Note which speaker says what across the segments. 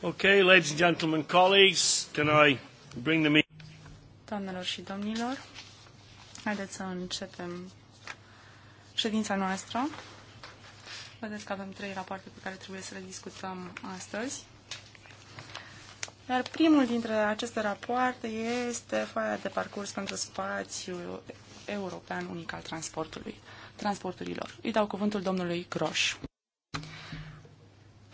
Speaker 1: Okay, ladies and gentlemen, colleagues, can I bring the meeting?
Speaker 2: Doamnelor și domnilor, haideți să începem ședința noastră. Vedeți că avem trei rapoarte pe care trebuie să le discutăm astăzi. Iar primul dintre aceste rapoarte este foaia de parcurs pentru spațiul european unic al transportului, transporturilor. Îi dau cuvântul domnului Groș.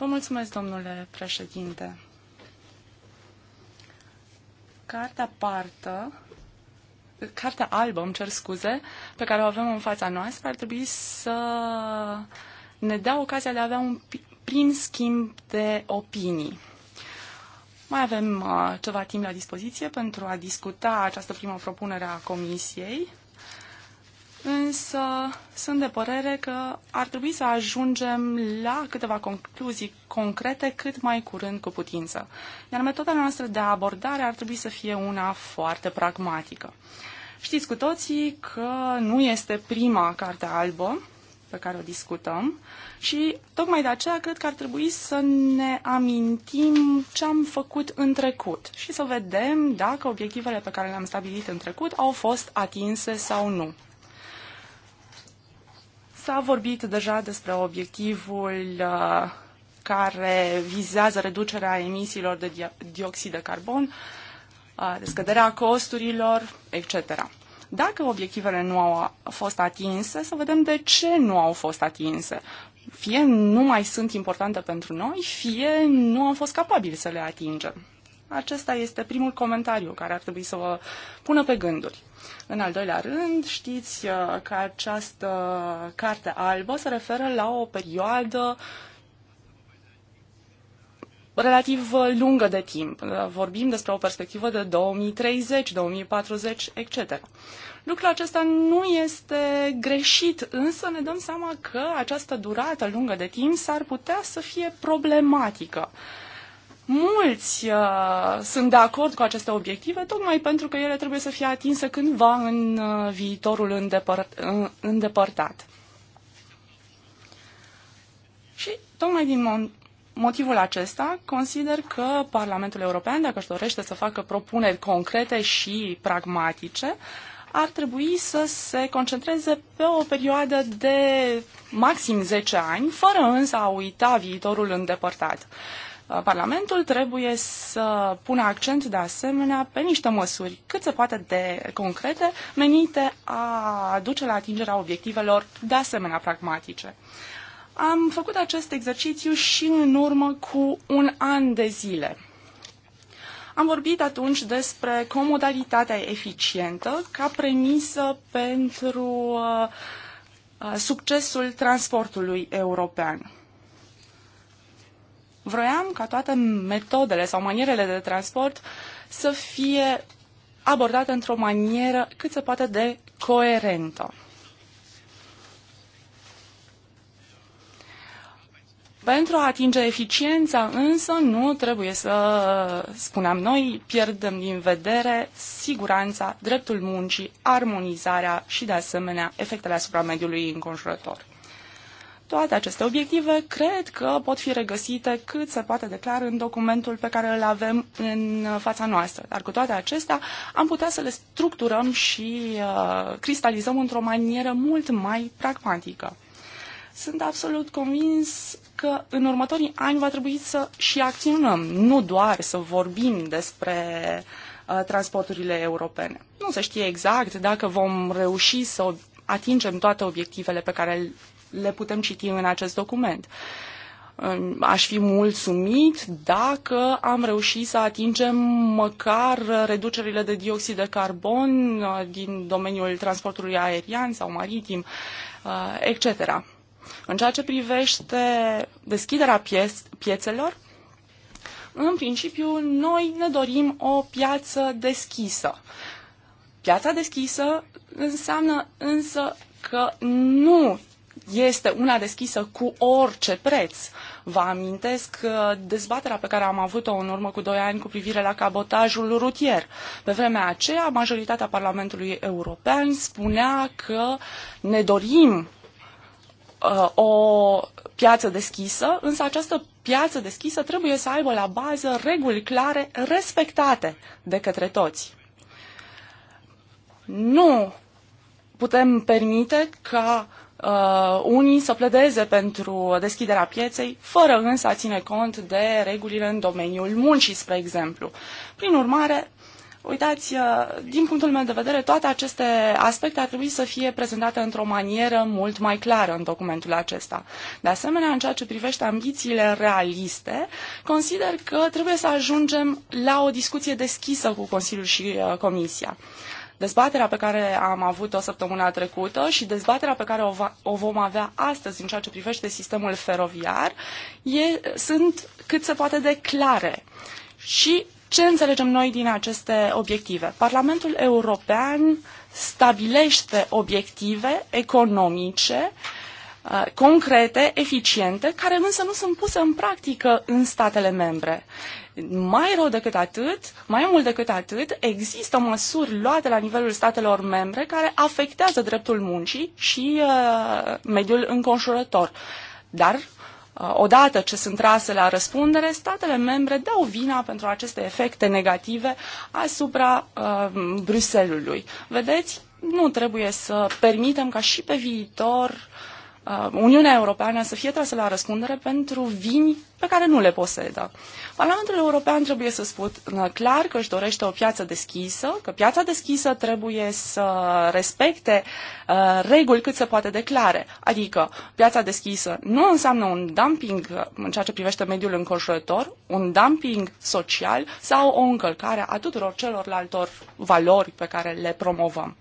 Speaker 2: Vă mulțumesc, domnule președinte. Cartea partă, cartea albă, îmi cer scuze, pe care o avem în fața noastră, ar trebui să ne dea ocazia de a avea un prim schimb de opinii. Mai avem uh, ceva timp la dispoziție pentru a discuta această primă propunere a Comisiei însă sunt de părere că ar trebui să ajungem la câteva concluzii concrete cât mai curând cu putință. Iar metoda noastră de abordare ar trebui să fie una foarte pragmatică. Știți cu toții că nu este prima carte albă pe care o discutăm și tocmai de aceea cred că ar trebui să ne amintim ce am făcut în trecut și să vedem dacă obiectivele pe care le-am stabilit în trecut au fost atinse sau nu. S-a vorbit deja despre obiectivul uh, care vizează reducerea emisiilor de dioxid de carbon, uh, descăderea costurilor, etc. Dacă obiectivele nu au uh, fost atinse, să vedem de ce nu au fost atinse. Fie nu mai sunt importante pentru noi, fie nu am fost capabili să le atingem. Acesta este primul comentariu care ar trebui să vă pună pe gânduri. În al doilea rând, știți uh, că această carte albă se referă la o perioadă relativ lungă de timp. Uh, vorbim despre o perspectivă de 2030, 2040, etc. Lucrul acesta nu este greșit, însă ne dăm seama că această durată lungă de timp s-ar putea să fie problematică. Uh, Mulți uh, sunt de acord cu aceste obiective, tocmai pentru că ele trebuie să fie atinse cândva în uh, viitorul îndepăr- uh, îndepărtat. Și tocmai din motivul acesta consider că Parlamentul European, dacă își dorește să facă propuneri concrete și pragmatice, ar trebui să se concentreze pe o perioadă de maxim 10 ani, fără însă a uita viitorul îndepărtat. Uh, Uh, Parlamentul trebuie să pună accent de asemenea pe niște măsuri cât se poate de concrete menite a duce la atingerea obiectivelor de asemenea pragmatice. Am făcut acest exercițiu și în urmă cu un an de zile. Am vorbit atunci despre comodalitatea eficientă ca premisă pentru uh, uh, succesul transportului european. Vroiam ca toate metodele sau manierele de transport să fie abordate într-o manieră cât se poate de coerentă. Pentru a atinge eficiența, însă, nu trebuie să, spuneam noi, pierdem din vedere siguranța, dreptul muncii, armonizarea și, de asemenea, efectele asupra mediului înconjurător. Toate aceste obiective cred că pot fi regăsite cât se poate declar în documentul pe care îl avem în fața noastră. Dar cu toate acestea am putea să le structurăm și uh, cristalizăm într-o manieră mult mai pragmatică. Sunt absolut convins că în următorii ani va trebui să și acționăm, nu doar să vorbim despre uh, transporturile europene. Nu se știe exact dacă vom reuși să atingem toate obiectivele pe care le putem citi în acest document. Aș fi mulțumit dacă am reușit să atingem măcar reducerile de dioxid de carbon uh, din domeniul transportului aerian sau maritim, uh, etc. În ceea ce privește deschiderea piețelor, în principiu, noi ne dorim o piață deschisă. Piața deschisă înseamnă însă că nu este una deschisă cu orice preț. Vă amintesc uh, dezbaterea pe care am avut-o în urmă cu doi ani cu privire la cabotajul rutier. Pe vremea aceea, majoritatea Parlamentului European spunea că ne dorim uh, o piață deschisă, însă această piață deschisă trebuie să aibă la bază reguli clare respectate de către toți. Nu putem permite ca uh, unii să pledeze pentru deschiderea pieței, fără însă a ține cont de regulile în domeniul muncii, spre exemplu. Prin urmare, Uitați, uh, din punctul meu de vedere, toate aceste aspecte ar trebui să fie prezentate într-o manieră mult mai clară în documentul acesta. De asemenea, în ceea ce privește ambițiile realiste, consider că trebuie să ajungem la o discuție deschisă cu Consiliul și uh, Comisia. Dezbaterea pe care am avut-o săptămâna trecută și dezbaterea pe care o, va, o vom avea astăzi în ceea ce privește sistemul feroviar e, sunt cât se poate de clare. Și ce înțelegem noi din aceste obiective? Parlamentul European stabilește obiective economice uh, concrete, eficiente, care însă nu sunt puse în practică în statele membre. Mai rău decât atât, mai mult decât atât, există măsuri luate la nivelul statelor membre care afectează dreptul muncii și uh, mediul înconjurător. Dar uh, odată ce sunt trase la răspundere, statele membre dau vina pentru aceste efecte negative asupra uh, Bruselului. Vedeți, nu trebuie să permitem ca și pe viitor Uh, Uniunea Europeană să fie trasă la răspundere pentru vini pe care nu le posedă. Parlamentul European trebuie să spună clar că își dorește o piață deschisă, că piața deschisă trebuie să respecte uh, reguli cât se poate declare. Adică piața deschisă nu înseamnă un dumping uh, în ceea ce privește mediul înconjurător, un dumping social sau o încălcare a tuturor celorlaltor valori pe care le promovăm.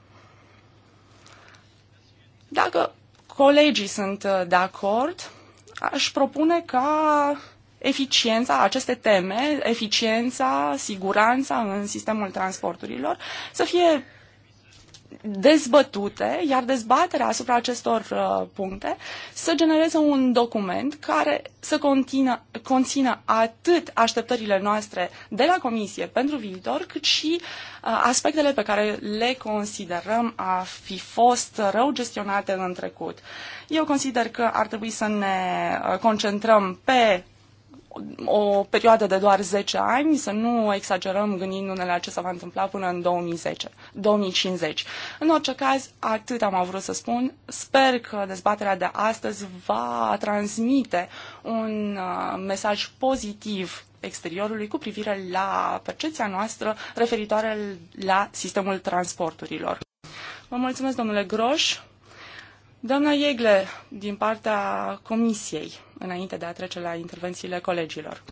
Speaker 2: Dacă colegii sunt uh, de acord, aș propune ca eficiența, aceste teme, eficiența, siguranța în sistemul transporturilor să fie dezbătute, iar dezbaterea asupra acestor uh, puncte să genereze un document care să contină, conțină atât așteptările noastre de la Comisie pentru viitor, cât și uh, aspectele pe care le considerăm a fi fost rău gestionate în trecut. Eu consider că ar trebui să ne uh, concentrăm pe o perioadă de doar 10 ani, să nu exagerăm gândindu-ne la ce se va întâmpla până în 2010, 2050. În orice caz, atât am vrut să spun. Sper că dezbaterea de astăzi va transmite un uh, mesaj pozitiv exteriorului cu privire la percepția noastră referitoare la sistemul transporturilor. Vă mulțumesc, domnule Groș. Doamna Iegle, din partea Comisiei, înainte de a trece la intervențiile
Speaker 3: colegilor.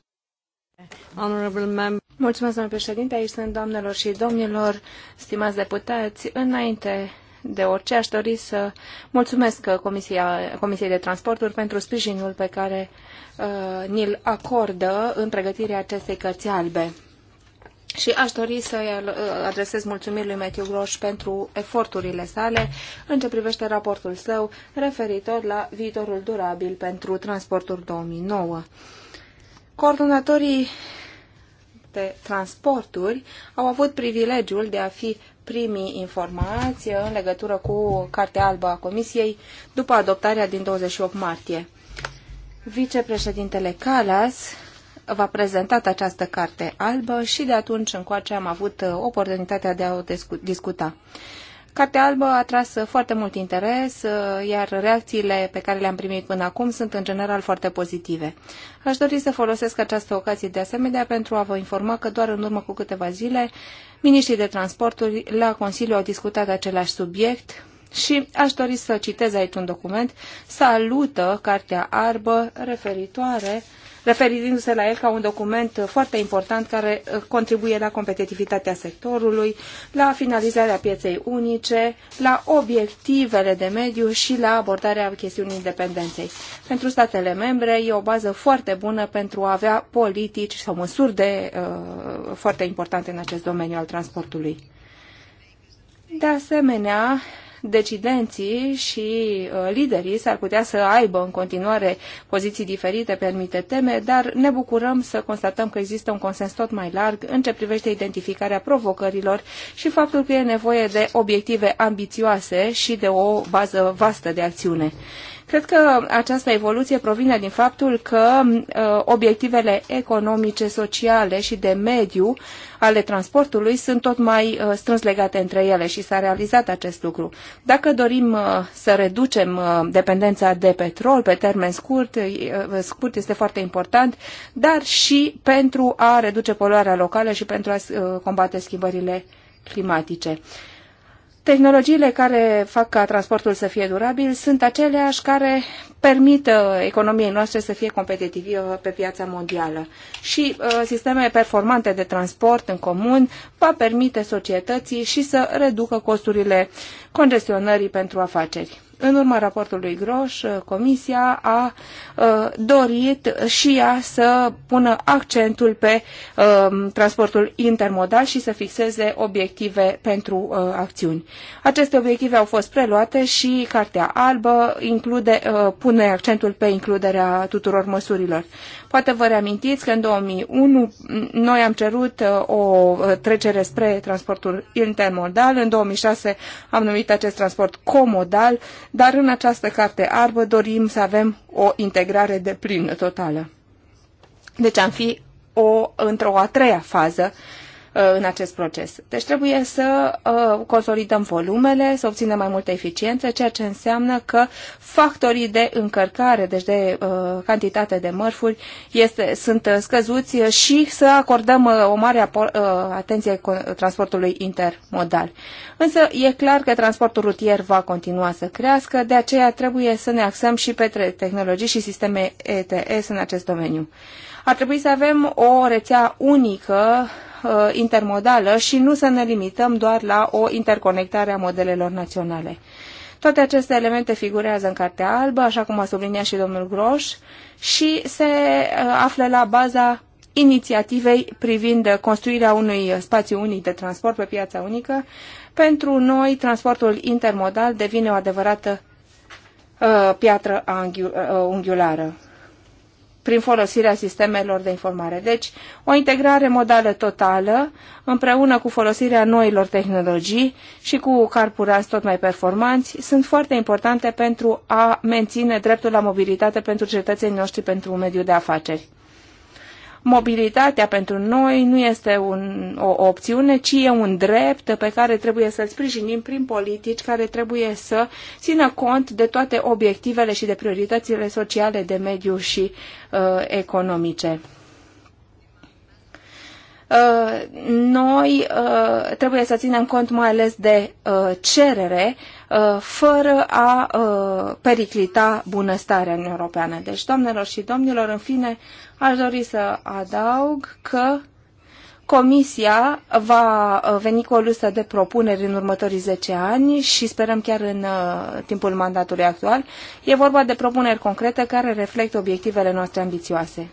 Speaker 3: Mulțumesc, domnule președinte. Aici sunt doamnelor și domnilor, stimați deputați. Înainte de orice aș dori să mulțumesc Comisia, Comisiei de Transporturi pentru sprijinul pe care uh, ni-l acordă în pregătirea acestei cărți albe. Și aș dori să adresez mulțumiri lui Matthew Grosh pentru eforturile sale în ce privește raportul său referitor la viitorul durabil pentru transportul 2009. Coordonatorii de transporturi au avut privilegiul de a fi primii informați în legătură cu Cartea Albă a Comisiei după adoptarea din 28 martie. Vicepreședintele Calas v-a prezentat această carte albă și de atunci încoace am avut uh, oportunitatea de a o discuta. Cartea albă a tras uh, foarte mult interes, uh, iar reacțiile pe care le-am primit până acum sunt în general foarte pozitive. Aș dori să folosesc această ocazie de asemenea pentru a vă informa că doar în urmă cu câteva zile, miniștrii de transporturi la Consiliu au discutat același subiect și aș dori să citez aici un document, salută Cartea albă referitoare referindu-se la el ca un document foarte important care uh, contribuie la competitivitatea sectorului, la finalizarea pieței unice, la obiectivele de mediu și la abordarea chestiunii independenței. Pentru statele membre e o bază foarte bună pentru a avea politici sau măsuri de, uh, foarte importante în acest domeniu al transportului. De asemenea, decidenții și uh, liderii s-ar putea să aibă în continuare poziții diferite pe anumite teme, dar ne bucurăm să constatăm că există un consens tot mai larg în ce privește identificarea provocărilor și faptul că e nevoie de obiective ambițioase și de o bază vastă de acțiune. Cred că această evoluție provine din faptul că uh, obiectivele economice, sociale și de mediu ale transportului sunt tot mai uh, strâns legate între ele și s-a realizat acest lucru. Dacă dorim uh, să reducem uh, dependența de petrol pe termen scurt, uh, scurt este foarte important, dar și pentru a reduce poluarea locală și pentru a uh, combate schimbările climatice. Uh, Tehnologiile care fac ca transportul să fie durabil sunt aceleași care permit uh, economiei noastre să fie competitivă pe piața mondială. Și uh, sisteme performante de transport în comun va permite societății și să reducă costurile congestionării pentru afaceri. În urma raportului Groș, uh, Comisia a uh, dorit și ea să pună accentul pe um, transportul intermodal și să fixeze obiective pentru uh, acțiuni. Aceste obiective au fost preluate și Cartea Albă include, pune accentul pe includerea tuturor măsurilor. Poate vă reamintiți că în 2001 noi am cerut o trecere spre transportul intermodal, în 2006 am numit acest transport comodal, dar în această carte arbă dorim să avem o integrare de plină totală. Deci am fi o, într-o a treia fază Uh, în acest proces. Deci trebuie să uh, consolidăm volumele, să obținem mai multă eficiență, ceea ce înseamnă că factorii de încărcare, deci de uh, cantitate de mărfuri, este, sunt scăzuți și să acordăm o mare atenție transportului intermodal. Însă e clar că transportul rutier va continua să crească, de aceea trebuie să ne axăm și pe tehnologii și sisteme ETS în acest domeniu. Ar trebui să avem o rețea unică uh, intermodală și nu să ne limităm doar la o interconectare a modelelor naționale. Toate aceste elemente figurează în Cartea Albă, așa cum a subliniat și domnul Groș, și se uh, află la baza inițiativei privind construirea unui spațiu unic de transport pe piața unică. Pentru noi, transportul intermodal devine o adevărată uh, piatră uh, unghiulară prin folosirea sistemelor de informare. Deci, o integrare modală totală, împreună cu folosirea noilor tehnologii și cu carburanți tot mai performanți, sunt foarte importante pentru a menține dreptul la mobilitate pentru cetățenii noștri pentru un mediu de afaceri mobilitatea pentru noi nu este un, o, opțiune, ci e un drept pe care trebuie să-l sprijinim prin politici care trebuie să țină cont de toate obiectivele și de prioritățile sociale, de mediu și uh, economice uh, noi uh, trebuie să ținem cont mai ales de uh, cerere fără a periclita bunăstarea în europeană. Deci, doamnelor și domnilor, în fine, Aș dori să adaug că Comisia va uh, veni cu o listă de propuneri în următorii 10 ani și sperăm chiar în uh, timpul mandatului actual. E vorba de propuneri concrete care reflectă obiectivele noastre ambițioase.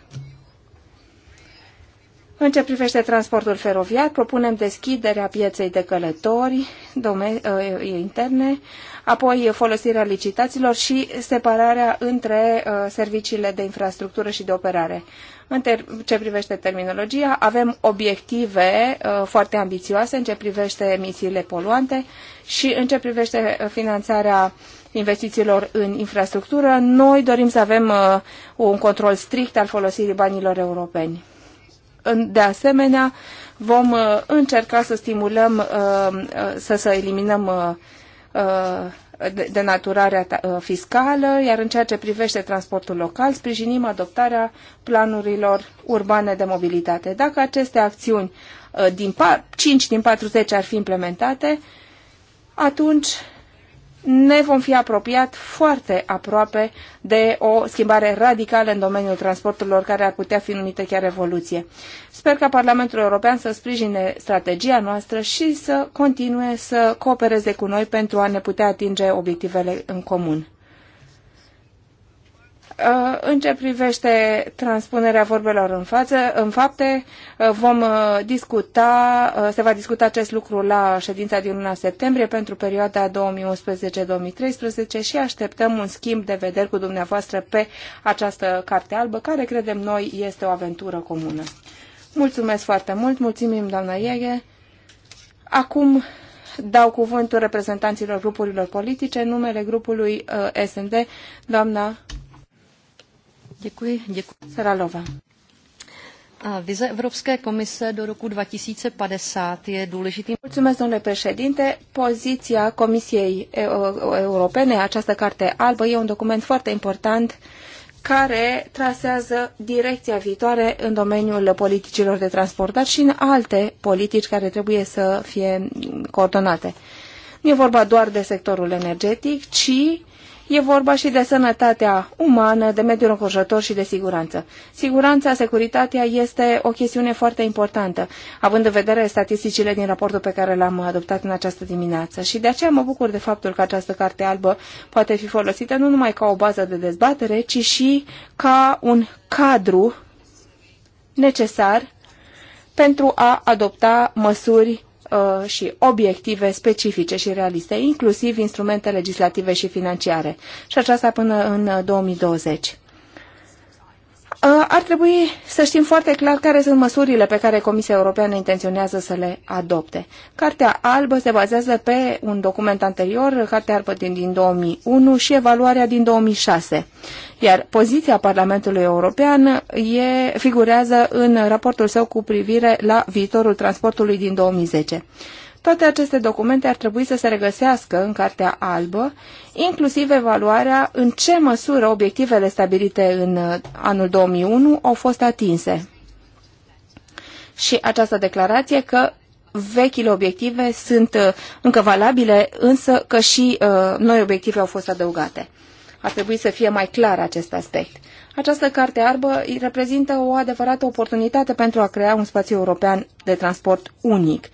Speaker 3: În ce privește transportul feroviar, propunem deschiderea pieței de călători ă, ă, interne, apoi folosirea licitațiilor și separarea între ă, serviciile de infrastructură și de operare. În ce privește terminologia, avem obiective foarte ambițioase în ce privește emisiile poluante și în ce privește finanțarea investițiilor în infrastructură. Noi dorim să avem un control strict al folosirii banilor europeni de asemenea, vom uh, încerca să stimulăm, uh, uh, să, să eliminăm denaturarea fiscală, iar în ceea ce privește transportul local, sprijinim adoptarea planurilor urbane de mobilitate. Dacă aceste acțiuni din 5 din 40 ar fi implementate, atunci ne vom fi apropiat foarte aproape de o schimbare radicală în domeniul transporturilor care ar putea fi numită chiar revoluție. Sper ca Parlamentul European să sprijine strategia noastră și să continue să coopereze cu noi pentru a ne putea atinge obiectivele în comun. În ce privește transpunerea vorbelor în, față, în fapte, uh, vom uh, discuta, uh, se va discuta acest lucru la ședința din luna septembrie pentru perioada 2011-2013 și așteptăm un schimb de vederi cu dumneavoastră pe această carte albă, care credem noi este o aventură comună. Mulțumesc foarte mult, mulțumim doamna Ieghe. Acum dau cuvântul reprezentanților grupurilor politice, numele grupului uh, SND, doamna Děkuji, děkuji. Seralova. Vize Evropské komise do roku 2050 je důležitým... Mulțumesc, domnule președinte. Poziția Comisiei Europene, această carte albă, e un document foarte important care trasează direcția viitoare în domeniul politicilor de transportat și în alte politici care trebuie să fie coordonate. Nu e vorba doar de sectorul energetic, ci E vorba și de sănătatea umană, de mediul înconjurător și de siguranță. Siguranța, securitatea este o chestiune foarte importantă, având în vedere statisticile din raportul pe care l-am adoptat în această dimineață. Și de aceea mă bucur de faptul că această carte albă poate fi folosită nu numai ca o bază de dezbatere, ci și ca un cadru necesar pentru a adopta măsuri Uh, și obiective specifice și realiste, inclusiv instrumente legislative și financiare. Și aceasta până în 2020. Uh, Uh, ar trebui să știm foarte clar care sunt măsurile pe care Comisia Europeană intenționează să le adopte. Cartea albă se bazează pe un document anterior, Cartea albă din, 2001 și evaluarea din 2006. Iar poziția Parlamentului European e, figurează în raportul său cu privire la viitorul transportului din 2010. Toate aceste documente ar trebui să se regăsească în Cartea Albă, inclusiv evaluarea în ce măsură obiectivele stabilite în uh, anul 2001 au fost atinse. Și această declarație că vechile obiective sunt uh, încă valabile, însă că și uh, noi obiective au fost adăugate. Ar trebui să fie mai clar acest aspect. Această carte arbă reprezintă o adevărată oportunitate pentru a crea un spațiu european de transport unic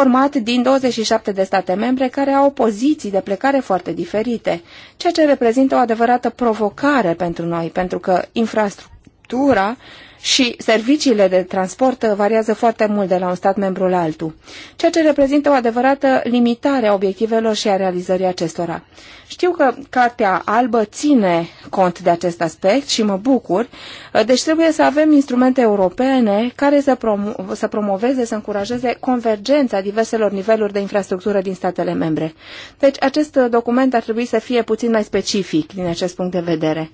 Speaker 3: format din 27 de state membre care au poziții de plecare foarte diferite, ceea ce reprezintă o adevărată provocare pentru noi, pentru că infrastructura și serviciile de transport uh, variază foarte mult de la un stat membru la altul, ceea ce reprezintă o adevărată limitare a obiectivelor și a realizării acestora. Știu că Cartea Albă ține cont de acest aspect și mă bucur, uh, deci trebuie să avem instrumente europene care să, prom- să promoveze, să încurajeze convergența diverselor niveluri de infrastructură din statele membre. Deci acest uh, document ar trebui să fie puțin mai specific din acest punct de vedere.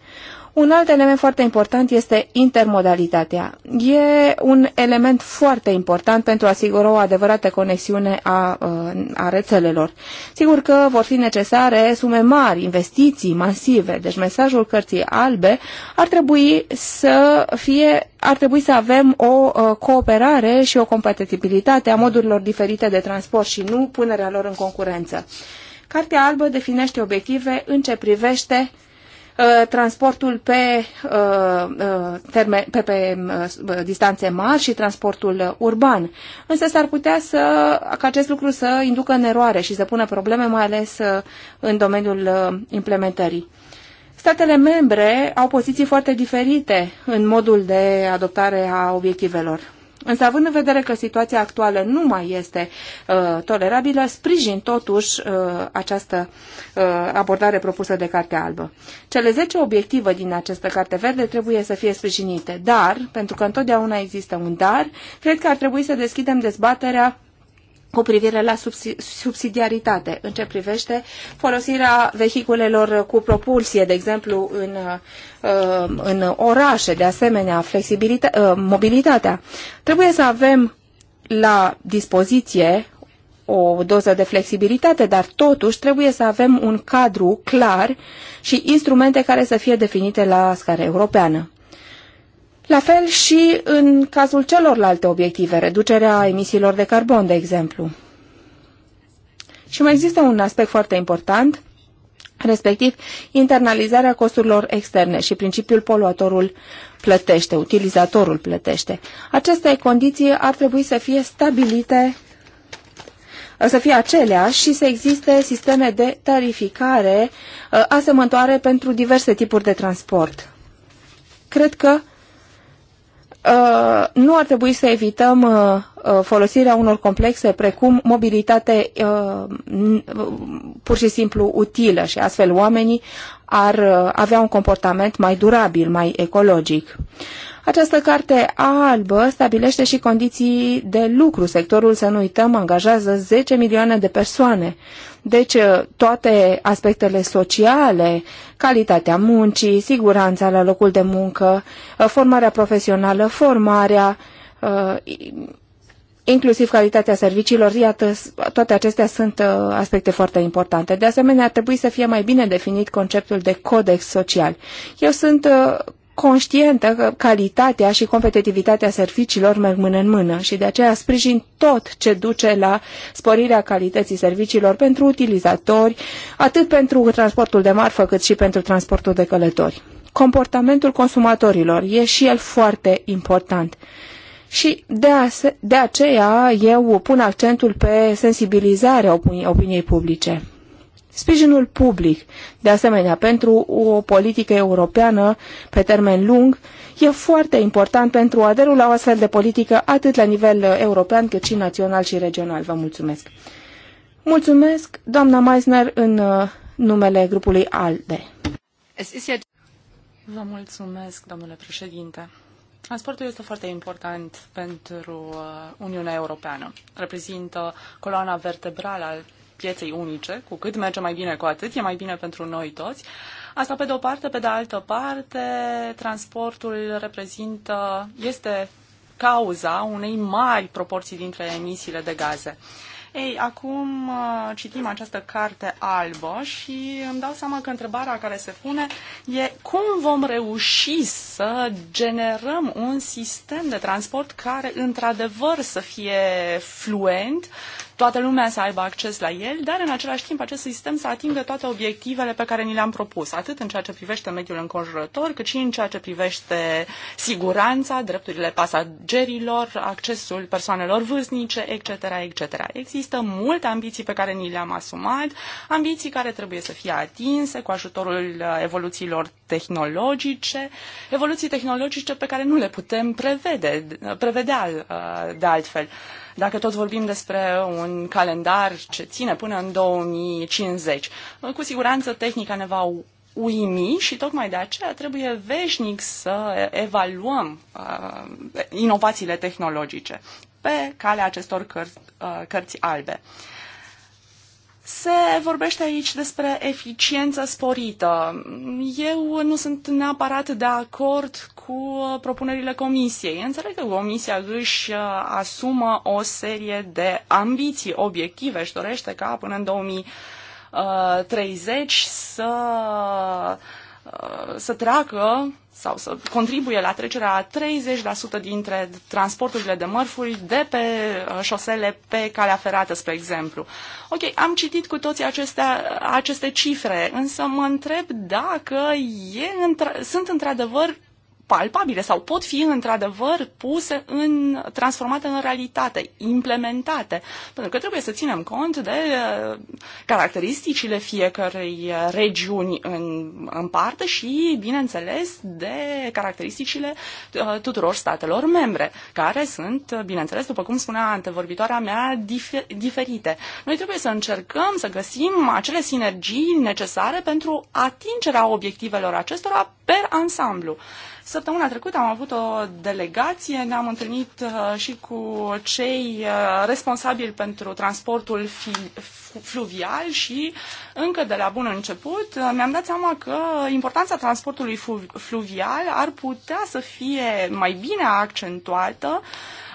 Speaker 3: Un alt element foarte important este intermodalitatea. E un element foarte important pentru a asigura o adevărată conexiune a, a rețelelor. Sigur că vor fi necesare sume mari, investiții masive, deci mesajul cărții albe ar trebui să fie ar trebui să avem o cooperare și o compatibilitate a modurilor diferite de transport și nu punerea lor în concurență. Cartea albă definește obiective în ce privește uh, Uh, transportul pe, uh, uh, termen, pe, pe distanțe mari și transportul urban. Însă s-ar putea să, ca acest lucru să inducă în eroare și să pună probleme, mai ales în domeniul implementării. Statele membre au poziții foarte diferite în modul de adoptare a obiectivelor. Însă, având în vedere că situația actuală nu mai este uh, tolerabilă, sprijin totuși uh, această uh, abordare propusă de Cartea Albă. Cele 10 obiective din această Carte Verde trebuie să fie sprijinite, dar, pentru că întotdeauna există un dar, cred că ar trebui să deschidem dezbaterea cu privire la subsidiaritate în ce privește folosirea vehiculelor cu propulsie, de exemplu în, uh, în orașe, de asemenea uh, mobilitatea. Trebuie să avem la dispoziție o doză de flexibilitate, dar totuși trebuie să avem un cadru clar și instrumente care să fie definite la scară europeană. La fel și în cazul celorlalte obiective, reducerea emisiilor de carbon, de exemplu. Și mai există un aspect foarte important, respectiv internalizarea costurilor externe și principiul poluatorul plătește, utilizatorul plătește. Aceste condiții ar trebui să fie stabilite, să fie aceleași și să existe sisteme de tarificare uh, asemănătoare pentru diverse tipuri de transport. Cred că Uh, nu ar trebui să evităm uh, uh, folosirea unor complexe precum mobilitate pur și simplu utilă și astfel oamenii ar avea un comportament mai durabil, mai ecologic. Această carte albă stabilește și condiții de lucru. Sectorul, să nu uităm, angajează 10 milioane de persoane. Deci uh, toate aspectele sociale, calitatea muncii, siguranța la locul de muncă, uh, formarea profesională, formarea, uh, inclusiv calitatea serviciilor, iată, toate acestea sunt aspecte foarte importante. De asemenea, ar trebui să fie mai bine definit conceptul de codex social. Eu sunt conștientă că calitatea și competitivitatea serviciilor merg mână în mână și de aceea sprijin tot ce duce la sporirea calității serviciilor pentru utilizatori, atât pentru transportul de marfă cât și pentru transportul de călători. Comportamentul consumatorilor e și el foarte important. Și de, ase- de aceea eu pun accentul pe sensibilizarea opini- opiniei publice sprijinul public, de asemenea, pentru o politică europeană pe termen lung, e foarte important pentru aderul la o astfel de politică atât la nivel uh, european cât și național și regional. Vă mulțumesc! Mulțumesc, doamna Meisner, în uh, numele grupului ALDE.
Speaker 2: Vă mulțumesc, domnule președinte. Transportul este foarte important pentru uh, Uniunea Europeană. Reprezintă coloana vertebrală pieței unice, cu cât merge mai bine, cu atât e mai bine pentru noi toți. Asta pe de o parte, pe de altă parte, transportul reprezintă, este cauza unei mari proporții dintre emisiile de gaze. Ei, acum uh, citim această carte albă și îmi dau seama că întrebarea care se pune e cum vom reuși să generăm un sistem de transport care într-adevăr să fie fluent, toată lumea să aibă acces la el, dar în același timp acest sistem să atingă toate obiectivele pe care ni le-am propus, atât în ceea ce privește mediul înconjurător, cât și în ceea ce privește siguranța, drepturile pasagerilor, accesul persoanelor vârstnice, etc., etc. Există multe ambiții pe care ni le-am asumat, ambiții care trebuie să fie atinse cu ajutorul uh, evoluțiilor tehnologice, evoluții tehnologice pe care nu le putem prevede, uh, prevedea uh, de altfel. Dacă tot vorbim despre un calendar ce ține până în 2050, cu siguranță tehnica ne va uimi și tocmai de aceea trebuie veșnic să evaluăm uh, inovațiile tehnologice pe calea acestor căr- uh, cărți albe. Uh, se vorbește aici despre eficiență sporită. Eu nu sunt neapărat de acord cu propunerile comisiei. Înțeleg că comisia își uh, asumă o serie de ambiții, obiective și dorește ca până în 2030 uh, să, uh, să treacă sau să contribuie la trecerea a 30% dintre transporturile de mărfuri de pe uh, șosele pe calea ferată, spre exemplu. Ok, am citit cu toții aceste, aceste cifre, însă mă întreb dacă e, sunt într-adevăr palpabile sau pot fi într-adevăr puse în, transformate în realitate, implementate. Pentru că trebuie să ținem cont de eh, caracteristicile fiecărei eh, regiuni în, în parte și, bineînțeles, de caracteristicile eh, tuturor statelor membre, care sunt, bineînțeles, după cum spunea antevorbitoarea mea, diferite. Noi trebuie să încercăm să găsim acele sinergii necesare pentru atingerea obiectivelor acestora per ansamblu. Săptămâna trecută am avut o delegație, ne-am întâlnit uh, și cu cei uh, responsabili pentru transportul fluvial și încă de la bun început uh, mi-am dat seama că importanța transportului fluvial ar putea să fie mai bine accentuată uh,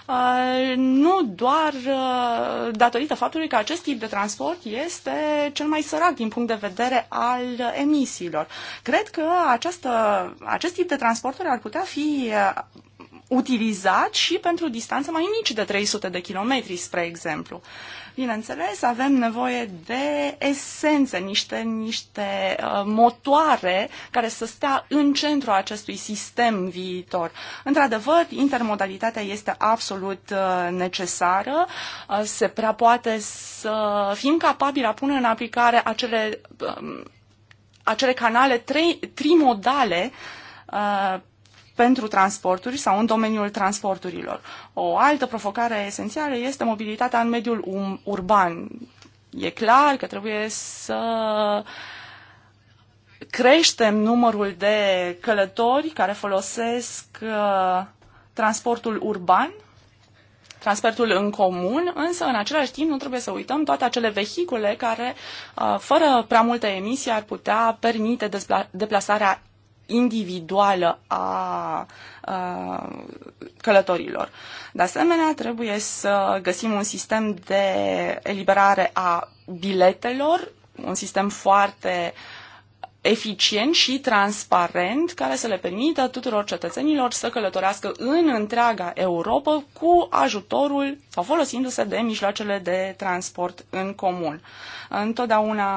Speaker 2: Uh, nu doar uh, datorită faptului că acest tip de transport este cel mai sărac din punct de vedere al emisiilor. Cred că această, acest tip de transporturi ar putea fi uh, utilizat și pentru distanțe mai mici de 300 de kilometri, spre exemplu. Bineînțeles, avem nevoie de esențe, niște, niște uh, motoare care să stea în centru acestui sistem viitor. Într-adevăr, intermodalitatea este absolut uh, necesară. Uh, se prea poate să fim capabili a pune în aplicare acele, um, acele canale tri, trimodale pentru transporturi sau în domeniul transporturilor. O altă provocare esențială este mobilitatea în mediul um, urban. E clar că trebuie să creștem numărul de călători care folosesc uh, transportul urban transportul în comun, însă în același timp nu trebuie să uităm toate acele vehicule care, uh, fără prea multă emisie, ar putea permite deplasarea individuală a călătorilor. De asemenea, trebuie să găsim un sistem de eliberare a biletelor, un sistem foarte eficient și transparent care să le permită tuturor cetățenilor să călătorească în întreaga Europa cu ajutorul sau folosindu-se de mijloacele de transport în comun. Întotdeauna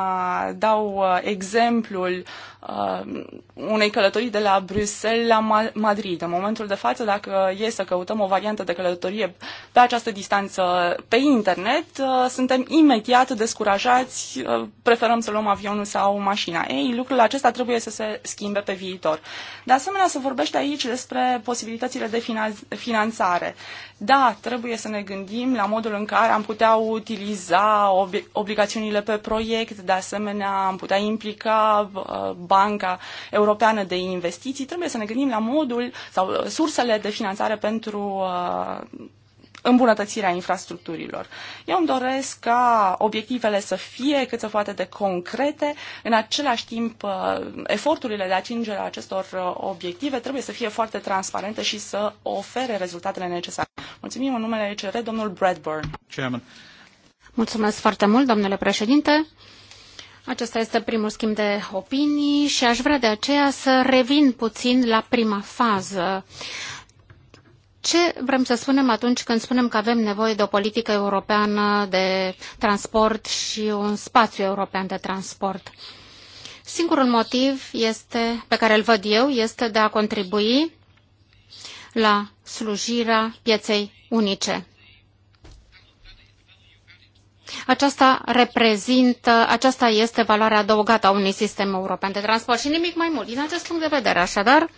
Speaker 2: dau uh, exemplul uh, unei călătorii de la Bruxelles la Madrid. În momentul de față, dacă e să căutăm o variantă de călătorie pe această distanță pe internet, uh, suntem imediat descurajați, uh, preferăm să luăm avionul sau mașina. Ei, lucrul acesta trebuie să se schimbe pe viitor. De asemenea, se vorbește aici despre posibilitățile de finanțare. Da, trebuie să ne gândim la modul în care am putea utiliza ob- obligațiunile pe proiect, de asemenea am putea implica uh, Banca Europeană de Investiții, trebuie să ne gândim la modul sau uh, sursele de finanțare pentru uh, îmbunătățirea infrastructurilor. Eu îmi doresc ca obiectivele să fie cât se poate de concrete, în același timp uh, eforturile de atingere a acestor obiective trebuie să fie foarte transparente și să ofere rezultatele
Speaker 1: necesare. Mulțumim în numele ECR, domnul Bradburn. Chairman. Mulțumesc foarte mult, domnule președinte. Acesta este primul schimb de opinii și aș vrea de aceea să revin puțin la prima fază. Ce vrem să spunem atunci când spunem că avem nevoie de o politică europeană de transport și un spațiu european de transport? Singurul motiv este, pe care îl văd eu este de a contribui la slujirea pieței unice. Aceasta reprezintă, aceasta este valoarea adăugată a unui sistem european de transport și nimic mai mult. Din acest punct de vedere, așadar,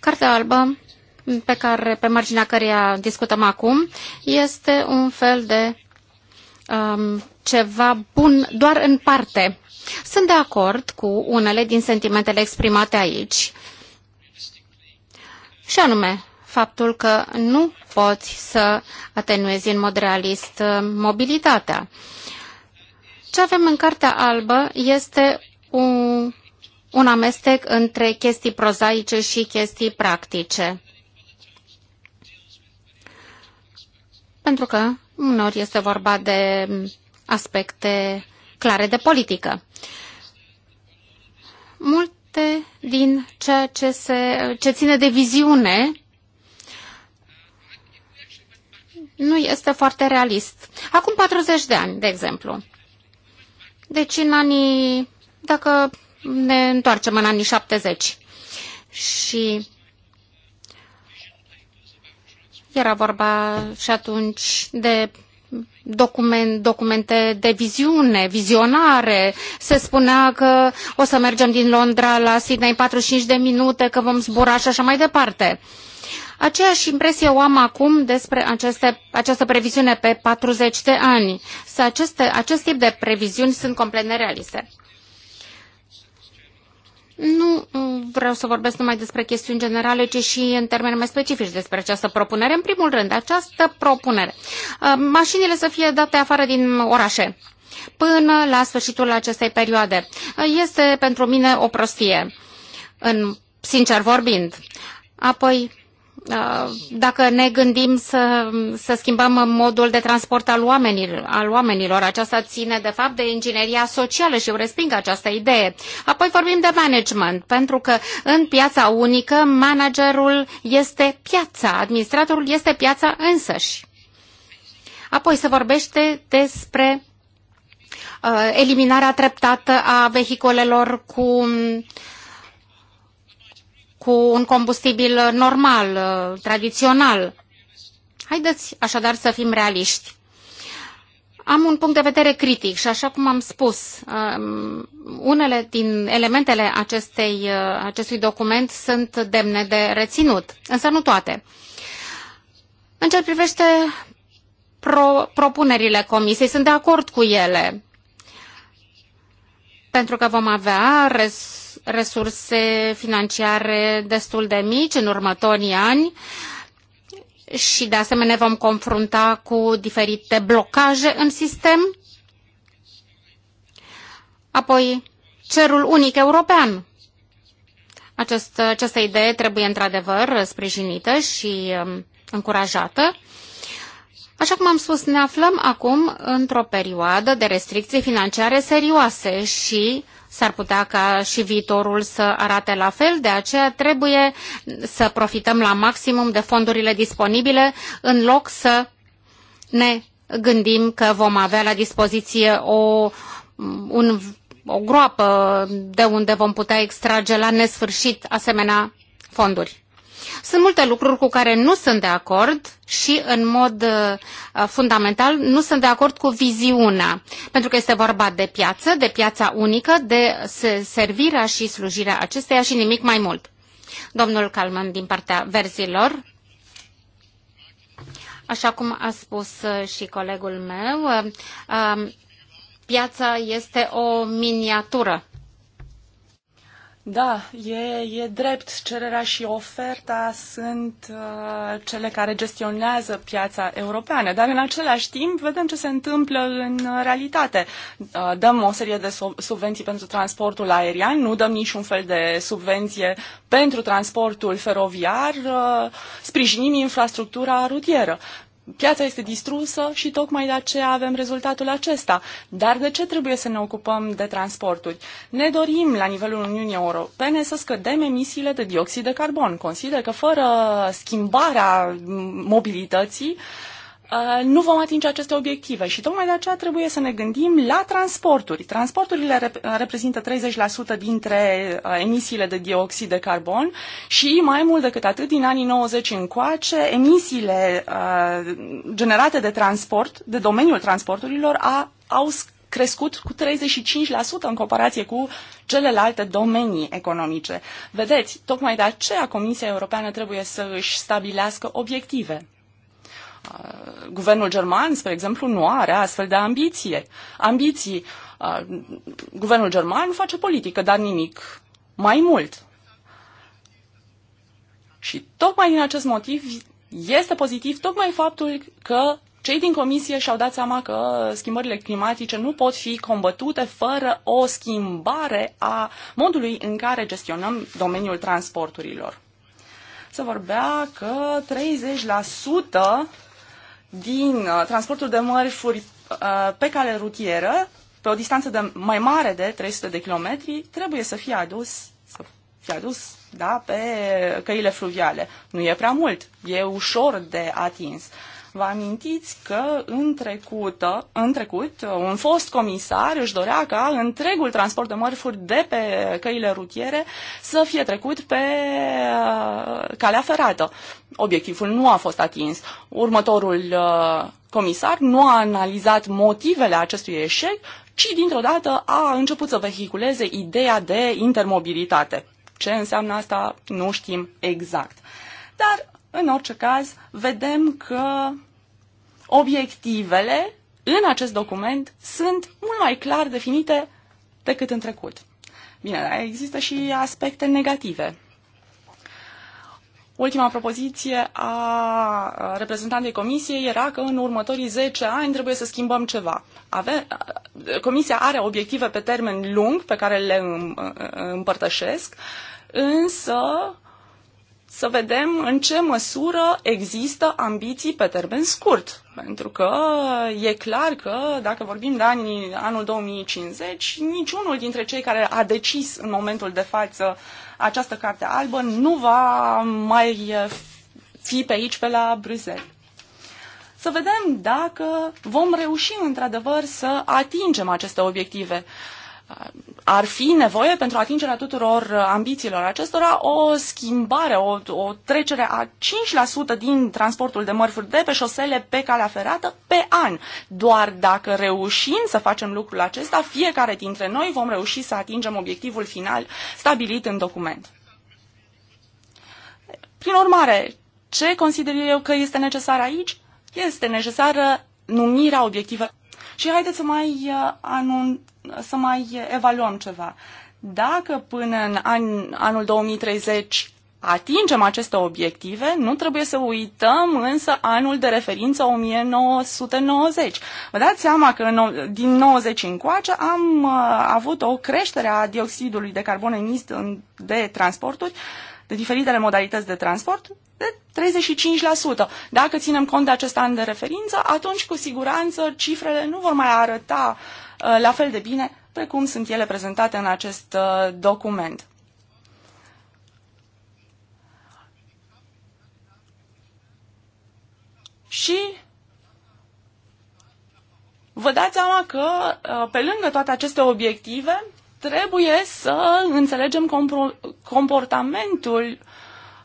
Speaker 1: Cartea Albă, pe, care, pe marginea căreia discutăm acum, este un fel de um, ceva bun doar în parte. Sunt de acord cu unele din sentimentele exprimate aici, și anume faptul că nu poți să atenuezi în mod realist uh, mobilitatea. Ce avem în Cartea Albă este un, un amestec între chestii prozaice și chestii practice. Pentru că uneori este vorba de aspecte clare de politică. Multe din ceea ce, se, ce ține de viziune nu este foarte realist. Acum 40 de ani, de exemplu. Deci în anii, dacă ne întoarcem în anii 70 și era vorba și atunci de document, documente de viziune, vizionare. Se spunea că o să mergem din Londra la Sydney 45 de minute, că vom zbura și așa mai departe. Uh, Aceeași impresie o am acum despre aceste, această previziune pe 40 de ani. Să aceste, acest tip de previziuni sunt complet nerealiste. Nu vreau să vorbesc numai despre chestiuni generale, ci și în termeni mai specifici despre această propunere. În primul rând, această propunere. Uh, mașinile să fie date afară din orașe până la sfârșitul acestei perioade. Uh, este pentru mine o prostie, în, sincer vorbind. Apoi, dacă ne gândim să, să schimbăm modul de transport al oamenilor, al oamenilor, aceasta ține de fapt de ingineria socială și eu resping această idee. Apoi vorbim de management, pentru că în piața unică managerul este piața, administratorul este piața însăși. Apoi se vorbește despre uh, eliminarea treptată a vehiculelor cu uh, cu un combustibil normal, uh, tradițional. Haideți așadar să fim realiști. Am un punct de vedere critic și așa cum am spus, um, unele din elementele acestei, uh, acestui document sunt demne de reținut, însă nu toate. În ce privește pro, propunerile comisiei, sunt de acord cu ele, pentru că vom avea res resurse financiare destul de mici în următorii ani și de asemenea vom confrunta cu diferite blocaje în sistem. Apoi, cerul unic european. Acest, această idee trebuie într-adevăr sprijinită și um, încurajată. Așa cum am spus, ne aflăm acum într-o perioadă de restricții financiare serioase și S-ar putea ca și viitorul să arate la fel, de aceea trebuie să profităm la maximum de fondurile disponibile în loc să ne gândim că vom avea la dispoziție o, un, o groapă de unde vom putea extrage la nesfârșit asemenea fonduri. Sunt multe lucruri cu care nu sunt de acord și, în mod uh, fundamental, nu sunt de acord cu viziunea, pentru că este vorba de piață, de piața unică, de servirea și slujirea acesteia și nimic mai mult. Domnul Calman, din partea verzilor, așa cum a spus uh, și colegul meu, uh, um, piața este o miniatură da,
Speaker 2: e, e drept. Cererea și oferta sunt uh, cele care gestionează piața europeană, dar în același timp vedem ce se întâmplă în realitate. Uh, dăm o serie de sub- subvenții pentru transportul aerian, nu dăm niciun fel de subvenție pentru transportul feroviar, uh, sprijinim infrastructura rutieră piața este distrusă și tocmai de aceea avem rezultatul acesta. Dar de ce trebuie să ne ocupăm de transporturi? Ne dorim la nivelul Uniunii Europene să scădem emisiile de dioxid de carbon. Consider că fără schimbarea mobilității, uh, Uh, nu vom atinge aceste obiective și tocmai de aceea trebuie să ne gândim la transporturi. Transporturile rep- uh, reprezintă 30% dintre uh, emisiile de dioxid de carbon și mai mult decât atât, din anii 90 încoace, emisiile uh, generate de transport, de domeniul transporturilor, a, au crescut cu 35% în comparație cu celelalte domenii economice. Vedeți, tocmai de aceea Comisia Europeană trebuie să își stabilească obiective. Uh, guvernul german, spre exemplu, nu are astfel de ambiție. ambiții. Uh, guvernul german face politică, dar nimic mai mult. Și tocmai din acest motiv este pozitiv tocmai faptul că cei din comisie și-au dat seama că schimbările climatice nu pot fi combătute fără o schimbare a modului în care gestionăm domeniul transporturilor. Se vorbea că 30% din uh, transportul de mărfuri uh, pe cale rutieră, pe o distanță de mai mare de 300 de kilometri, trebuie să fie adus, să fie adus da, pe căile fluviale. Nu e prea mult, e ușor de atins. Vă amintiți că în, trecută, în trecut un fost comisar își dorea ca întregul transport de mărfuri de pe căile rutiere să fie trecut pe uh, calea ferată. Obiectivul nu a fost atins. Următorul uh, comisar nu a analizat motivele acestui eșec, ci dintr-o dată a început să vehiculeze ideea de intermobilitate. Ce înseamnă asta nu știm exact. Dar în orice caz, vedem că obiectivele în acest document sunt mult mai clar definite decât în trecut. Bine, dar există și aspecte negative. Ultima propoziție a reprezentantei Comisiei era că în următorii 10 ani trebuie să schimbăm ceva. Ave, comisia are obiective pe termen lung pe care le împărtășesc, însă uh, să vedem în ce măsură există ambiții pe termen scurt. Pentru că e clar că, dacă vorbim de anii, anul 2050, niciunul dintre cei care a decis în momentul de față această carte albă nu va mai fi pe aici, pe la Bruxelles. Să vedem dacă vom reuși într-adevăr să atingem aceste obiective. Uh, ar fi nevoie pentru atingerea tuturor ambițiilor acestora o schimbare, o, o trecere a 5% din transportul de mărfuri de pe șosele pe calea ferată pe an. Doar dacă reușim să facem lucrul acesta, fiecare dintre noi vom reuși să atingem obiectivul final stabilit în document. Prin urmare, ce consider eu că este necesar aici? Este necesară numirea obiectivă. Și haideți să mai, uh, anun, să mai evaluăm ceva. Dacă până în an, anul 2030 atingem aceste obiective, nu trebuie să uităm însă anul de referință 1990. Vă dați seama că în, din 90 încoace am uh, avut o creștere a dioxidului de carbon emis de transporturi uh, de diferitele modalități de transport de 35%. Dacă ținem cont de acest an de referință, atunci cu siguranță cifrele nu vor mai arăta uh, la fel de bine precum sunt ele prezentate în acest uh, document. Și vă dați seama că, uh, pe lângă toate aceste obiective, trebuie să înțelegem comportamentul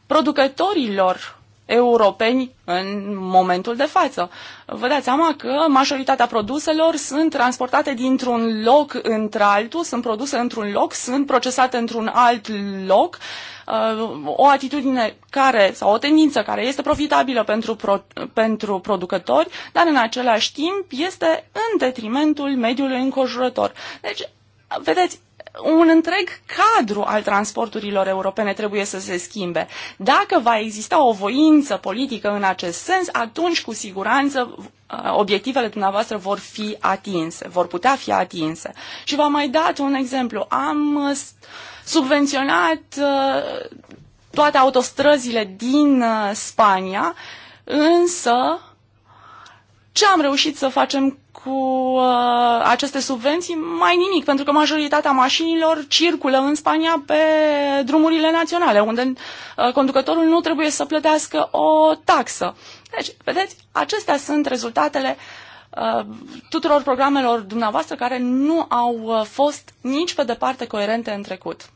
Speaker 2: producătorilor europeni în momentul de față. Vă dați seama că majoritatea produselor sunt transportate dintr-un loc într-altul, sunt produse într-un loc, sunt procesate într-un alt loc. Uh, o atitudine care, sau o tendință care este profitabilă pentru, pro, pentru producători, dar în același timp este în detrimentul mediului înconjurător. Deci Vedeți, un întreg cadru al transporturilor europene trebuie să se schimbe. Dacă va exista o voință politică în acest sens, atunci cu siguranță uh, obiectivele dumneavoastră vor fi atinse, vor putea fi atinse. Și v-am mai dat un exemplu. Am uh, subvenționat uh, toate autostrăzile din Spania, însă ce am reușit să facem cu uh, aceste subvenții, mai nimic, pentru că majoritatea mașinilor circulă în Spania pe drumurile naționale, unde uh, conducătorul nu trebuie să plătească o taxă. Deci, vedeți, acestea sunt rezultatele uh, tuturor programelor dumneavoastră care nu au uh, fost nici pe departe coerente în trecut.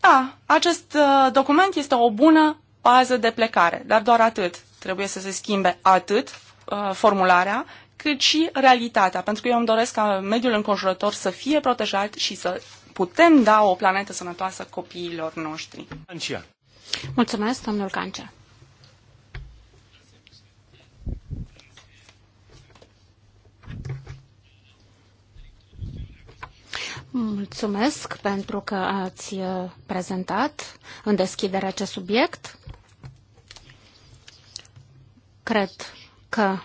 Speaker 2: Da, acest uh, document este o bună bază de plecare, dar doar atât. Trebuie să se schimbe atât Uh, formularea, cât și realitatea, pentru că eu îmi doresc ca mediul înconjurător să fie protejat și să putem da o planetă sănătoasă copiilor noștri. Cancia.
Speaker 1: Mulțumesc, domnul Cancia. Mulțumesc pentru că ați uh, prezentat în deschidere acest subiect. Cred că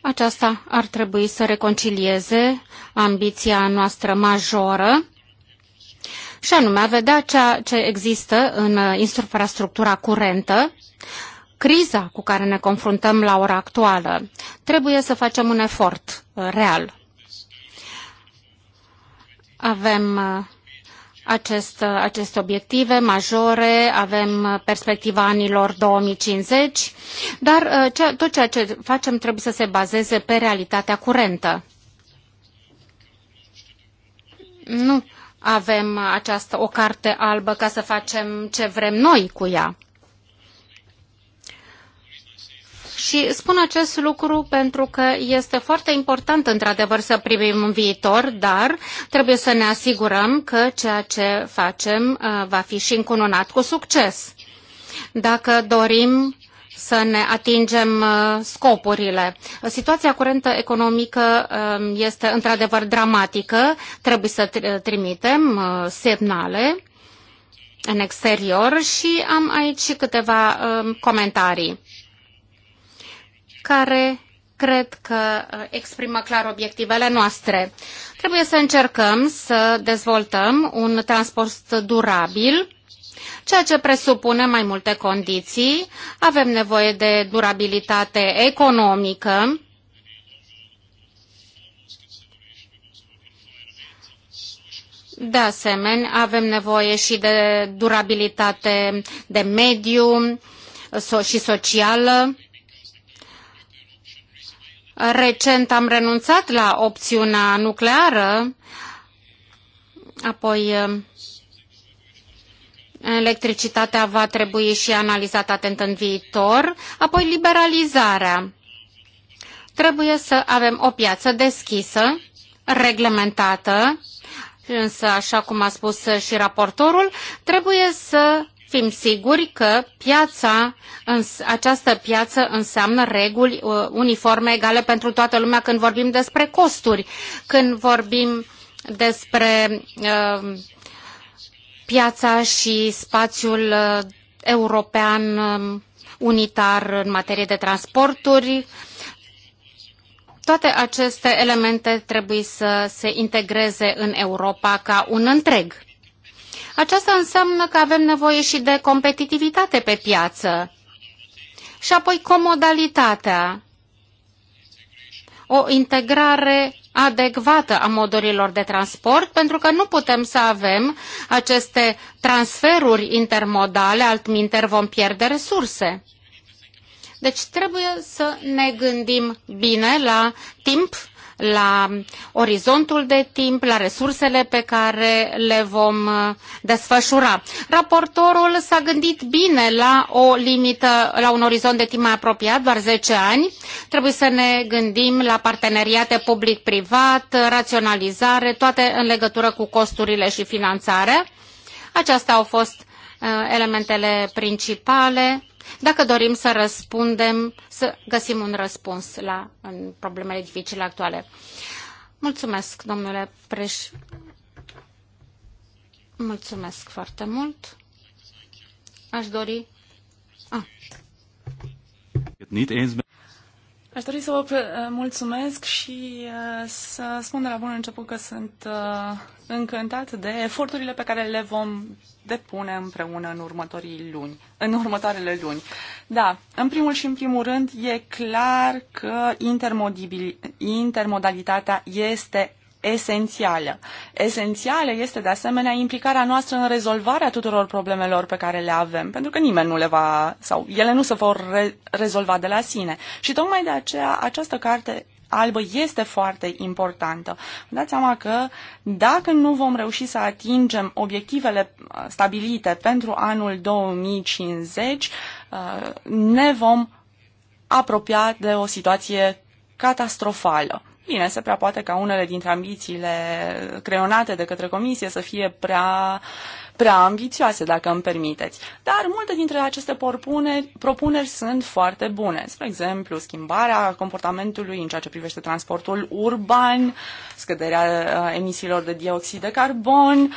Speaker 1: aceasta ar trebui să reconcilieze ambiția noastră majoră și anume a vedea ceea ce există în infrastructura curentă, criza cu care ne confruntăm la ora actuală. Trebuie să facem un efort real. Avem acest, aceste obiective majore, avem perspectiva anilor 2050, dar uh, ce, tot ceea ce facem trebuie să se bazeze pe realitatea curentă. Nu avem această o carte albă ca să facem ce vrem noi cu ea. Și spun acest lucru pentru că este foarte important, într-adevăr, să primim în viitor, dar trebuie să ne asigurăm că ceea ce facem uh, va fi și încununat cu succes. Dacă dorim să ne atingem uh, scopurile. Situația curentă economică um, este într-adevăr dramatică, trebuie să trimitem uh, semnale în exterior și am aici și câteva um, comentarii care cred că uh, exprimă clar obiectivele noastre. Trebuie să încercăm să dezvoltăm un transport durabil, ceea ce presupune mai multe condiții. Avem nevoie de durabilitate economică, De asemenea, avem nevoie și de durabilitate de mediu și socială. Recent am renunțat la opțiunea nucleară, apoi eh, electricitatea va trebui și analizată atent în viitor, apoi liberalizarea. Trebuie să avem o piață deschisă, reglementată, însă, așa cum a spus și raportorul, trebuie să fim siguri că piața, această piață înseamnă reguli uh, uniforme egale pentru toată lumea când vorbim despre costuri, când vorbim despre uh, piața și spațiul uh, european um, unitar în materie de transporturi. Toate aceste elemente trebuie să se integreze în Europa ca un întreg. Aceasta înseamnă că avem nevoie și de competitivitate pe piață și apoi comodalitatea, o integrare adecvată a modurilor de transport, pentru că nu putem să avem aceste transferuri intermodale, altminteri vom pierde resurse. Deci trebuie să ne gândim bine la timp, la orizontul de timp, la resursele pe care le vom desfășura. Raportorul s-a gândit bine la o limită, la un orizont de timp mai apropiat, doar 10 ani. Trebuie să ne gândim la parteneriate public-privat, raționalizare, toate în legătură cu costurile și finanțarea. Aceasta au fost uh, elementele principale dacă dorim să răspundem, să găsim un răspuns la în problemele dificile actuale. Mulțumesc, domnule preș. Mulțumesc foarte mult. Aș dori... Ah.
Speaker 2: Aș dori să vă uh, mulțumesc și uh, să spun de la bun început că sunt uh, încântat de eforturile pe care le vom depune împreună în următorii luni, în următoarele luni. Da, în primul și în primul rând e clar că intermodalitatea este esențială. Esențială este de asemenea implicarea noastră în rezolvarea tuturor problemelor pe care le avem, pentru că nimeni nu le va, sau ele nu se vor re- rezolva de la sine. Și tocmai de aceea această carte albă este foarte importantă. Dați seama că dacă nu vom reuși să atingem obiectivele uh, stabilite pentru anul 2050, uh, ne vom apropia de o situație catastrofală. Bine, se prea poate ca unele dintre ambițiile creonate de către comisie să fie prea, prea ambițioase, dacă îmi permiteți. Dar multe dintre aceste propuneri, propuneri sunt foarte bune. Spre exemplu, schimbarea comportamentului în ceea ce privește transportul urban, scăderea uh, emisiilor de dioxid de carbon, uh,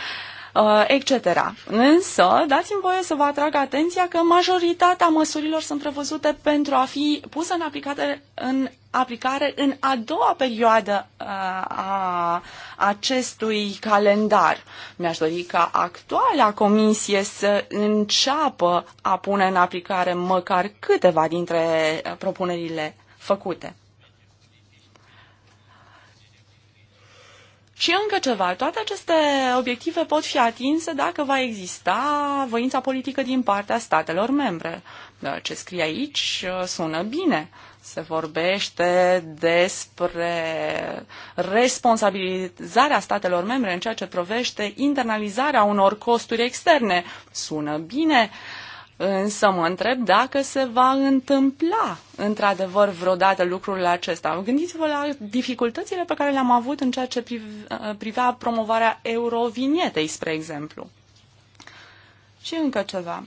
Speaker 2: Uh, etc. Însă, dați-mi voie să vă atrag atenția că majoritatea măsurilor sunt prevăzute pentru a fi pusă în aplicare în, aplicare în a doua perioadă uh, a acestui calendar. Mi-aș dori ca actuala comisie să înceapă a pune în aplicare măcar câteva dintre uh, propunerile făcute. Și încă ceva, toate aceste obiective pot fi atinse dacă va exista voința politică din partea statelor membre. Da, ce scrie aici uh, sună bine. Se vorbește despre responsabilizarea statelor membre în ceea ce provește internalizarea unor costuri externe. Sună bine. Uh, Însă mă întreb dacă se va întâmpla într-adevăr vreodată lucrurile acesta. Gândiți-vă la dificultățile pe care le-am avut în ceea ce uh, privea promovarea eurovinietei, spre exemplu. Și încă ceva.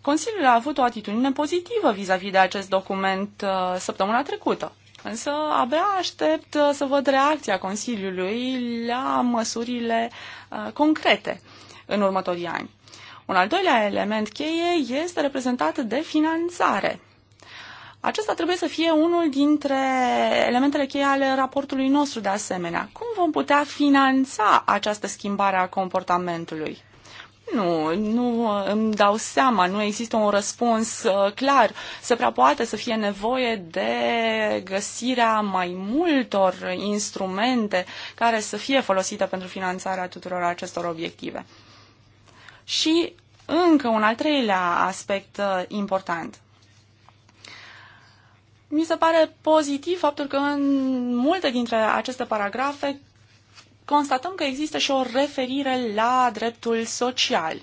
Speaker 2: Consiliul a avut o atitudine pozitivă vis-a-vis -vis de acest document uh, săptămâna trecută. Însă abia aștept uh, să văd reacția Consiliului la măsurile concrete în următorii ani. Un al doilea element cheie este reprezentat de finanțare. Acesta trebuie să fie unul dintre elementele cheie ale raportului nostru de asemenea. Cum vom putea finanța această schimbare a comportamentului? Nu, nu uh, îmi dau seama, nu există un răspuns uh, clar. Se prea poate să fie nevoie de găsirea mai multor instrumente care să fie folosite pentru finanțarea tuturor acestor obiective. Și încă un al treilea aspect uh, important. Mi se pare pozitiv faptul că în multe dintre aceste paragrafe constatăm că există și o referire la dreptul social.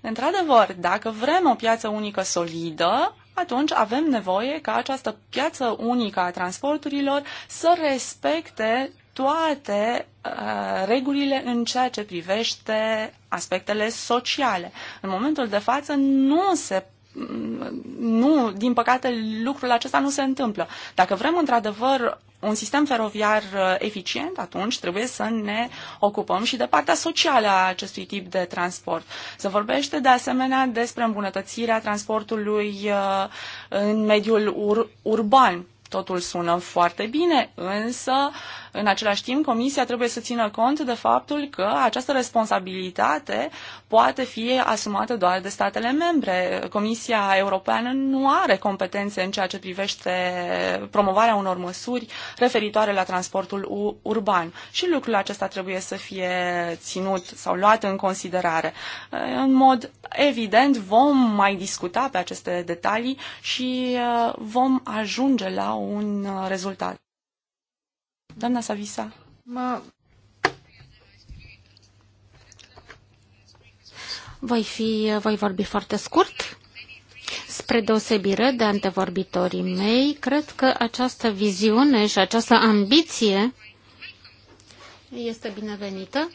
Speaker 2: Într-adevăr, dacă vrem o piață unică solidă, atunci avem nevoie ca această piață unică a transporturilor să respecte toate Uh, regulile în ceea ce privește aspectele sociale. În momentul de față nu se nu, din păcate, lucrul acesta nu se întâmplă. Dacă vrem, într-adevăr, un sistem feroviar uh, eficient, atunci trebuie să ne ocupăm și de partea socială a acestui tip de transport. Se vorbește, de asemenea, despre îmbunătățirea transportului uh, în mediul ur- urban. Totul sună foarte bine, însă, în același timp, Comisia trebuie să țină cont de faptul că această responsabilitate poate fi asumată doar de statele membre. Comisia Europeană nu are competențe în ceea ce privește promovarea unor măsuri referitoare la transportul urban și lucrul acesta trebuie să fie ținut sau luat în considerare. În mod evident, vom mai discuta pe aceste detalii și uh, vom ajunge la un uh, rezultat. Doamna Savisa.
Speaker 4: Mă...
Speaker 1: Voi, fi, uh, voi vorbi foarte scurt. Spre deosebire de antevorbitorii mei, cred că această viziune și această ambiție este binevenită,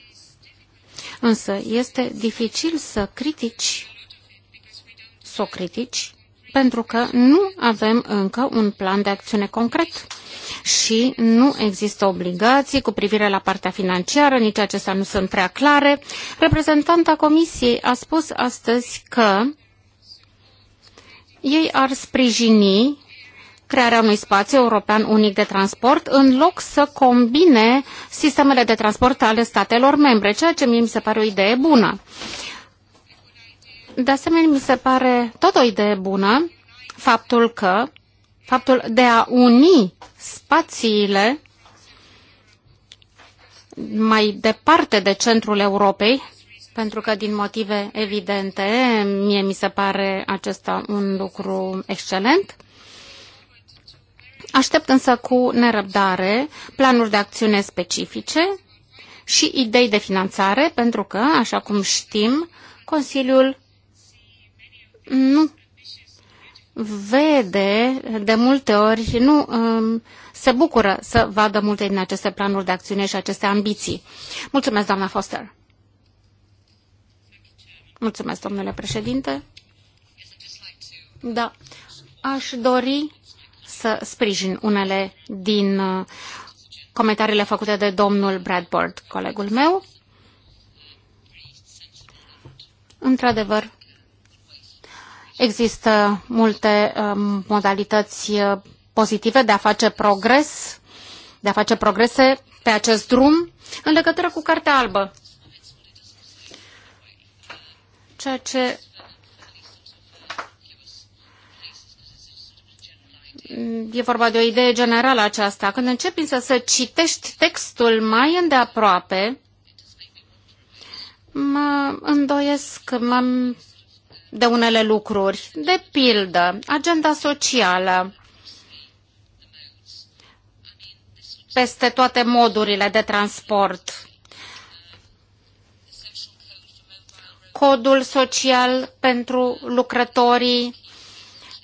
Speaker 1: însă este dificil să critici, să o critici, pentru că nu avem încă un plan de acțiune concret și nu există obligații cu privire la partea financiară, nici acestea nu sunt prea clare. Reprezentanta Comisiei a spus astăzi că ei ar sprijini crearea unui spațiu european unic de transport în loc să combine sistemele de transport ale statelor membre, ceea ce mi se pare o idee bună. De asemenea, mi se pare tot o idee bună faptul că faptul de a uni spațiile mai departe de centrul Europei, pentru că din motive evidente, mie mi se pare acesta un lucru excelent. Aștept însă cu nerăbdare planuri de acțiune specifice și idei de finanțare, pentru că, așa cum știm, Consiliul nu vede de multe ori, nu um, se bucură să vadă multe din aceste planuri de acțiune și aceste ambiții. Mulțumesc, doamna Foster. Mulțumesc, domnule președinte. Da, aș dori să sprijin unele din uh, comentariile făcute de domnul Bradford, colegul meu. Într-adevăr, Există multe um, modalități uh, pozitive de a face progres, de a face progrese pe acest drum în legătură cu Cartea Albă. Ceea ce e vorba de o idee generală aceasta. Când începi să citești textul mai îndeaproape, mă îndoiesc, mă de unele lucruri, de pildă, agenda socială, peste toate modurile de transport, codul social pentru lucrătorii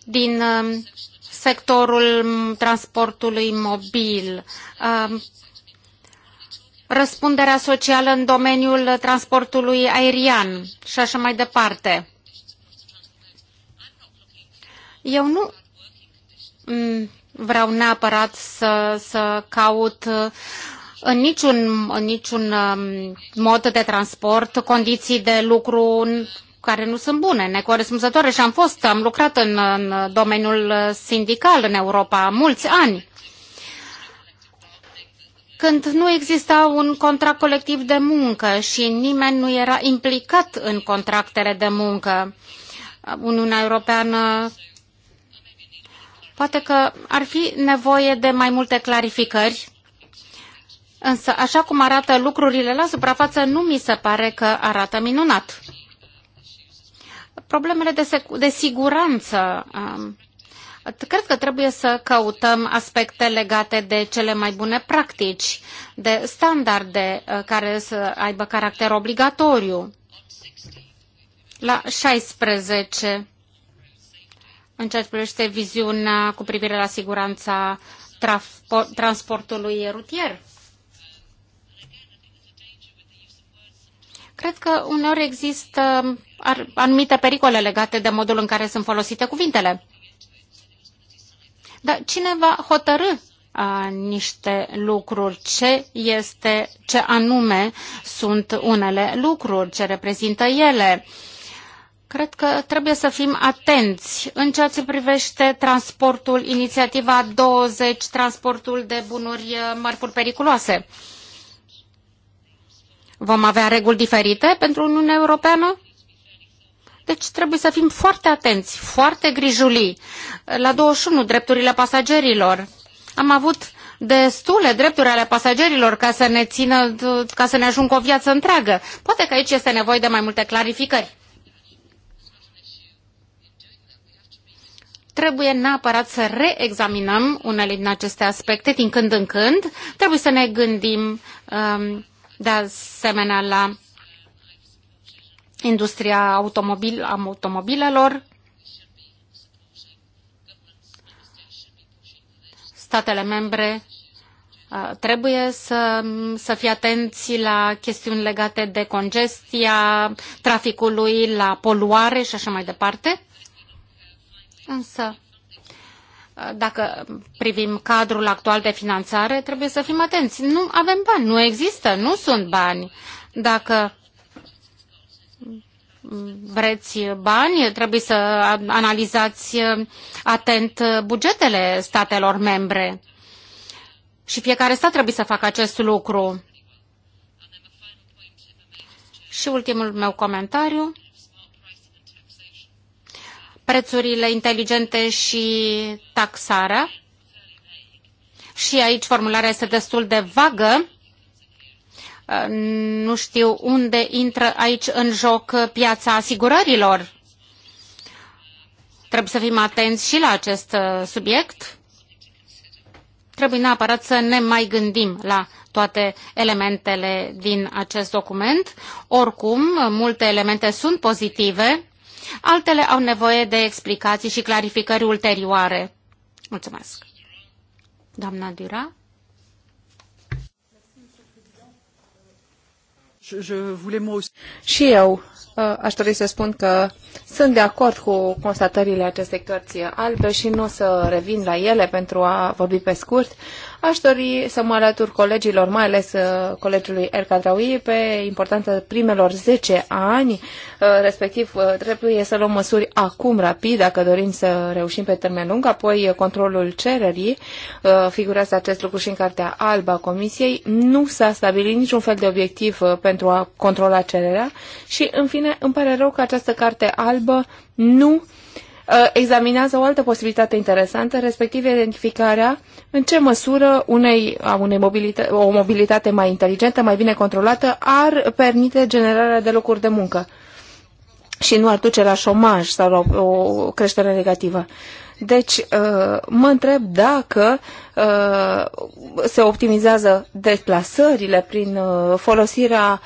Speaker 1: din um, sectorul um, transportului mobil, um, răspunderea socială în domeniul transportului aerian și așa mai departe. Eu nu mm, vreau neapărat să, să caut uh, în niciun, în niciun um, mod de transport condiții de lucru care nu sunt bune, necorespunzătoare și am fost, am lucrat în, în domeniul sindical în Europa mulți ani când nu exista un contract colectiv de muncă și nimeni nu era implicat în contractele de muncă. Uniunea Europeană Poate că ar fi nevoie de mai multe clarificări, însă așa cum arată lucrurile la suprafață, nu mi se pare că arată minunat. Problemele de, de siguranță. Um, cred că trebuie să căutăm aspecte legate de cele mai bune practici, de standarde uh, care să aibă caracter obligatoriu. La 16 în ceea ce privește viziunea cu privire la siguranța transportului rutier. Cred că uneori există anumite pericole legate de modul în care sunt folosite cuvintele. Dar cine va hotărâ a, niște lucruri, ce este, ce anume sunt unele lucruri, ce reprezintă ele? Uh, Cred că trebuie să fim atenți în ceea ce privește transportul, inițiativa 20, transportul de bunuri, uh, mărfuri periculoase. Vom avea reguli diferite pentru Uniunea Europeană? Deci trebuie să fim foarte atenți, foarte grijulii. La 21, drepturile pasagerilor. Am avut destule drepturi ale pasagerilor ca să ne, țină, ca să ne ajungă o viață întreagă. Poate că aici este nevoie de mai multe clarificări. trebuie neapărat să reexaminăm unele din aceste aspecte din când în când. Trebuie să ne gândim um, de asemenea la industria automobil, automobilelor. Statele membre uh, trebuie să, să fie atenți la chestiuni legate de congestia traficului, la poluare și așa mai departe. Însă, dacă privim cadrul actual de finanțare, trebuie să fim atenți. Nu avem bani, nu există, nu sunt bani. Dacă vreți bani, trebuie să analizați atent bugetele statelor membre. Și fiecare stat trebuie să facă acest lucru. Și ultimul meu comentariu prețurile inteligente și taxarea. Și aici formularea este destul de vagă. Uh, nu știu unde intră aici în joc piața asigurărilor. Trebuie să fim atenți și la acest uh, subiect. Trebuie neapărat să ne mai gândim la toate elementele din acest document. Oricum, multe elemente sunt pozitive Altele au nevoie de explicații și clarificări ulterioare. Mulțumesc. Doamna Dura?
Speaker 3: Și eu uh, aș dori să spun că sunt de acord cu constatările acestei cărți albe și nu o să revin la ele pentru a vorbi pe scurt. Aș dori să mă alătur colegilor, mai ales uh, colegiului El Cadraui, pe importanța primelor 10 ani, uh, respectiv uh, trebuie să luăm măsuri acum rapid, dacă dorim să reușim pe termen lung, apoi controlul cererii, figurează acest lucru și în Cartea Albă a Comisiei, nu s-a stabilit niciun fel de obiectiv pentru a controla cererea și, în fine, îmi pare rău că această Carte Albă nu uh, Uh, examinează o altă posibilitate interesantă, respectiv identificarea în ce măsură unei, a unei mobilitate, o mobilitate mai inteligentă, mai bine controlată, ar permite generarea de locuri de muncă și nu ar duce la șomaj sau la o creștere negativă. Deci, uh, mă întreb dacă uh, se optimizează deplasările prin uh, folosirea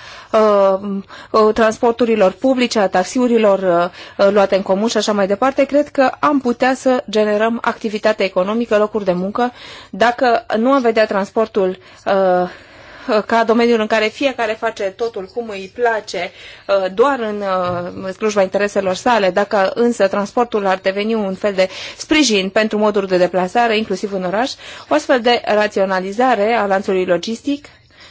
Speaker 3: transporturilor publice, a taxiurilor luate în comun și așa mai departe. Cred că am putea să generăm activitate economică, locuri de muncă, dacă nu am vedea transportul ca domeniul în care fiecare face totul cum îi place, uh, doar în uh, slujba intereselor sale, dacă însă transportul ar deveni un fel de sprijin pentru moduri de deplasare, inclusiv în oraș, o astfel de raționalizare a lanțului logistic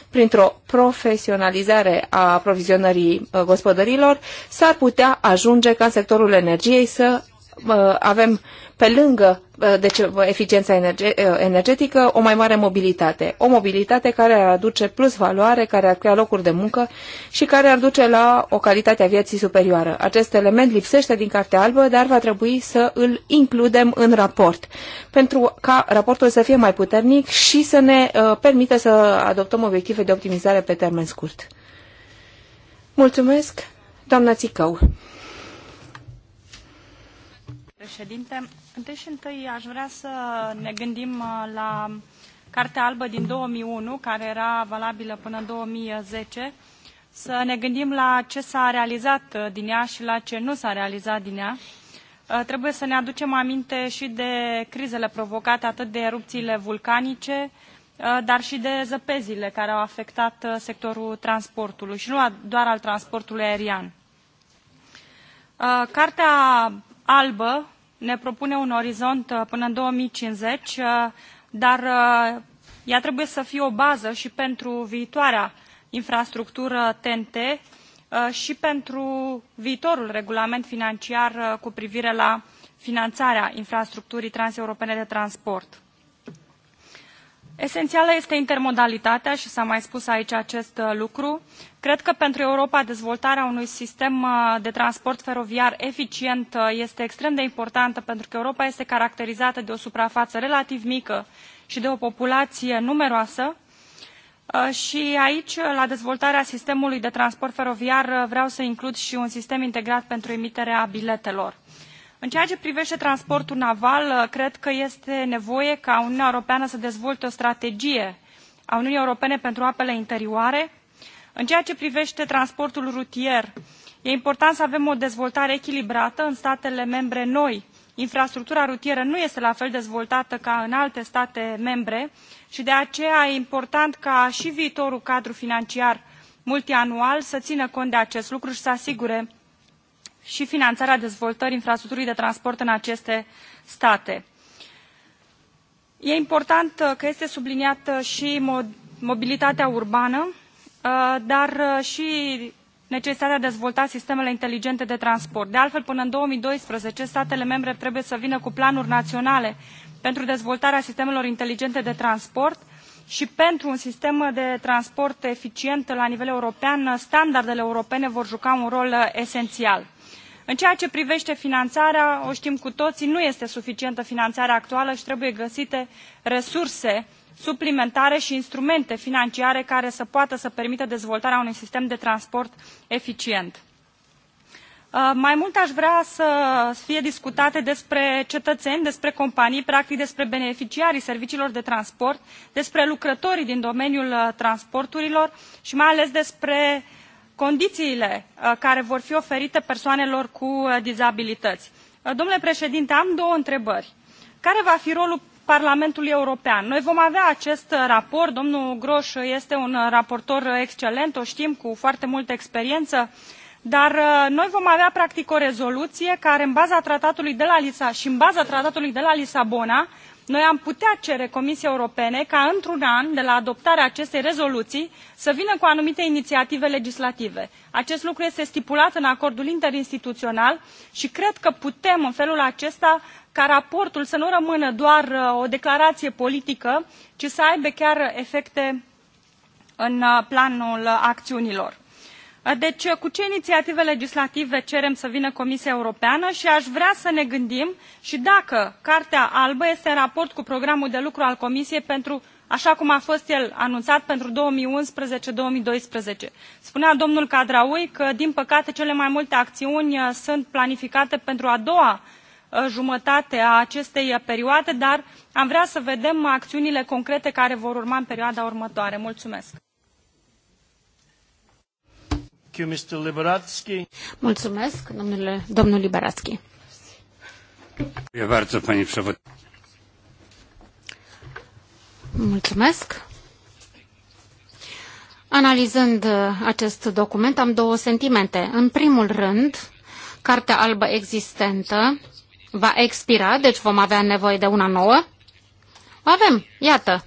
Speaker 3: printr-o profesionalizare a aprovizionării uh, gospodărilor, s-ar putea ajunge ca în sectorul energiei să avem pe lângă deci, eficiența energe ă, energetică o mai mare mobilitate. O mobilitate care ar aduce plus valoare, care ar crea locuri de muncă și care ar duce la o calitate a vieții superioară. Acest element lipsește din Cartea Albă, dar va trebui să îl includem în raport, pentru ca raportul să fie mai puternic și să ne uh, permită să adoptăm obiective de optimizare pe termen scurt. Mulțumesc, doamna Țicău
Speaker 4: președinte. Întâi și întâi aș vrea să ne gândim uh, la Cartea Albă din 2001, care era valabilă până în 2010, să ne gândim la ce s-a realizat uh, din ea și la ce nu s-a realizat din ea. Uh, trebuie să ne aducem aminte și de crizele provocate atât de erupțiile vulcanice, dar și de zăpezile care au afectat sectorul transportului și nu doar al transportului aerian. Cartea albă ne propune un orizont uh, până în 2050, uh, dar uh, ea trebuie să fie o bază și pentru viitoarea infrastructură TNT și pentru viitorul regulament financiar cu privire la finanțarea infrastructurii transeuropene de transport. Esențială este intermodalitatea și s-a mai spus aici acest uh, lucru. Cred că pentru Europa dezvoltarea unui sistem uh, de transport feroviar eficient uh, este extrem de importantă pentru că Europa este caracterizată de o suprafață relativ mică și de o populație numeroasă. Și aici, la dezvoltarea sistemului de transport feroviar, vreau să includ și un sistem integrat pentru emiterea biletelor. În ceea ce privește transportul naval, uh, cred că este nevoie ca Uniunea Europeană să dezvolte o strategie a Uniunii Europene pentru apele interioare. În ceea ce privește transportul rutier, e important să avem o dezvoltare echilibrată în statele membre noi. Infrastructura rutieră nu este la fel dezvoltată ca în alte state membre și de aceea e important ca și viitorul cadru financiar multianual să țină cont de acest lucru și să asigure și finanțarea dezvoltării infrastructurii de transport în aceste state. E important uh, că este subliniată uh, și mobilitatea urbană, uh, dar și necesitatea de a dezvolta sistemele inteligente de transport. De altfel, până în 2012, statele membre trebuie să vină cu planuri naționale pentru dezvoltarea sistemelor inteligente de transport și pentru un sistem de transport eficient la nivel european, standardele europene vor juca un rol esențial. În ceea ce privește finanțarea, o știm cu toții, nu este suficientă finanțarea actuală și trebuie găsite resurse suplimentare și instrumente financiare care să poată să permită dezvoltarea unui sistem de transport eficient. Uh, mai mult aș vrea să fie discutate despre cetățeni, despre companii, practic despre beneficiarii serviciilor de transport, despre lucrătorii din domeniul uh, transporturilor și mai ales despre condițiile uh, care vor fi oferite persoanelor cu uh, dizabilități. Uh, domnule președinte, am două întrebări. Care va fi rolul Parlamentului European? Noi vom avea acest raport, domnul Groș este un raportor excelent, o știm, cu foarte multă experiență, dar noi vom avea practic o rezoluție care în baza tratatului de la Lisa și în baza tratatului de la Lisabona noi am putea cere comisiei europene ca într un an de la adoptarea acestei rezoluții să vină cu anumite inițiative legislative. acest lucru este stipulat în acordul interinstituțional și cred că putem în felul acesta ca raportul să nu rămână doar uh, o declarație politică ci să aibă chiar efecte în uh, planul acțiunilor. Deci, uh, cu ce inițiative legislative cerem să vină Comisia Europeană și aș vrea să ne gândim și dacă Cartea Albă este în raport cu programul de lucru al Comisiei pentru așa cum a fost el anunțat pentru 2011-2012. Spunea domnul Cadraui că, din păcate, cele mai multe acțiuni uh, sunt planificate pentru a doua uh, jumătate a acestei perioade, dar am vrea să vedem acțiunile concrete care vor urma în perioada următoare. Mulțumesc!
Speaker 1: you, Mr. Liberatsky. Mulțumesc, domnule, domnul Liberatsky. Mulțumesc. Analizând uh, acest document, am două sentimente. În primul rând, cartea albă existentă va expira, deci vom avea nevoie de una nouă. Avem, iată.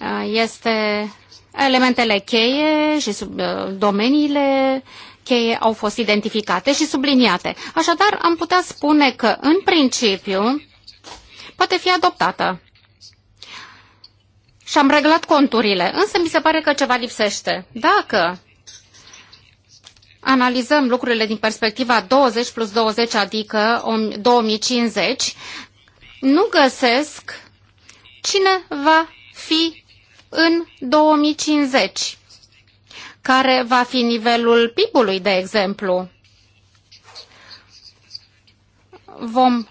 Speaker 1: Uh, este Elementele cheie și sub, uh, domeniile cheie au fost identificate și subliniate. Așadar, am putea spune că, în principiu, poate fi adoptată. Și am reglat conturile, însă mi se pare că ceva lipsește. Dacă analizăm lucrurile din perspectiva 20 plus 20, adică 2050, nu găsesc cine va fi în 2050, care va fi nivelul PIB-ului, de exemplu. Vom,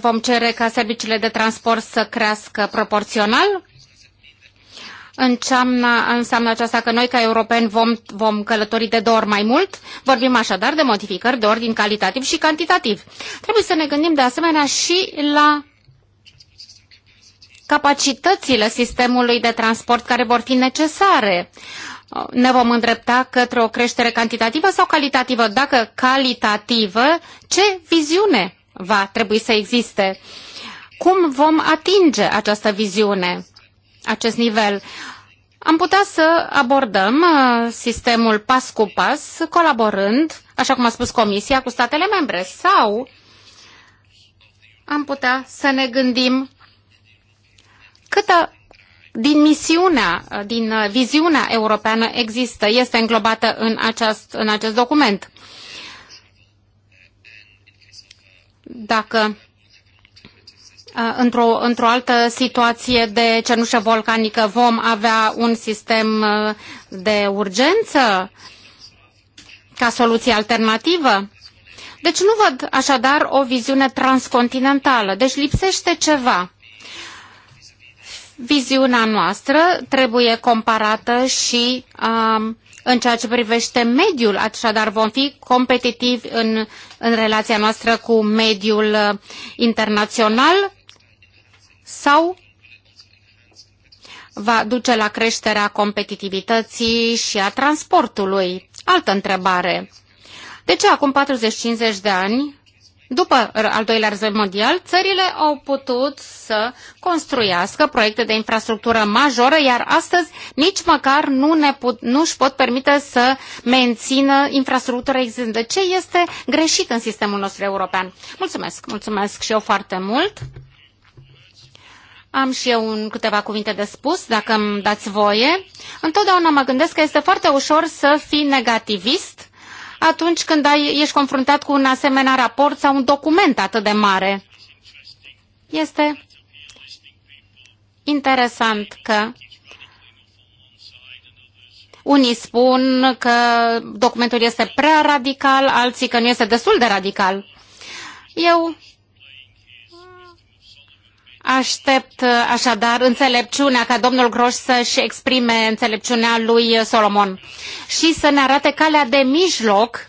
Speaker 1: vom cere ca serviciile de transport să crească proporțional înseamnă, înseamnă aceasta că noi ca europeni vom, vom călători de două ori mai mult? Vorbim așadar de modificări de ordin calitativ și cantitativ. Trebuie să ne gândim de asemenea și la capacitățile sistemului de transport care vor fi necesare. Ne vom îndrepta către o creștere cantitativă sau calitativă? Dacă calitativă, ce viziune va trebui să existe? Cum vom atinge această viziune, acest nivel? Am putea să abordăm uh, sistemul pas cu pas, colaborând, așa cum a spus Comisia, cu statele membre, sau am putea să ne gândim câtă din misiunea, din uh, viziunea europeană există, este înglobată în acest, în acest document. Dacă uh, într-o, într altă situație de cenușă volcanică vom avea un sistem uh, de urgență ca soluție alternativă? Deci nu văd așadar o viziune transcontinentală, deci lipsește ceva. Viziunea noastră trebuie comparată și um, în ceea ce privește mediul, așadar vom fi competitivi în, în relația noastră cu mediul uh, internațional sau va duce la creșterea competitivității și a transportului? Altă întrebare. De ce acum 40-50 de ani după al doilea război mondial, țările au putut să construiască proiecte de infrastructură majoră, iar astăzi nici măcar nu ne put, nu pot permite să mențină infrastructura existentă. Ce este greșit în sistemul nostru european? Mulțumesc, mulțumesc și eu foarte mult. Am și eu un, câteva cuvinte de spus, dacă îmi dați voie. Întotdeauna mă gândesc că este foarte ușor să fii negativist atunci când ai, ești confruntat cu un asemenea raport sau un document atât de mare. Este interesant că unii spun că documentul este prea radical, alții că nu este destul de radical. Eu Aștept uh, așadar înțelepciunea ca domnul Groș să-și exprime înțelepciunea lui Solomon și să ne arate calea de mijloc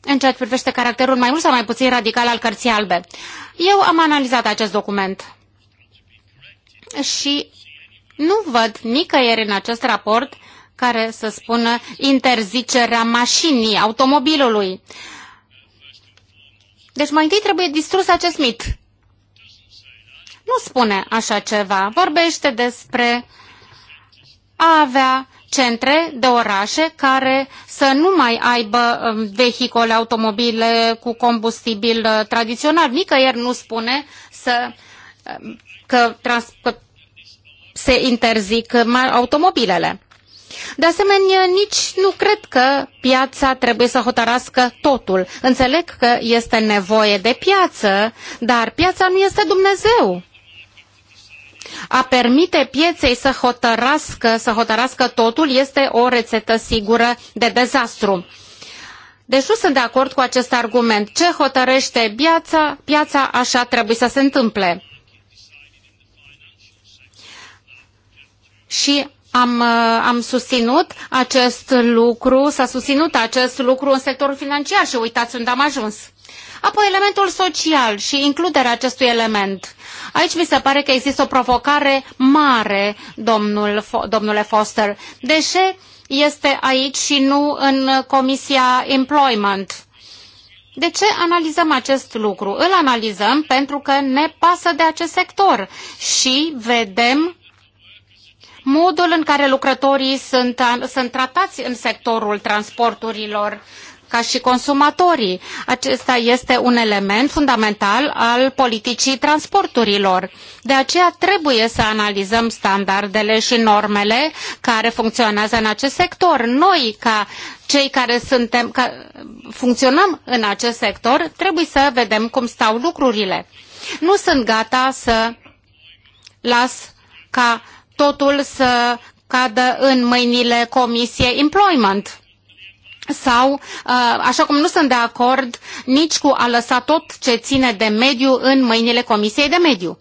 Speaker 1: în ceea ce privește caracterul mai mult sau mai puțin radical al cărții albe. Eu am analizat acest document și nu văd nicăieri în acest raport care să spună interzicerea mașinii, automobilului. Deci mai întâi trebuie distrus acest mit nu spune așa ceva. Vorbește despre a avea centre de orașe care să nu mai aibă um, vehicole, automobile cu combustibil uh, tradițional. Nicăieri nu spune să, um, că, trans, că se interzic uh, automobilele. De asemenea, nici nu cred că piața trebuie să hotărască totul. Înțeleg că este nevoie de piață, dar piața nu este Dumnezeu. A permite pieței să hotărască, să hotărască totul este o rețetă sigură de dezastru. Deci nu sunt de acord cu acest argument. Ce hotărăște piața, piața așa trebuie să se întâmple. Și am, am susținut acest lucru, s-a susținut acest lucru în sectorul financiar și uitați unde am ajuns. Apoi elementul social și includerea acestui element. Aici mi se pare că există o provocare mare, domnul, domnule Foster. De ce este aici și nu în Comisia Employment? De ce analizăm acest lucru? Îl analizăm pentru că ne pasă de acest sector și vedem modul în care lucrătorii sunt, sunt tratați în sectorul transporturilor, ca și consumatorii. Acesta este un element fundamental al politicii transporturilor. De aceea trebuie să analizăm standardele și normele care funcționează în acest sector. Noi, ca cei care suntem, ca, funcționăm în acest sector, trebuie să vedem cum stau lucrurile. Nu sunt gata să las ca totul să cadă în mâinile Comisiei Employment sau, uh, așa cum nu sunt de acord nici cu a lăsa tot ce ține de mediu în mâinile Comisiei de Mediu.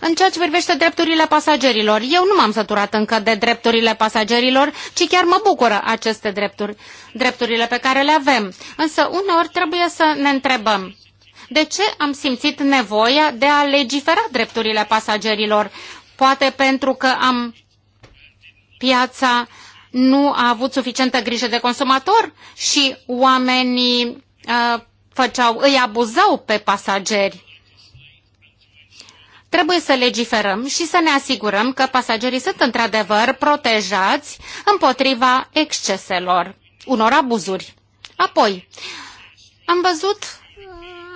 Speaker 1: În ceea ce privește drepturile pasagerilor, eu nu m-am săturat încă de drepturile pasagerilor, ci chiar mă bucură aceste drepturi, drepturile pe care le avem. Însă uneori trebuie să ne întrebăm, de ce am simțit nevoia de a legifera drepturile pasagerilor? Poate pentru că am piața nu a avut suficientă grijă de consumator și oamenii uh, făceau, îi abuzau pe pasageri. Trebuie să legiferăm și să ne asigurăm că pasagerii sunt într-adevăr protejați împotriva exceselor, unor abuzuri. Apoi, am văzut uh,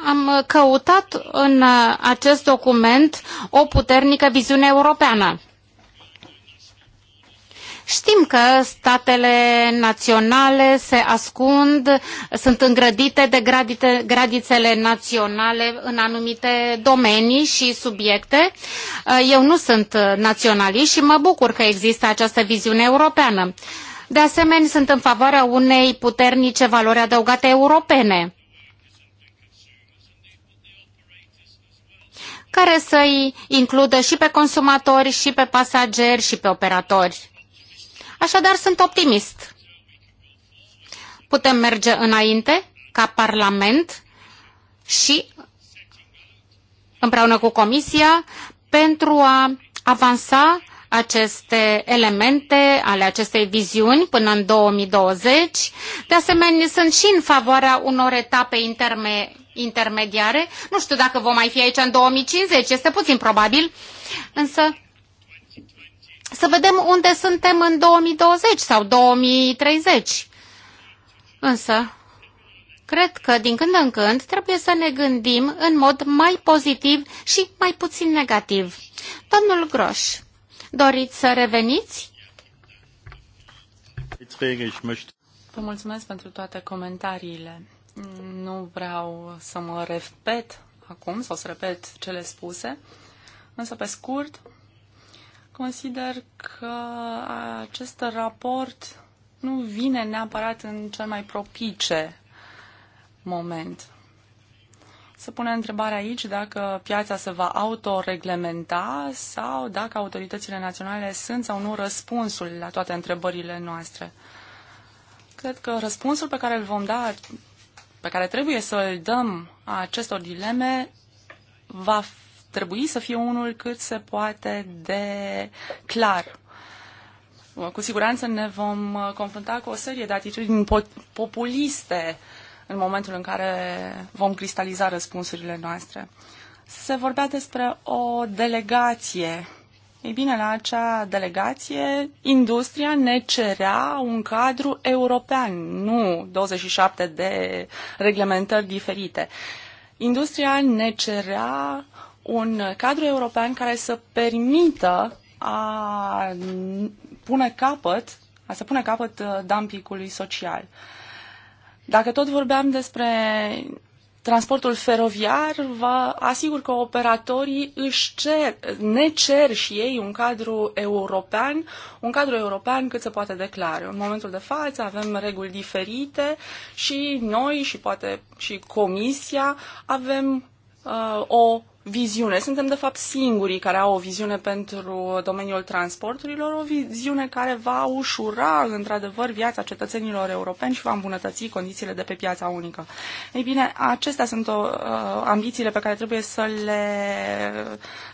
Speaker 1: am căutat în uh, acest document o puternică viziune europeană. Știm că statele naționale se ascund, sunt îngrădite de gradite, gradițele naționale în anumite domenii și subiecte. Uh, eu nu sunt naționalist și mă bucur că există această viziune europeană. De asemenea, sunt în favoarea unei puternice valori adăugate europene. care să-i includă și pe consumatori, și pe pasageri, și pe operatori. Așadar, sunt optimist. Putem merge înainte ca Parlament și împreună cu Comisia pentru a avansa aceste elemente ale acestei viziuni până în 2020. De asemenea, sunt și în favoarea unor etape interme, intermediare. Nu știu dacă vom mai fi aici în 2050, este puțin probabil, însă să vedem unde suntem în 2020 sau 2030. Însă, cred că din când în când trebuie să ne gândim în mod mai pozitiv și mai puțin negativ. Domnul Groș, doriți să reveniți? Vă mulțumesc pentru
Speaker 2: toate comentariile. Nu vreau să mă repet acum sau să repet cele spuse, însă pe scurt Consider că acest raport nu vine neapărat în cel mai propice moment. Se pune întrebarea aici dacă piața se va autoreglementa sau dacă autoritățile naționale sunt sau nu răspunsul la toate întrebările noastre. Cred că răspunsul pe care îl vom da, pe care trebuie să îl dăm acestor dileme, va trebui să fie unul cât se poate de clar. Cu siguranță ne vom confrunta cu o serie de atitudini populiste în momentul în care vom cristaliza răspunsurile noastre. Se vorbea despre o delegație ei bine, la acea delegație, industria ne cerea un cadru european, nu 27 de reglementări diferite. Industria ne cerea un cadru european care să permită a pune capăt, a să pune capăt uh, dumpingului social. Dacă tot vorbeam despre transportul feroviar, vă asigur că operatorii își cer, ne cer și ei un cadru european, un cadru european cât se poate declare. În momentul de față avem reguli diferite și noi și poate și Comisia avem uh, o viziune. Suntem, de fapt, singurii care au o viziune pentru domeniul transporturilor, o viziune care va ușura, într-adevăr, viața cetățenilor europeni și va îmbunătăți condițiile de pe piața unică. Ei bine, acestea sunt o, uh, ambițiile pe care trebuie să le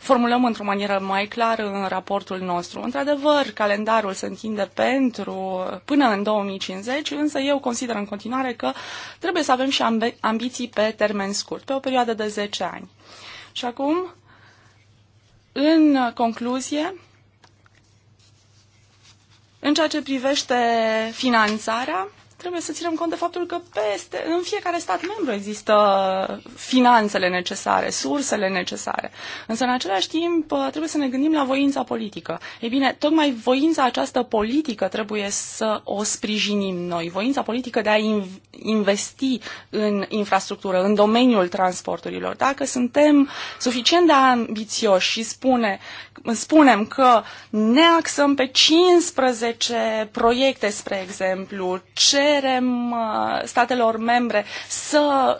Speaker 2: formulăm într-o manieră mai clară în raportul nostru. Într-adevăr, calendarul se întinde pentru până în 2050, însă eu consider în continuare că trebuie să avem și ambi- ambiții pe termen scurt, pe o perioadă de 10 ani. Și acum, în concluzie, în ceea ce privește finanțarea, trebuie să ținem cont de faptul că peste, în fiecare stat membru există finanțele necesare, sursele necesare. Însă, în același timp, uh, trebuie să ne gândim la voința politică. Ei bine, tocmai voința această politică trebuie să o sprijinim noi. Voința politică de a investi în infrastructură, în domeniul transporturilor. Dacă suntem suficient de ambițioși și spune spunem că ne axăm pe 15 proiecte, spre exemplu, cerem uh, statelor membre să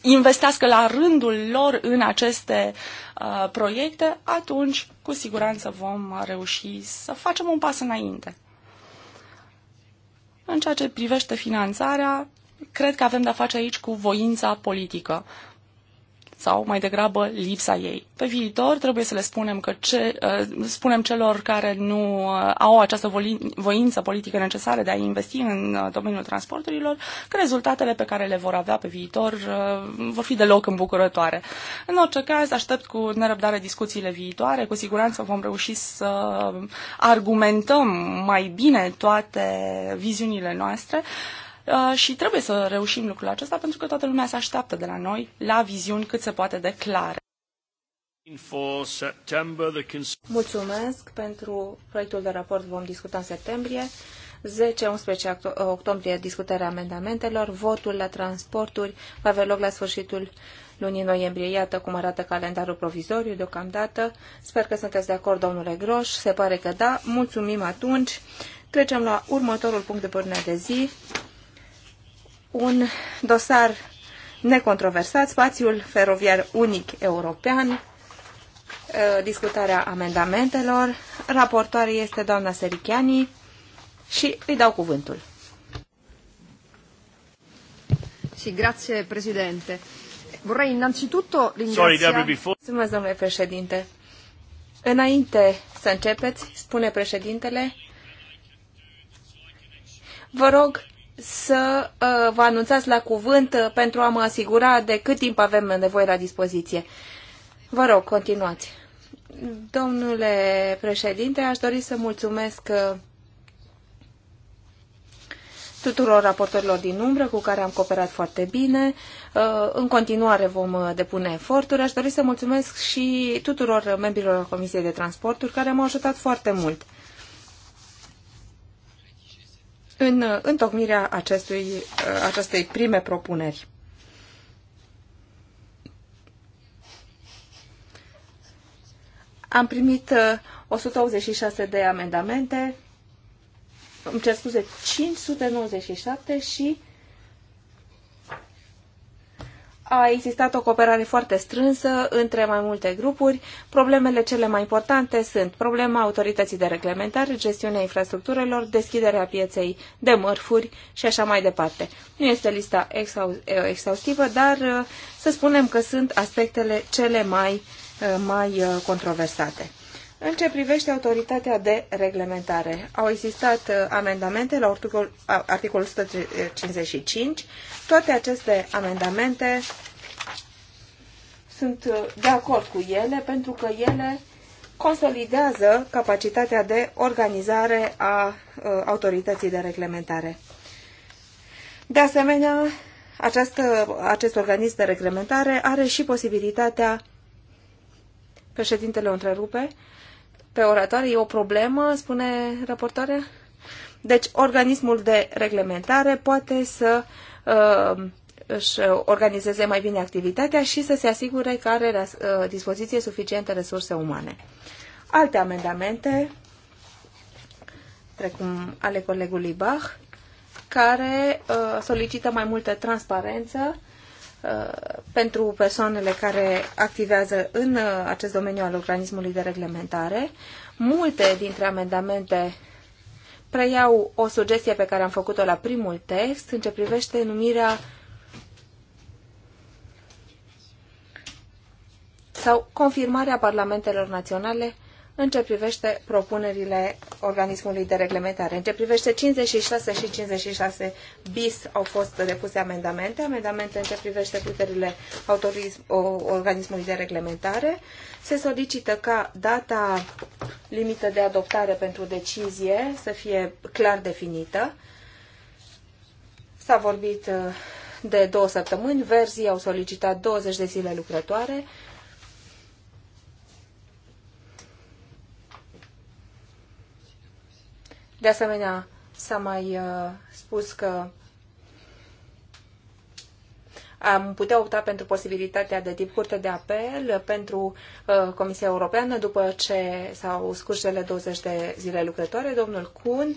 Speaker 2: investească la rândul lor în aceste uh, proiecte, atunci cu siguranță vom reuși să facem un pas înainte. În ceea ce privește finanțarea, cred că avem de-a face aici cu voința politică sau mai degrabă lipsa ei. Pe viitor trebuie să le spunem, că ce, uh, spunem celor care nu uh, au această voință politică necesară de a investi în uh, domeniul transporturilor că rezultatele pe care le vor avea pe viitor vor fi deloc îmbucurătoare. În orice caz, aștept cu nerăbdare discuțiile viitoare. Cu siguranță vom reuși să argumentăm mai bine toate viziunile noastre. Uh, și trebuie să reușim lucrul acesta pentru că toată lumea se așteaptă de la noi la viziuni
Speaker 3: cât se poate de clare. Mulțumesc pentru proiectul de raport. Vom discuta în septembrie. 10-11 octombrie discutarea amendamentelor, votul la transporturi va avea loc la sfârșitul lunii noiembrie. Iată cum arată calendarul provizoriu deocamdată. Sper că sunteți de acord, domnule Groș. Se pare că da. Mulțumim atunci. Trecem la următorul punct de pornire de zi un dosar necontroversat, spațiul feroviar unic european, uh, discutarea amendamentelor. Raportoare este doamna Serichiani și îi dau cuvântul. Sì, grazie președinte. Vorrei innanzitutto Mulțumesc, domnule președinte. Înainte să începeți, spune președintele, vă rog să uh, vă anunțați la cuvânt uh, pentru a mă asigura de cât timp avem nevoie la dispoziție. Vă rog, continuați. Domnule președinte, aș dori să mulțumesc uh, tuturor raportorilor din umbră cu care am cooperat foarte bine. Uh, în continuare vom uh, depune eforturi. Aș dori să mulțumesc și tuturor membrilor Comisiei de Transporturi care m-au ajutat foarte mult în uh, întocmirea acestui, uh, acestei prime propuneri. Am primit 186 uh, de amendamente, îmi cer scuze, 597 și a existat o cooperare foarte strânsă între mai multe grupuri. Problemele cele mai importante sunt problema autorității de reglementare, gestiunea infrastructurilor, deschiderea pieței de mărfuri și așa mai departe. Nu este lista eh, exhaustivă, dar eh, să spunem că sunt aspectele cele mai, eh, mai controversate. În ce privește autoritatea de reglementare, au existat uh, amendamente la articol, articolul 155. Toate aceste amendamente sunt uh, de acord cu ele pentru că ele consolidează capacitatea de organizare a uh, autorității de reglementare. De asemenea, această, acest organism de reglementare are și posibilitatea președintele o întrerupe, pe oratoare, e o problemă, spune raportarea? Deci, organismul de reglementare poate să uh, își organizeze mai bine activitatea și să se asigure că are la uh, dispoziție suficiente resurse umane. Alte amendamente, precum ale colegului Bach, care uh, solicită mai multă transparență Uh, pentru persoanele care activează în uh, acest domeniu al organismului de reglementare. Multe dintre amendamente preiau o sugestie pe care am făcut-o la primul text în ce privește numirea sau confirmarea parlamentelor naționale în ce privește propunerile organismului de reglementare. În ce privește 56 și 56 bis au fost depuse amendamente, amendamente în ce privește puterile organismului de reglementare. Se solicită ca data limită de adoptare pentru decizie să fie clar definită. S-a vorbit uh, de două săptămâni, verzii au solicitat 20 de zile lucrătoare, De asemenea, s-a mai uh, spus că am putea opta pentru posibilitatea de tip curte de apel pentru uh, Comisia Europeană după ce s-au scurs cele 20 de zile lucrătoare. Domnul Kuhn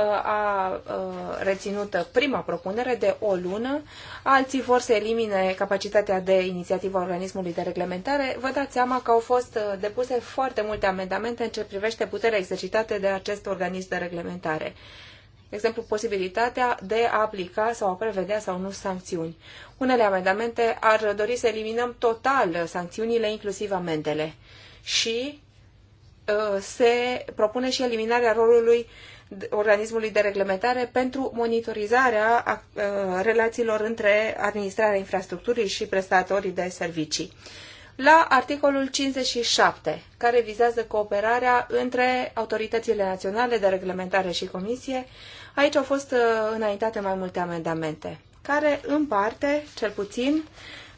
Speaker 3: Uh, a uh, reținut prima propunere de o lună, alții vor să elimine capacitatea de inițiativă a organismului de reglementare. Vă dați seama că au fost uh, depuse foarte multe amendamente în ce privește puterea exercitată de acest organism de reglementare. De exemplu, posibilitatea de a aplica sau a prevedea sau nu sancțiuni. Unele amendamente ar dori să eliminăm total sancțiunile, inclusiv amendele. Și se propune și eliminarea rolului organismului de reglementare pentru monitorizarea relațiilor între administrarea infrastructurii și prestatorii de servicii. La articolul 57, care vizează cooperarea între autoritățile naționale de reglementare și comisie, aici au fost uh, înaintate mai multe amendamente, care în parte, cel puțin,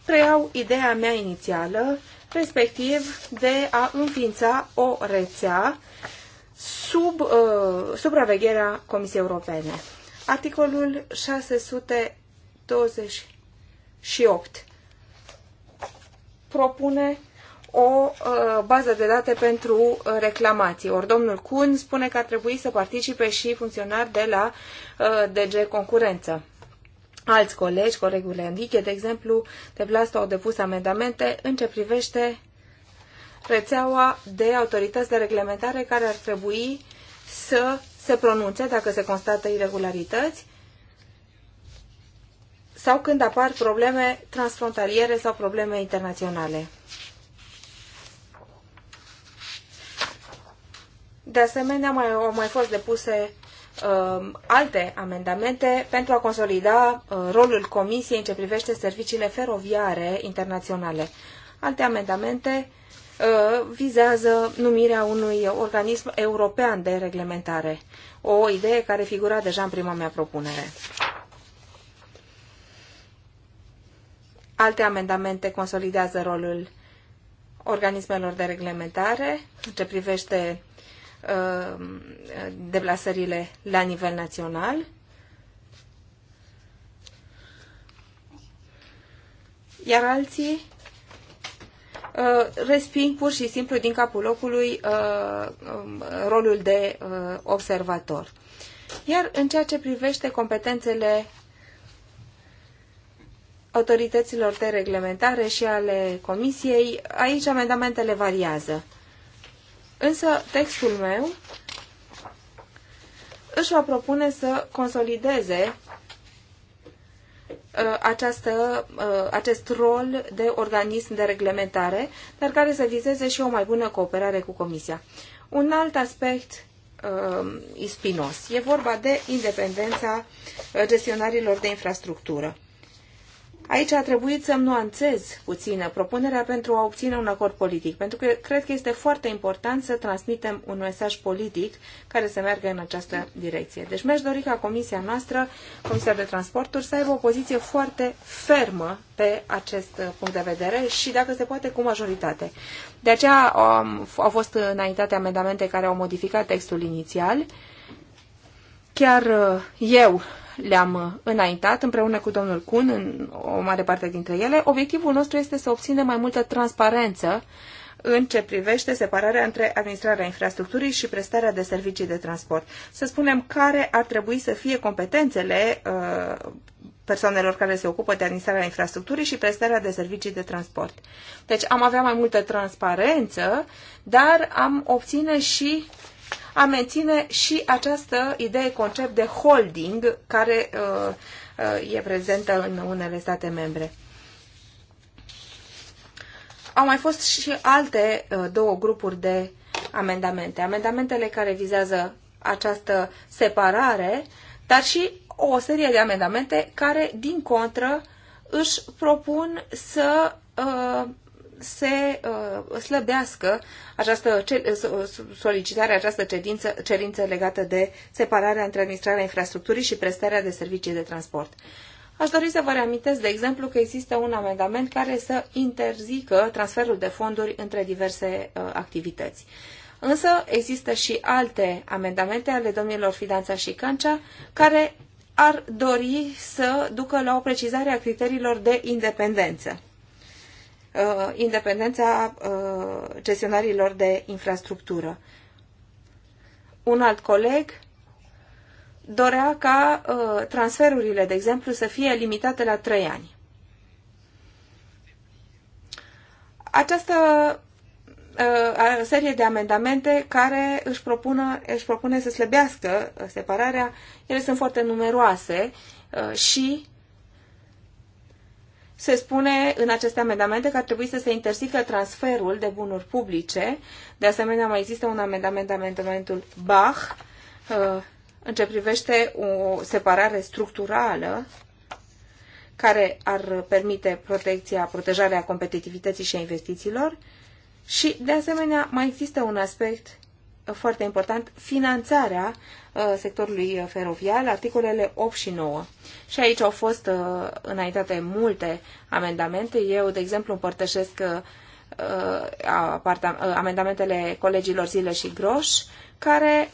Speaker 3: preiau ideea mea inițială, respectiv de a înființa o rețea sub uh, supravegherea Comisiei Europene. Articolul 628 propune o uh, bază de date pentru uh, reclamații. Ori domnul Kuhn spune că ar trebui să participe și funcționari de la uh, DG Concurență. Alți colegi, colegul Enrique, de exemplu, de Blasto au depus amendamente în ce privește rețeaua de autorități de reglementare care ar trebui să se pronunțe dacă se constată irregularități sau când apar probleme transfrontaliere sau probleme internaționale. De asemenea, mai, au mai fost depuse uh, alte amendamente pentru a consolida uh, rolul Comisiei în ce privește serviciile feroviare internaționale. Alte amendamente uh, Uh, vizează numirea unui organism european de reglementare, o idee care figura deja în prima mea propunere. Alte amendamente consolidează rolul organismelor de reglementare în ce privește uh, deplasările la nivel național. Iar alții Uh, resping pur și simplu din capul locului uh, um, rolul de uh, observator. Iar în ceea ce privește competențele autorităților de reglementare și ale comisiei, aici amendamentele variază. Însă textul meu își va propune să consolideze Uh, această, uh, acest rol de organism de reglementare, dar care să vizeze și o mai bună cooperare cu Comisia. Un alt aspect ispinos. Uh, e vorba de independența gestionarilor de infrastructură. Aici a trebuit să-mi nuanțez puțină propunerea pentru a obține un acord politic, pentru că cred că este foarte important să transmitem un mesaj politic care să meargă în această direcție. Deci mi-aș dori ca comisia noastră, Comisia de Transporturi, să aibă o poziție foarte fermă pe acest uh, punct de vedere și, dacă se poate, cu majoritate. De aceea um, au fost înaintate amendamente care au modificat textul inițial. Chiar uh, eu le-am înaintat împreună cu domnul Kun în o mare parte dintre ele. Obiectivul nostru este să obținem mai multă transparență în ce privește separarea între administrarea infrastructurii și prestarea de servicii de transport. Să spunem care ar trebui să fie competențele uh, persoanelor care se ocupă de administrarea infrastructurii și prestarea de servicii de transport. Deci am avea mai multă transparență, dar am obține și a menține și această idee, concept de holding care uh, uh, e prezentă în unele state membre. Au mai fost și alte uh, două grupuri de amendamente. Amendamentele care vizează această separare, dar și o serie de amendamente care, din contră, își propun să uh, se uh, slăbească această uh, solicitare, această cerință, cerință legată de separarea între administrarea infrastructurii și prestarea de servicii de transport. Aș dori să vă reamintesc, de exemplu, că există un amendament care să interzică transferul de fonduri între diverse uh, activități. Însă există și alte amendamente ale domnilor Fidanța și Cancea care ar dori să ducă la o precizare a criteriilor de independență. Uh, independența uh, gestionarilor de infrastructură. Un alt coleg dorea ca uh, transferurile, de exemplu, să fie limitate la trei ani. Această serie de amendamente care își, propună, își propune să slăbească separarea. Ele sunt foarte numeroase și se spune în aceste amendamente că ar trebui să se interzică transferul de bunuri publice. De asemenea, mai există un amendament, amendamentul Bach, uh, în ce privește o separare structurală care ar permite protecția, protejarea competitivității și a investițiilor. Și, de asemenea, mai există un aspect foarte important, finanțarea uh, sectorului feroviar, articolele 8 și 9. Și aici au fost uh, înaintate multe amendamente. Eu, de exemplu, împărtășesc uh, amendamentele colegilor Zile și Groș, care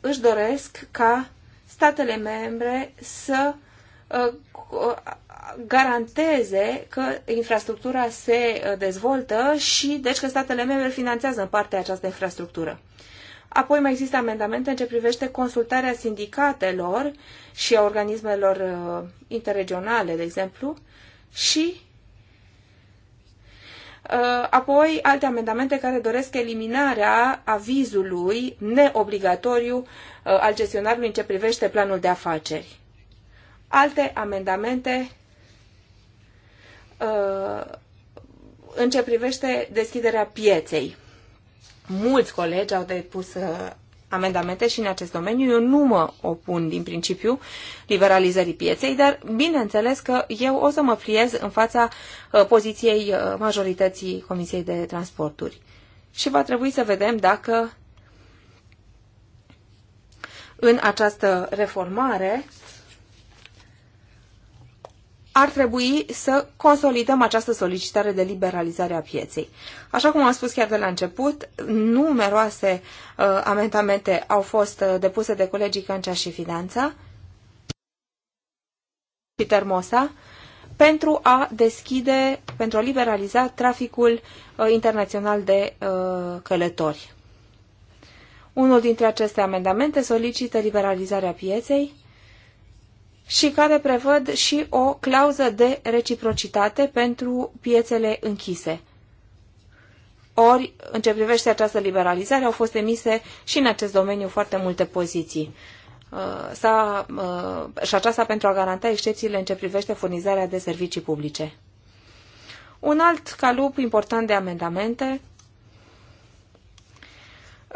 Speaker 3: își doresc ca statele membre să garanteze că infrastructura se dezvoltă și deci că statele membre finanțează în partea această infrastructură. Apoi mai există amendamente în ce privește consultarea sindicatelor și a organismelor uh, interregionale, de exemplu, și uh, apoi alte amendamente care doresc eliminarea avizului neobligatoriu uh, al gestionarului în ce privește planul de afaceri. Alte amendamente în ce privește deschiderea pieței mulți colegi au depus uh, amendamente și în acest domeniu. Eu nu mă opun din principiu liberalizării pieței, dar bineînțeles că eu o să mă pliez în fața uh, poziției uh, majorității Comisiei de Transporturi. Și va trebui să vedem dacă în această reformare ar trebui să consolidăm această solicitare de liberalizare a pieței. Așa cum am spus chiar de la început, numeroase uh, amendamente au fost uh, depuse de colegii Cancea și Finanța și Termosa pentru a deschide, pentru a liberaliza traficul uh, internațional de uh, călători. Unul dintre aceste amendamente solicită liberalizarea pieței și care prevăd și o clauză de reciprocitate pentru piețele închise. Ori, în ce privește această liberalizare, au fost emise și în acest domeniu foarte multe poziții. Uh, s-a, uh, și aceasta pentru a garanta excepțiile în ce privește furnizarea de servicii publice. Un alt calup important de amendamente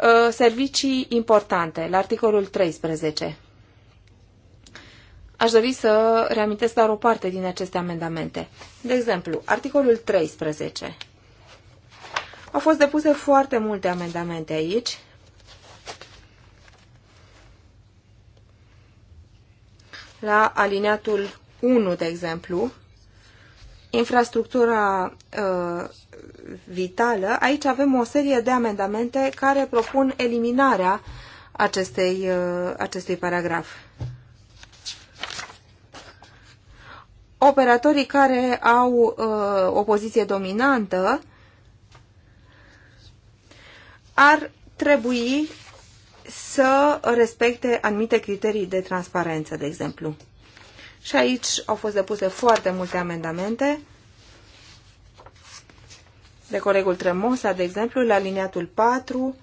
Speaker 3: uh, servicii importante, la articolul 13. Aș dori să reamintesc doar o parte din aceste amendamente. De exemplu, articolul 13. Au fost depuse foarte multe amendamente aici. La alineatul 1, de exemplu, infrastructura uh, vitală, aici avem o serie de amendamente care propun eliminarea acestei, uh, acestui paragraf. operatorii care au uh, o poziție dominantă ar trebui să respecte anumite criterii de transparență, de exemplu. Și aici au fost depuse foarte multe amendamente de colegul Tremosa, de exemplu, la liniatul 4,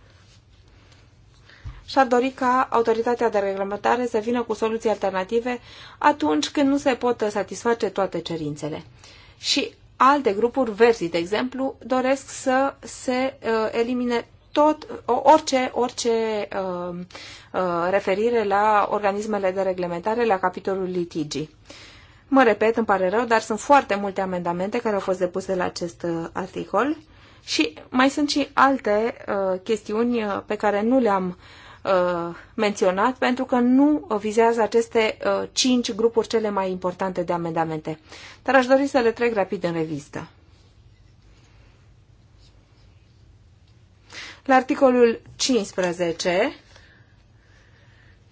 Speaker 3: și-ar dori ca autoritatea de reglementare să vină cu soluții alternative atunci când nu se pot satisface toate cerințele. Și alte grupuri verzi, de exemplu, doresc să se uh, elimine tot, orice, orice uh, uh, referire la organismele de reglementare, la capitolul litigii. Mă repet, îmi pare rău, dar sunt foarte multe amendamente care au fost depuse la acest uh, articol și mai sunt și alte uh, chestiuni uh, pe care nu le-am uh, Uh, menționat pentru că nu vizează aceste uh, cinci grupuri cele mai importante de amendamente. Dar aș dori să le trec rapid în revistă. La articolul 15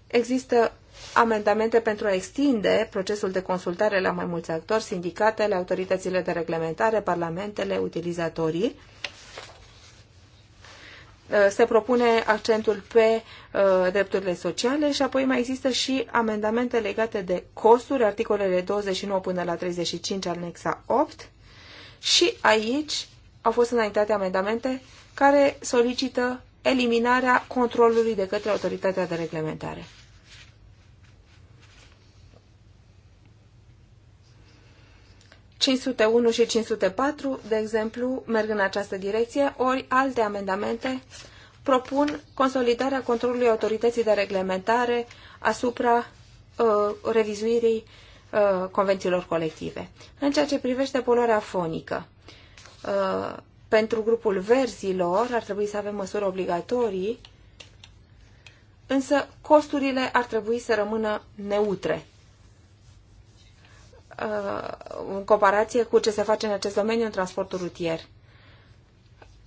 Speaker 3: există amendamente pentru a extinde procesul de consultare la mai mulți actori, sindicatele, autoritățile de reglementare, parlamentele, utilizatorii. Uh, se propune accentul pe uh, drepturile sociale și apoi mai există și amendamente legate de costuri, articolele 29 până la 35 al Nexa 8 și aici au fost înaintate amendamente care solicită eliminarea controlului de către autoritatea de reglementare. 501 și 504, de exemplu, merg în această direcție, ori alte amendamente propun consolidarea controlului autorității de reglementare asupra uh, revizuirii uh, convențiilor colective. În ceea ce privește poluarea fonică, uh, pentru grupul verzilor ar trebui să avem măsuri obligatorii, însă costurile ar trebui să rămână neutre. Uh, în comparație cu ce se face în acest domeniu în transportul rutier.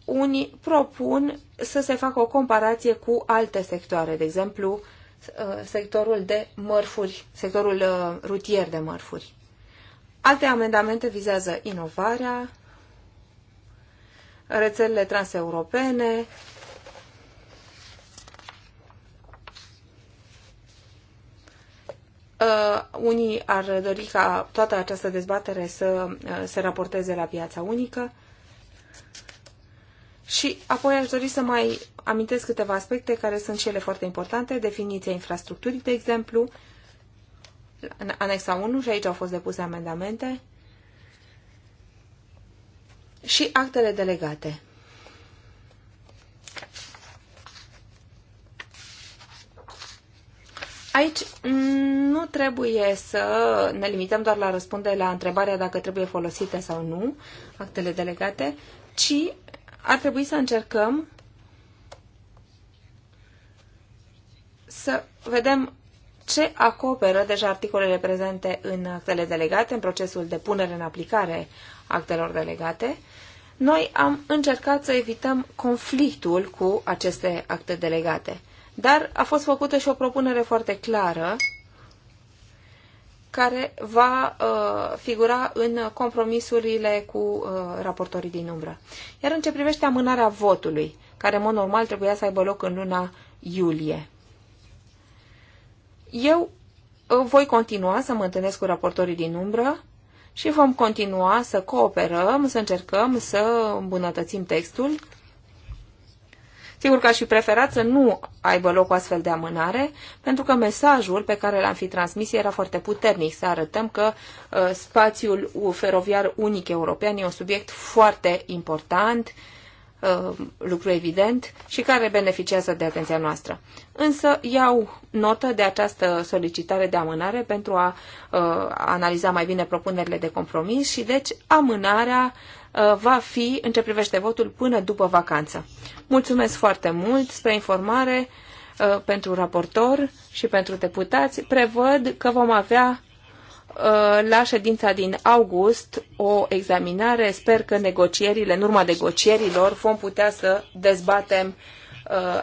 Speaker 3: Unii propun să se facă o comparație cu alte sectoare, de exemplu, uh, sectorul de mărfuri, sectorul uh, rutier de mărfuri. Alte amendamente vizează inovarea, rețelele transeuropene, Uh, unii ar dori ca toată această dezbatere să uh, se raporteze la piața unică. Și apoi aș dori să mai amintesc câteva aspecte care sunt cele foarte importante. Definiția infrastructurii, de exemplu, în anexa 1 și aici au fost depuse amendamente. Și actele delegate. Aici nu trebuie să ne limităm doar la răspunde la întrebarea dacă trebuie folosite sau nu actele delegate, ci ar trebui să încercăm să vedem ce acoperă deja articolele prezente în actele delegate, în procesul de punere în aplicare actelor delegate. Noi am încercat să evităm conflictul cu aceste acte delegate. Dar a fost făcută și o propunere foarte clară care va uh, figura în compromisurile cu uh, raportorii din umbră. Iar în ce privește amânarea votului, care în mod normal trebuia să aibă loc în luna iulie. Eu uh, voi continua să mă întâlnesc cu raportorii din umbră și vom continua să cooperăm, să încercăm să îmbunătățim textul Sigur că aș fi preferat să nu aibă loc o astfel de amânare, pentru că mesajul pe care l-am fi transmis era foarte puternic, să arătăm că uh, spațiul feroviar unic european e un subiect foarte important, uh, lucru evident, și care beneficiază de atenția noastră. Însă iau notă de această solicitare de amânare pentru a uh, analiza mai bine propunerile de compromis și deci amânarea Uh, va fi în ce privește votul până după vacanță. Mulțumesc foarte mult spre informare uh, pentru raportor și pentru deputați. Prevăd că vom avea uh, la ședința din august o examinare. Sper că negocierile, în urma negocierilor, vom putea să dezbatem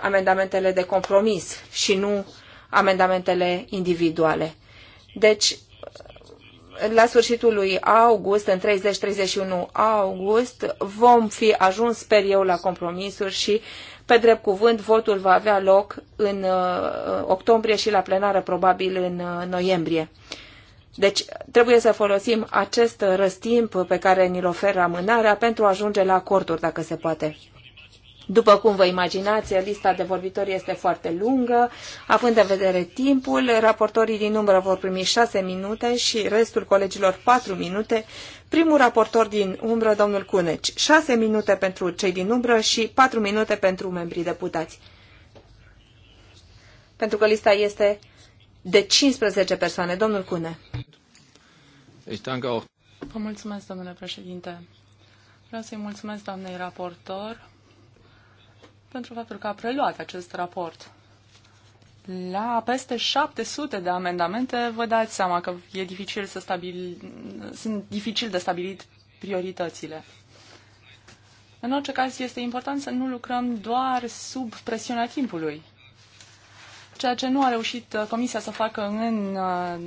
Speaker 3: amendamentele de compromis și nu amendamentele individuale. Deci, la sfârșitul lui august, în 30-31 august, vom fi ajuns, sper eu, la compromisuri și, pe drept cuvânt, votul va avea loc în uh, octombrie și la plenară, probabil, în uh, noiembrie. Deci trebuie să folosim acest răstimp pe care ni-l oferă amânarea pentru a ajunge la acorduri, dacă se poate. După cum vă imaginați, lista de vorbitori este foarte lungă. Având în vedere timpul, raportorii din umbră vor primi 6 minute și restul colegilor 4 minute. Primul raportor din umbră, domnul Cuneci, 6 minute pentru cei din umbră și 4 minute pentru membrii deputați. Pentru că lista este de 15 persoane. Domnul Cune.
Speaker 2: Vă mulțumesc, domnule președinte. Vreau să-i mulțumesc doamnei raportor pentru faptul că a preluat acest raport. La peste 700 de amendamente, vă dați seama că e dificil să stabil... sunt dificil de stabilit prioritățile. În orice caz, este important să nu lucrăm doar sub presiunea timpului. Ceea ce nu a reușit uh, Comisia să facă în 9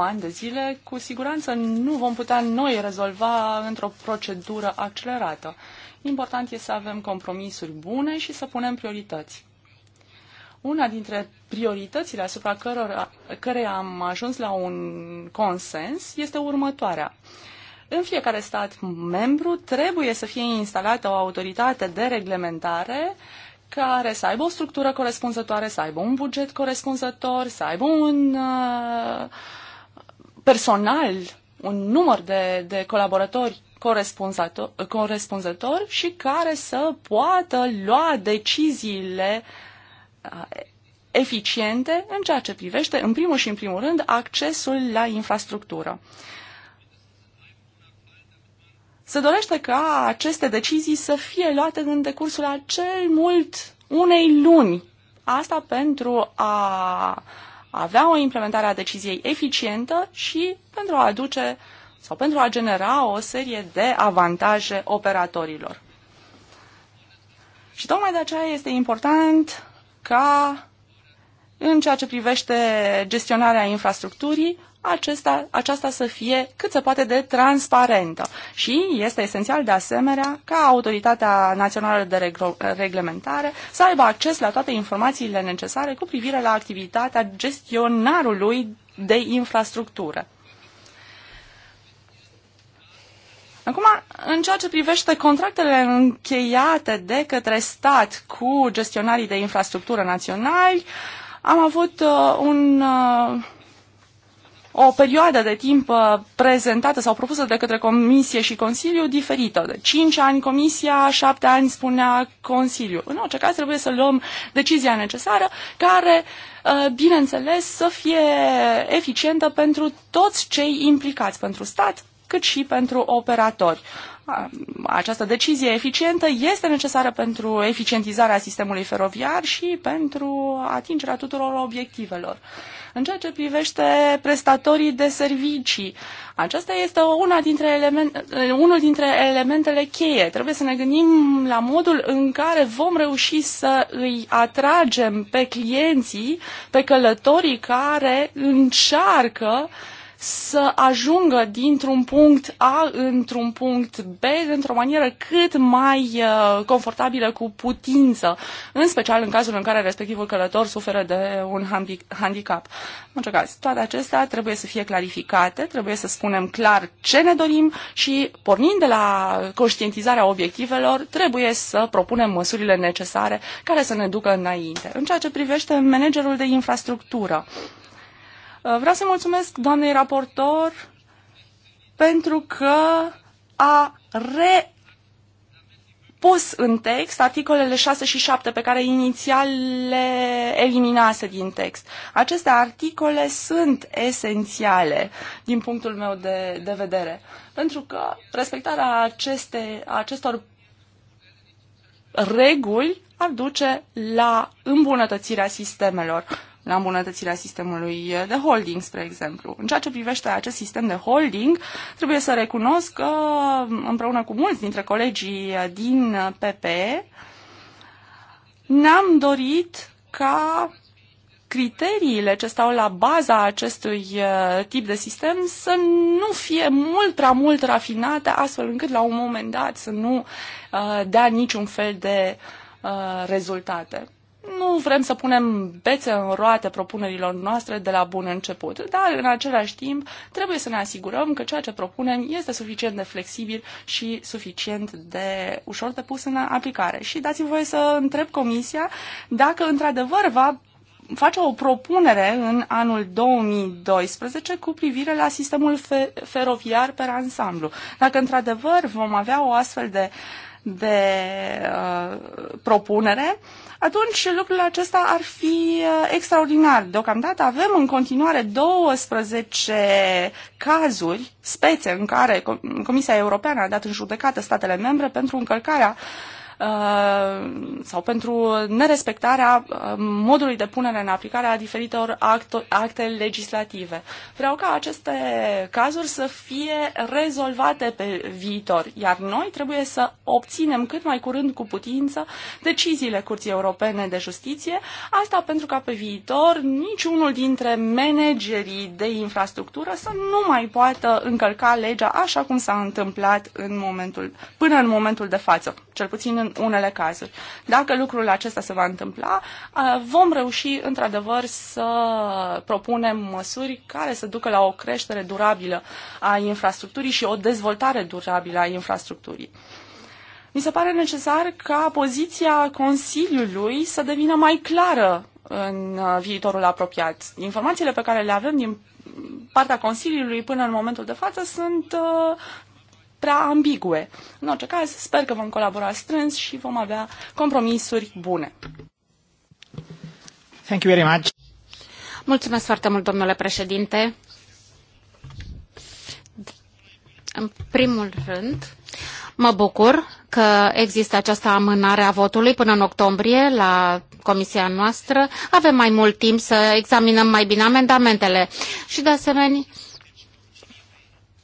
Speaker 2: uh, ani de zile, cu siguranță nu vom putea noi rezolva într-o procedură accelerată. Important este să avem compromisuri bune și să punem priorități. Una dintre prioritățile asupra care am ajuns la un consens este următoarea. În fiecare stat membru trebuie să fie instalată o autoritate de reglementare care să aibă o structură corespunzătoare, să aibă un buget corespunzător, să aibă un uh, personal, un număr de, de colaboratori corespunzător, corespunzător și care să poată lua deciziile uh, eficiente în ceea ce privește, în primul și în primul rând, accesul la infrastructură. Se dorește ca aceste decizii să fie luate în decursul a cel mult unei luni. Asta pentru a avea o implementare a deciziei eficientă și pentru a aduce uh, sau pentru a genera o serie de avantaje operatorilor. Și tocmai de aceea este important ca în ceea ce privește gestionarea infrastructurii, acesta, aceasta să fie cât se poate de transparentă. Și este esențial de asemenea ca Autoritatea Națională de Reglementare să aibă acces la toate informațiile necesare cu privire la activitatea gestionarului de infrastructură. Acum, în ceea ce privește contractele încheiate de către stat cu gestionarii de infrastructură naționali, am avut uh, un, uh, o perioadă de timp uh, prezentată sau propusă de către Comisie și Consiliu diferită. De 5 ani Comisia, 7 ani spunea Consiliu. În orice caz trebuie să luăm decizia necesară care, uh, bineînțeles, să fie eficientă pentru toți cei implicați, pentru stat, cât și pentru operatori. Această decizie eficientă este necesară pentru eficientizarea sistemului feroviar și pentru atingerea tuturor obiectivelor. În ceea ce privește prestatorii de servicii, aceasta este una dintre element, unul dintre elementele cheie. Trebuie să ne gândim la modul în care vom reuși să îi atragem pe clienții, pe călătorii care încearcă uh, să ajungă dintr-un punct A într-un punct B într-o manieră cât mai uh, confortabilă cu putință, în special în cazul în care respectivul călător suferă de un handicap. În orice caz, toate acestea trebuie să fie clarificate, trebuie să spunem clar ce ne dorim și, pornind de la conștientizarea obiectivelor, trebuie să propunem măsurile necesare care să ne ducă înainte. În ceea ce privește managerul de infrastructură, Vreau să mulțumesc doamnei raportor pentru că a re pus în text articolele 6 și 7 pe care inițial le eliminase din text. Aceste articole sunt esențiale din punctul meu de, de vedere, pentru că respectarea aceste, acestor reguli ar duce la îmbunătățirea sistemelor la îmbunătățirea sistemului de holding, spre exemplu. În ceea ce privește acest sistem de holding, trebuie să recunosc că împreună cu mulți dintre colegii din PP ne-am dorit ca criteriile ce stau la baza acestui uh, tip de sistem să nu fie mult prea mult rafinate, astfel încât la un moment dat să nu uh, dea niciun fel de uh, rezultate vrem să punem bețe în roate propunerilor noastre de la bun început, dar în același timp trebuie să ne asigurăm că ceea ce propunem este suficient de flexibil și suficient de ușor de pus în aplicare. Și dați-mi voie să întreb Comisia dacă într-adevăr va face o propunere în anul 2012 cu privire la sistemul fe- feroviar per ansamblu. Dacă într-adevăr vom avea o astfel de, de uh, propunere, uh, atunci lucrul acesta ar fi uh, extraordinar. Deocamdată avem în continuare 12 cazuri, spețe în care Comisia Europeană a dat în judecată statele membre pentru încălcarea uh, Uh, sau pentru nerespectarea uh, modului de punere în aplicare a diferitor acte legislative. Vreau ca aceste cazuri să fie rezolvate pe viitor, iar noi trebuie să obținem cât mai curând cu putință deciziile Curții Europene de Justiție, asta pentru ca pe viitor niciunul dintre managerii de infrastructură să nu mai poată încălca legea așa cum s-a întâmplat în momentul, până în momentul de față, cel puțin în în unele cazuri. Dacă lucrul acesta se va întâmpla, vom reuși într-adevăr să propunem măsuri care să ducă la o creștere durabilă a infrastructurii și o dezvoltare durabilă a infrastructurii. Mi se pare necesar ca poziția Consiliului să devină mai clară în viitorul apropiat. Informațiile pe care le avem din partea Consiliului până în momentul de față sunt prea ambigue. În orice caz, sper că vom colabora strâns și vom avea compromisuri bune.
Speaker 1: Thank you very much. Mulțumesc foarte mult, domnule președinte. În primul rând, mă bucur că există această amânare a votului până în octombrie la comisia noastră. Avem mai mult timp să examinăm mai bine amendamentele și, de asemenea,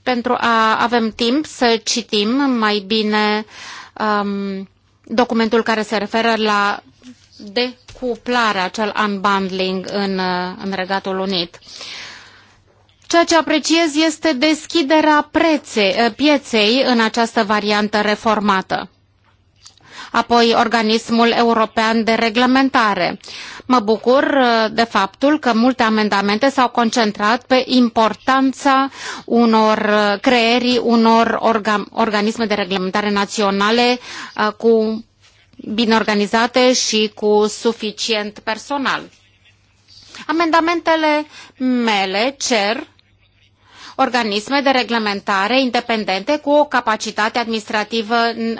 Speaker 1: pentru a avem timp să citim mai bine um, documentul care se referă la decuplarea, acel unbundling în, uh, în Regatul Unit. Ceea ce apreciez este deschiderea prețe, uh, pieței în această variantă reformată. Apoi, organismul european de reglementare. Uh, Mă bucur uh, de faptul că multe amendamente s-au concentrat pe importanța unor uh, creierii unor organisme de reglementare naționale uh, cu bine organizate și cu suficient personal. Amendamentele mele cer organisme de reglementare independente cu o capacitate administrativă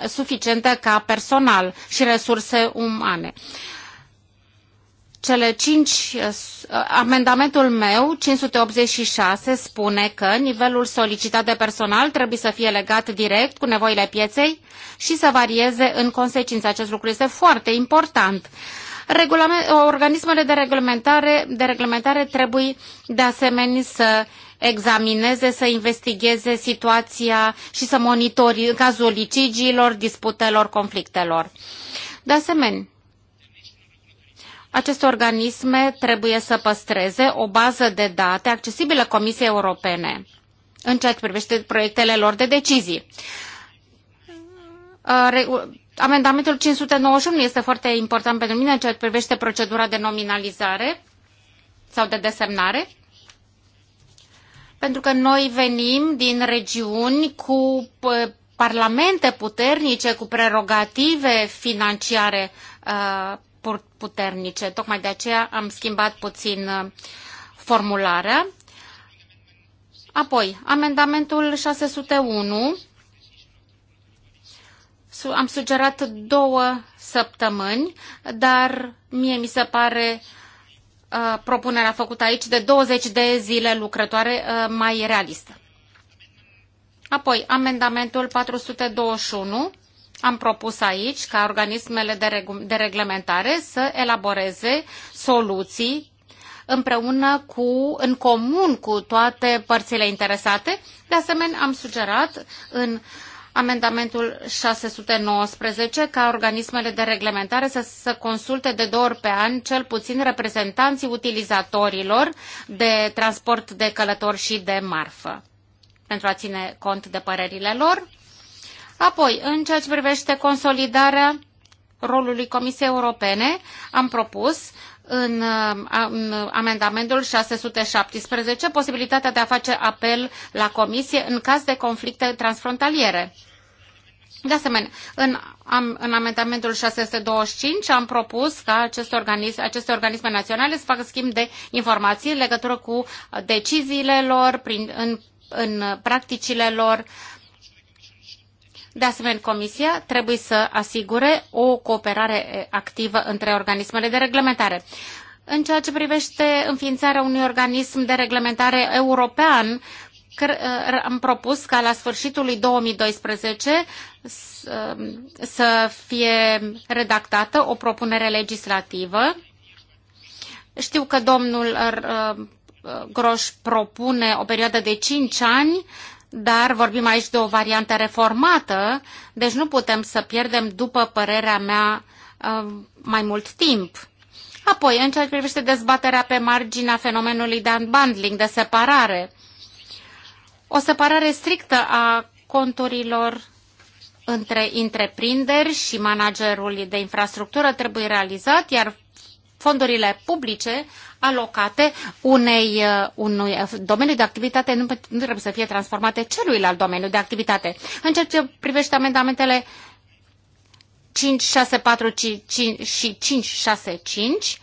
Speaker 1: suficientă ca personal și resurse umane cele cinci, eh, eh, amendamentul meu, 586, spune că nivelul solicitat de personal trebuie să fie legat direct cu nevoile pieței și să varieze în consecință. Acest lucru este foarte important. Regulament, organismele de reglementare, de reglementare trebuie de asemenea să examineze, să investigheze situația și să monitorizeze cazul litigiilor, disputelor, conflictelor. De asemenea, aceste organisme trebuie să păstreze o bază de date accesibilă Comisiei Europene în ceea ce privește proiectele lor de decizii. Uh, uh, amendamentul 591 este foarte important pentru mine în ceea ce privește procedura de nominalizare sau de desemnare, pentru că noi venim din regiuni cu uh, parlamente puternice, cu prerogative financiare uh, puternice. Tocmai de aceea am schimbat puțin uh, formularea. Apoi, amendamentul 601. Am sugerat două săptămâni, dar mie mi se pare uh, propunerea făcută aici de 20 de zile lucrătoare uh, mai realistă. Apoi, amendamentul 421 am propus aici ca organismele de, de reglementare să elaboreze soluții împreună cu, în comun cu toate părțile interesate. De asemenea, am sugerat în amendamentul 619 ca organismele de reglementare să, să consulte de două ori pe an cel puțin reprezentanții utilizatorilor de transport de călători și de marfă pentru a ține cont de părerile lor Apoi, în ceea ce privește consolidarea rolului Comisiei Europene, am propus în, în amendamentul 617 posibilitatea de a face apel la Comisie în caz de conflicte transfrontaliere. De asemenea, în, am, în amendamentul 625 am propus ca aceste, organism, aceste organisme naționale să facă schimb de informații în legătură cu deciziile lor, prin, în, în practicile lor uh, de asemenea, Comisia trebuie să asigure o cooperare eh, activă între organismele de reglementare. În ceea ce privește înființarea unui organism de reglementare european, eh, am propus ca la sfârșitul lui 2012 eh, să fie redactată o propunere legislativă. Știu că domnul Groș propune o perioadă de 5 ani dar vorbim aici de o variantă reformată, deci nu putem să pierdem, după părerea mea, uh, mai mult timp. Apoi, în ceea ce privește dezbaterea pe marginea fenomenului de unbundling, de separare, o separare strictă a conturilor între întreprinderi și managerul de infrastructură trebuie realizat, iar fondurile publice alocate unei, uh, unui domeniu de activitate nu, nu trebuie să fie transformate celuilalt domeniu de activitate. În ceea ce privește amendamentele 5, 6, 4 5, 5 și 5, 6, 5,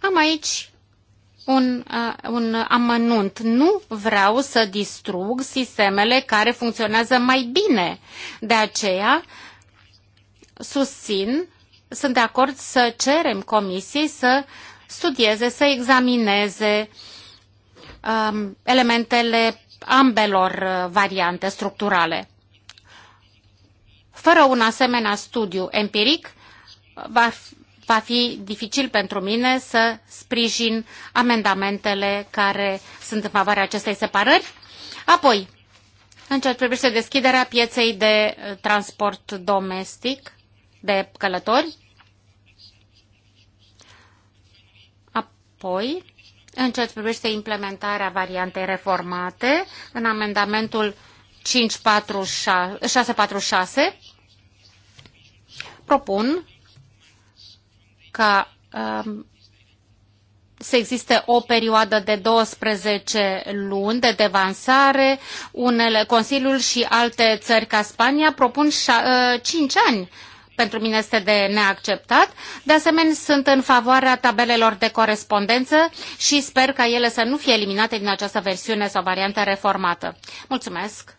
Speaker 1: am aici un, uh, un amănunt. Nu vreau să distrug sistemele care funcționează mai bine. De aceea susțin uh, sunt de acord să cerem comisiei să studieze, să examineze um, elementele ambelor uh, variante structurale. Fără un asemenea studiu empiric, va, va fi dificil pentru mine să sprijin amendamentele care sunt în favoarea acestei separări. Apoi, în ceea ce privește deschiderea pieței de uh, transport domestic de călători, Apoi, în ce privește implementarea variantei reformate, în amendamentul 646, propun ca um, să existe o perioadă de 12 luni de devansare. Unele, Consiliul și alte țări ca Spania propun 5 uh, ani pentru mine este de neacceptat. De asemenea, sunt în favoarea tabelelor de corespondență și sper ca ele să nu fie eliminate din această versiune sau variantă reformată. Mulțumesc!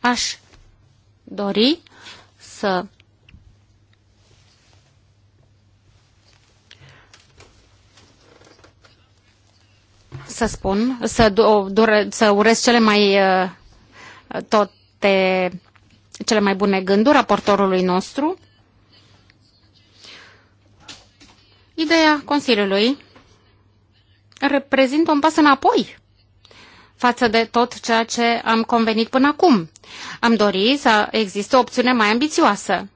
Speaker 1: Aș dori să să spun, să, dore, să urez cele mai uh, toate cele mai bune gânduri raportorului nostru. Ideea Consiliului reprezintă un pas înapoi față de tot ceea ce am convenit până acum. Am dorit să existe o opțiune mai ambițioasă.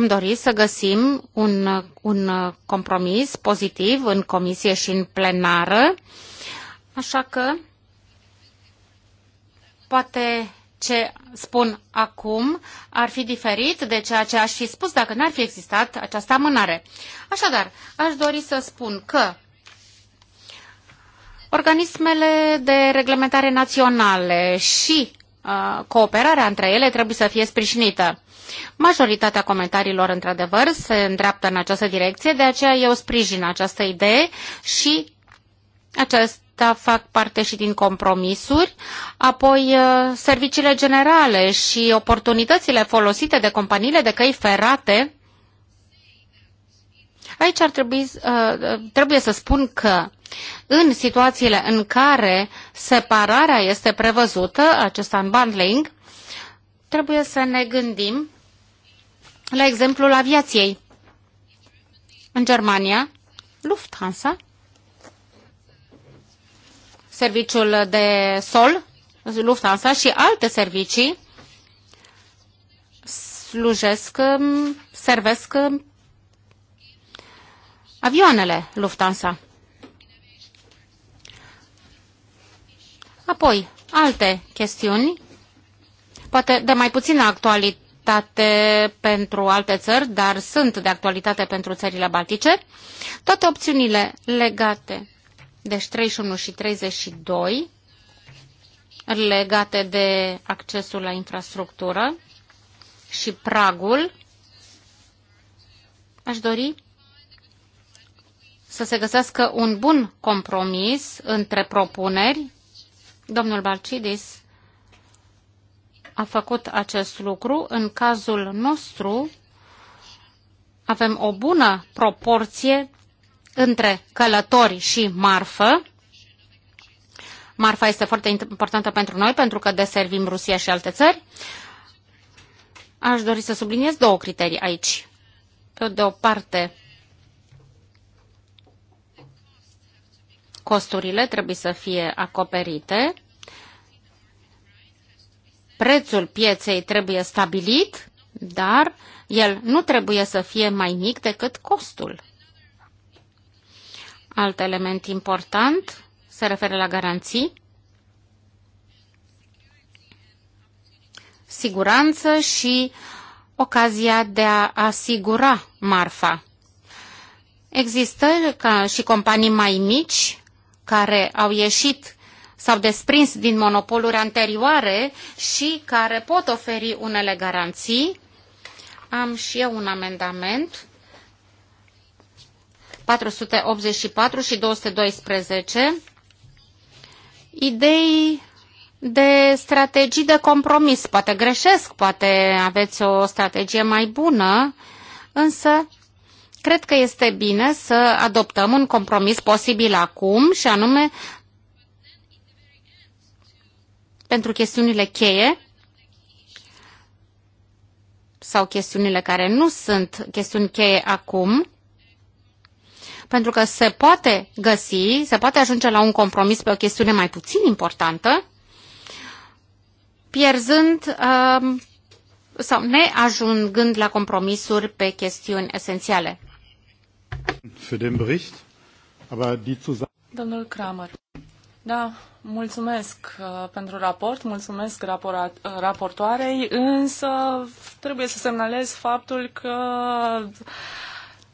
Speaker 1: Am dorit să găsim un, un compromis pozitiv în comisie și în plenară, așa că poate ce spun acum ar fi diferit de ceea ce aș fi spus dacă n-ar fi existat această amânare. Așadar, aș dori să spun că organismele de reglementare naționale și uh, cooperarea între ele trebuie să fie sprijinită. Majoritatea comentariilor, într-adevăr, se îndreaptă în această direcție, de aceea eu sprijin această idee și acesta fac parte și din compromisuri, apoi uh, serviciile generale și oportunitățile folosite de companiile de căi ferate. Aici ar trebui, uh, uh, trebuie să spun că în situațiile în care separarea este prevăzută, acesta în bundling, trebuie să ne gândim la exemplul aviației. În Germania, Lufthansa, serviciul de sol, Lufthansa și alte servicii slujesc, um, servesc um, avioanele Lufthansa. Apoi, alte chestiuni, poate de mai puțină actualitate, actualitate pentru alte țări, dar sunt de actualitate pentru țările baltice. Toate opțiunile legate, deci 31 și 32, legate de accesul la infrastructură și pragul, aș dori să se găsească un bun compromis între propuneri. Domnul Balcidis a făcut acest lucru. În cazul nostru avem o bună proporție între călători și marfă. Marfa este foarte importantă pentru noi pentru că deservim Rusia și alte țări. Aș dori să subliniez două criterii aici. Pe de o parte, costurile trebuie să fie acoperite prețul pieței trebuie stabilit, dar el nu trebuie să fie mai mic decât costul. Alt element important se referă la garanții. Siguranță și ocazia de a asigura marfa. Există ca și companii mai mici care au ieșit s-au desprins din monopoluri anterioare și care pot oferi unele garanții. Am și eu un amendament 484 și 212 idei de strategii de compromis. Poate greșesc, poate aveți o strategie mai bună, însă cred că este bine să adoptăm un compromis posibil acum și anume pentru chestiunile cheie sau chestiunile care nu sunt chestiuni cheie acum, pentru că se poate găsi, se poate ajunge la un compromis pe o chestiune mai puțin importantă, pierzând uh, sau neajungând la compromisuri pe chestiuni esențiale. Domnul
Speaker 2: Kramer. Da, Mulțumesc uh, pentru raport, mulțumesc rapora, uh, raportoarei, însă trebuie să semnalez faptul că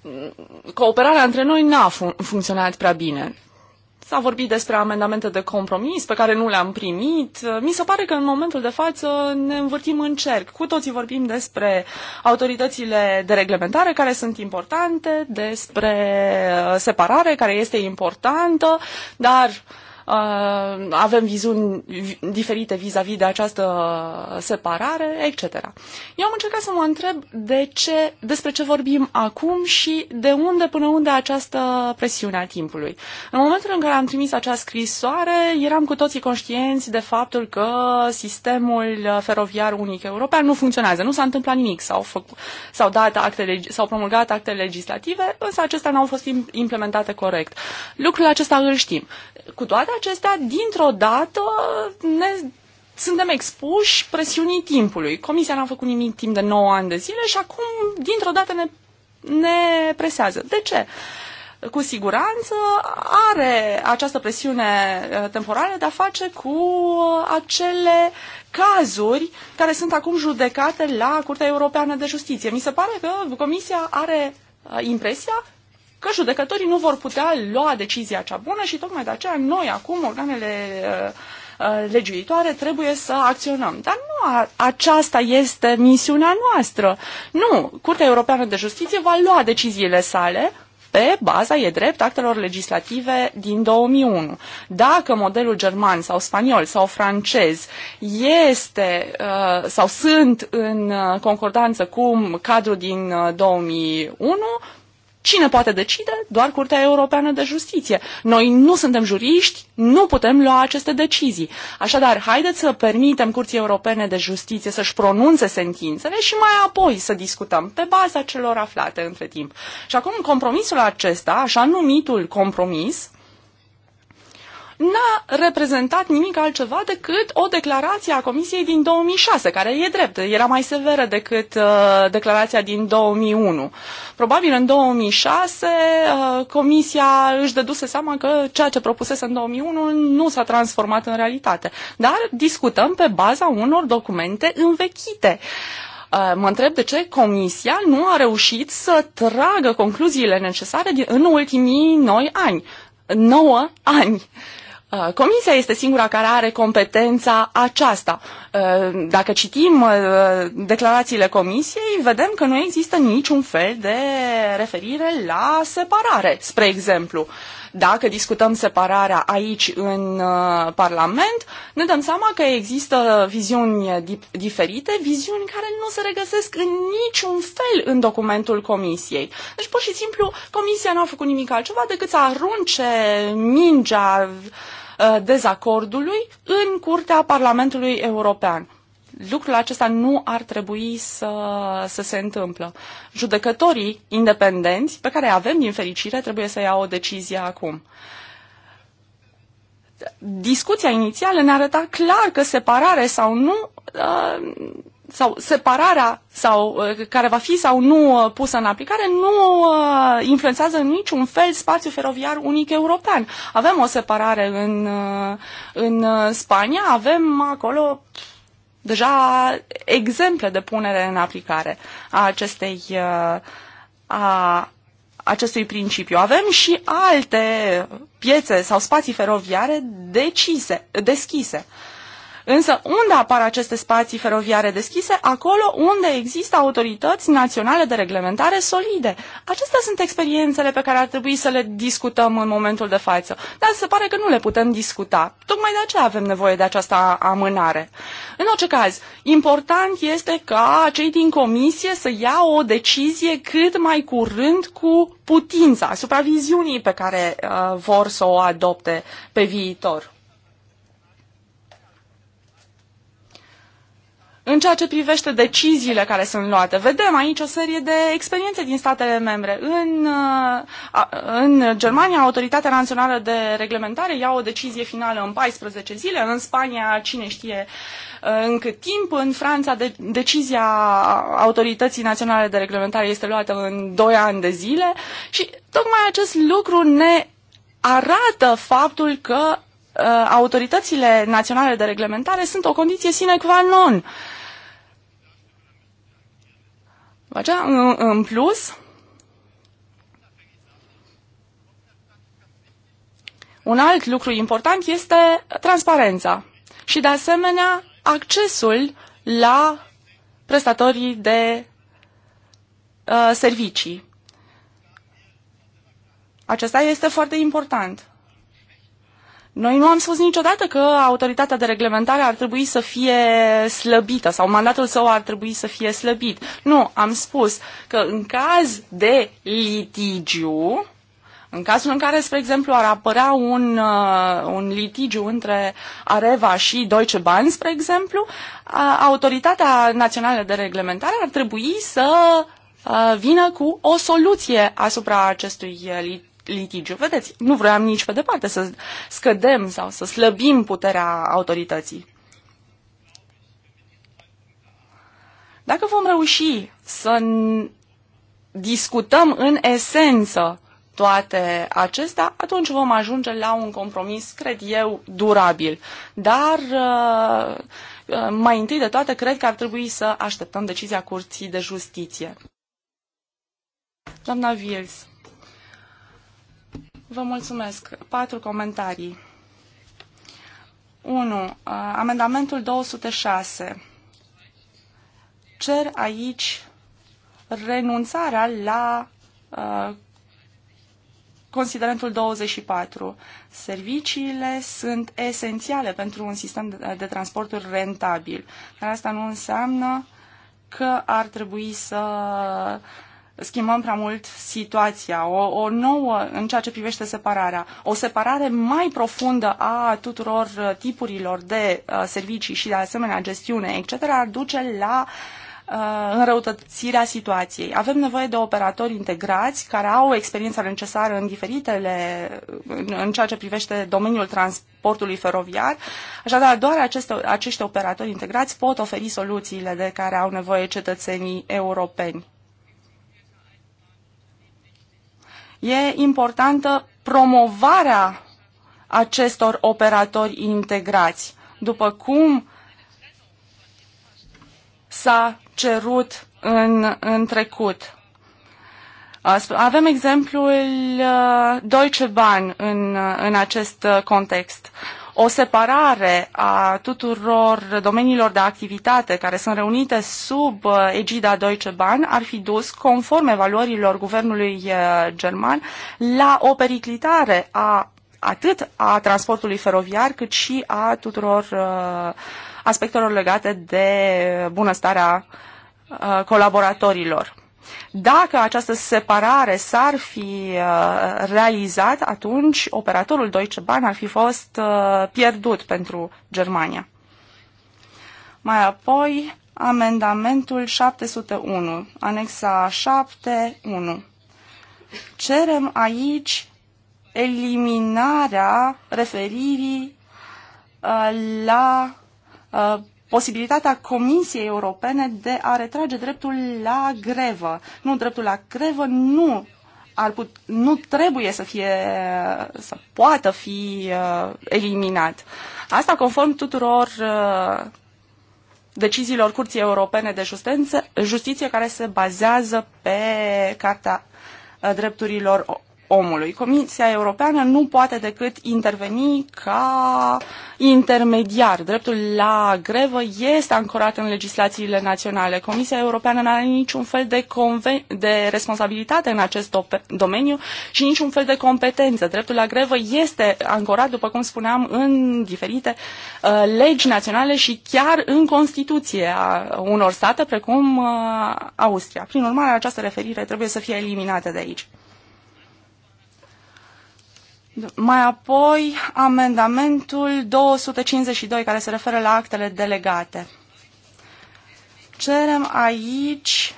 Speaker 2: mm, cooperarea între noi n-a fun- funcționat prea bine. S-a vorbit despre amendamente de compromis pe care nu le-am primit. Uh, mi se pare că în momentul de față ne învârtim în cerc. Cu toții vorbim despre autoritățile de reglementare care sunt importante, despre separare care este importantă, dar uh, Uh, avem viziuni diferite vis-a-vis de această separare, etc. Eu am încercat să mă întreb de ce, despre ce vorbim acum și de unde până unde această presiune a timpului. În momentul în care am trimis această scrisoare, eram cu toții conștienți de faptul că sistemul feroviar unic european nu funcționează, nu s-a întâmplat nimic, s-au, s-au dat acte, s-au promulgat acte legislative, însă acestea nu au fost implementate corect. Lucrul acesta îl știm. Cu toate acestea, dintr-o dată, ne suntem expuși presiunii timpului. Comisia n-a făcut nimic timp de 9 ani de zile și acum, dintr-o dată, ne, ne presează. De ce? Cu siguranță are această presiune uh, temporală de a face cu uh, acele cazuri care sunt acum judecate la Curtea Europeană de Justiție. Mi se pare că Comisia are uh, impresia că judecătorii nu vor putea lua decizia cea bună și tocmai de aceea noi acum, organele uh, uh, legiuitoare, trebuie să acționăm. Dar nu a, aceasta este misiunea noastră. Nu, Curtea Europeană de Justiție va lua deciziile sale pe baza, e drept, actelor legislative din 2001. Dacă modelul german sau spaniol sau francez este uh, sau sunt în concordanță cu cadrul din 2001, Cine poate decide? Doar Curtea Europeană de Justiție. Noi nu suntem juriști, nu putem lua aceste decizii. Așadar, haideți să permitem Curții Europene de Justiție să-și pronunțe sentințele și mai apoi să discutăm pe baza celor aflate între timp. Și acum compromisul acesta, așa numitul compromis, n-a reprezentat nimic altceva decât o declarație a Comisiei din 2006, care e drept, era mai severă decât uh, declarația din 2001. Probabil în 2006 uh, Comisia își dăduse seama că ceea ce propusese în 2001 nu s-a transformat în realitate. Dar discutăm pe baza unor documente învechite. Uh, mă întreb de ce Comisia nu a reușit să tragă concluziile necesare în ultimii noi ani. 9 ani. Uh, comisia este singura care are competența aceasta. Uh, dacă citim uh, declarațiile Comisiei, vedem că nu există niciun fel de referire la separare, spre exemplu. Dacă discutăm separarea aici în uh, Parlament, ne dăm seama că există viziuni diferite, viziuni care nu se regăsesc în niciun fel în documentul Comisiei. Deci, pur și simplu, Comisia nu a făcut nimic altceva decât să arunce mingea uh, dezacordului în curtea Parlamentului European lucrul acesta nu ar trebui să, să se întâmplă. Judecătorii independenți, pe care avem din fericire, trebuie să ia o decizie acum. Discuția inițială ne arăta clar că separare sau nu uh, sau separarea sau uh, care va fi sau nu uh, pusă în aplicare nu influențează în niciun fel spațiul feroviar unic european. Avem o separare în, în Spania, avem acolo deja exemple de punere în aplicare a acestei uh, a acestui principiu. Avem și alte piețe sau spații feroviare decise, deschise. Însă unde apar aceste spații feroviare deschise? Acolo unde există autorități naționale de reglementare solide. Acestea sunt experiențele pe care ar trebui să le discutăm în momentul de față. Dar se pare că nu le putem discuta. Tocmai de aceea avem nevoie de această amânare. În orice caz, important este ca cei din comisie să ia o decizie cât mai curând cu putința asupra viziunii pe care uh, vor să o adopte pe viitor. În ceea ce privește deciziile care sunt luate, vedem aici o serie de experiențe din statele membre. În, uh, în Germania, Autoritatea Națională de Reglementare ia o decizie finală în 14 zile, în Spania, cine știe uh, în cât timp, în Franța, de, decizia Autorității Naționale de Reglementare este luată în 2 ani de zile și tocmai acest lucru ne arată faptul că uh, autoritățile naționale de reglementare sunt o condiție sine qua non după aceea, în, în plus, un alt lucru important este transparența și, de asemenea, accesul la prestatorii de uh, servicii. Acesta este foarte important. Noi nu am spus niciodată că autoritatea de reglementare ar trebui să fie slăbită sau mandatul său ar trebui să fie slăbit. Nu, am spus că în caz de litigiu, în cazul în care, spre exemplu, ar apărea un, uh, un litigiu între Areva și Deutsche Bahn, spre exemplu, uh, Autoritatea Națională de Reglementare ar trebui să uh, vină cu o soluție asupra acestui uh, litigiu litigiu. Vedeți, nu vroiam nici pe departe să scădem sau să slăbim puterea autorității. Dacă vom reuși să discutăm în esență toate acestea, atunci vom ajunge la un compromis, cred eu, durabil. Dar uh, uh, mai întâi de toate, cred că ar trebui să așteptăm decizia Curții de Justiție. Doamna Vils. Vă mulțumesc. Patru comentarii. 1. Uh, amendamentul 206. Cer aici renunțarea la uh, considerentul 24. Serviciile sunt esențiale pentru un sistem de, de transporturi rentabil. Dar asta nu înseamnă că ar trebui să schimbăm prea mult situația, o, o nouă în ceea ce privește separarea, o separare mai profundă a tuturor uh, tipurilor de uh, servicii și de asemenea gestiune, etc., ar duce la uh, înrăutățirea situației. Avem nevoie de operatori integrați care au experiența necesară în diferitele, în, în ceea ce privește domeniul transportului feroviar, așadar doar aceste, acești operatori integrați pot oferi soluțiile de care au nevoie cetățenii europeni. e importantă promovarea acestor operatori integrați, după cum s-a cerut în, în trecut. Avem exemplul uh, Deutsche Bahn în, uh, în acest uh, context o separare a tuturor domeniilor de activitate care sunt reunite sub uh, egida Deutsche Bahn ar fi dus, conform evaluărilor guvernului uh, german, la o periclitare a atât a transportului feroviar, cât și a tuturor uh, aspectelor legate de bunăstarea colaboratorilor. Dacă această separare s-ar fi uh, realizat, atunci operatorul Deutsche Bahn ar fi fost uh, pierdut pentru Germania. Mai apoi, amendamentul 701, anexa 7.1. Cerem aici eliminarea referirii uh, la posibilitatea Comisiei Europene de a retrage dreptul la grevă. Nu, dreptul la grevă nu ar put, nu trebuie să fie, să poată fi uh, eliminat. Asta conform tuturor uh, deciziilor Curții Europene de Justiție, justiție care se bazează pe Carta uh, Drepturilor omului. Comisia Europeană nu poate decât interveni ca intermediar. Dreptul la grevă este ancorat în legislațiile naționale. Comisia Europeană nu are niciun fel de, de responsabilitate în acest domeniu și niciun fel de competență. Dreptul la grevă este ancorat, după cum spuneam, în diferite uh, legi naționale și chiar în Constituție a unor state, precum uh, Austria. Prin urmare, această referire trebuie să fie eliminată de aici. Mai apoi, amendamentul 252, care se referă la actele delegate. Cerem aici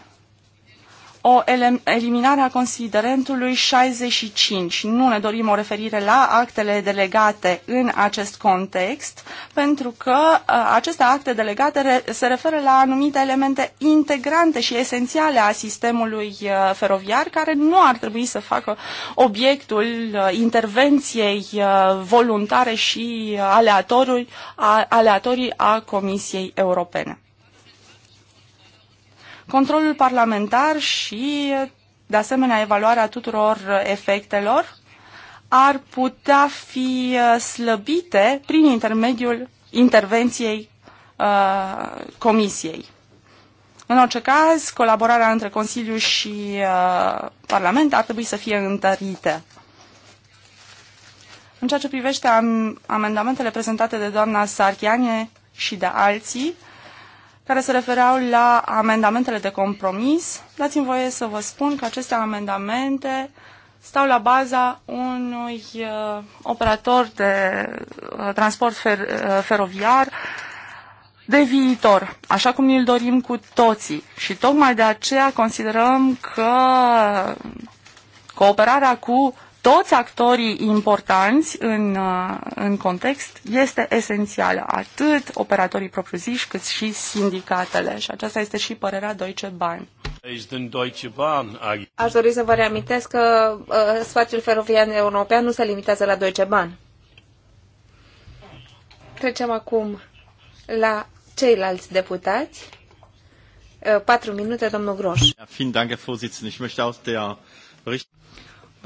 Speaker 2: o eliminare a considerentului 65. Nu ne dorim o referire la actele delegate în acest context, pentru că uh, aceste acte delegate se referă la anumite elemente integrante și esențiale a sistemului uh, feroviar, care nu ar trebui să facă obiectul uh, intervenției voluntare și aleatorii a Comisiei Europene controlul parlamentar și, de asemenea, evaluarea tuturor efectelor ar putea fi uh, slăbite prin intermediul intervenției uh, Comisiei. În orice caz, colaborarea între Consiliu și uh, Parlament ar trebui să fie întărită. În ceea ce privește am, amendamentele prezentate de doamna Sarchiane și de alții, uh, care se refereau la amendamentele de compromis. Dați-mi voie să vă spun că aceste amendamente stau la baza unui uh, operator de uh, transport fer, uh, feroviar de viitor, așa cum îl dorim cu toții. Și tocmai de aceea considerăm că cooperarea cu toți actorii importanți în, uh, în context este esențială, atât operatorii propriu-ziși cât și sindicatele.
Speaker 3: Și aceasta este și părerea Deutsche Bahn. Aș dori să vă reamintesc că uh, spațiul feroviar european nu se limitează la Deutsche Bahn. Trecem acum la ceilalți deputați. Uh, patru minute, domnul Groș.
Speaker 4: Vielen Dank, Herr Vorsitzende. Ich möchte aus der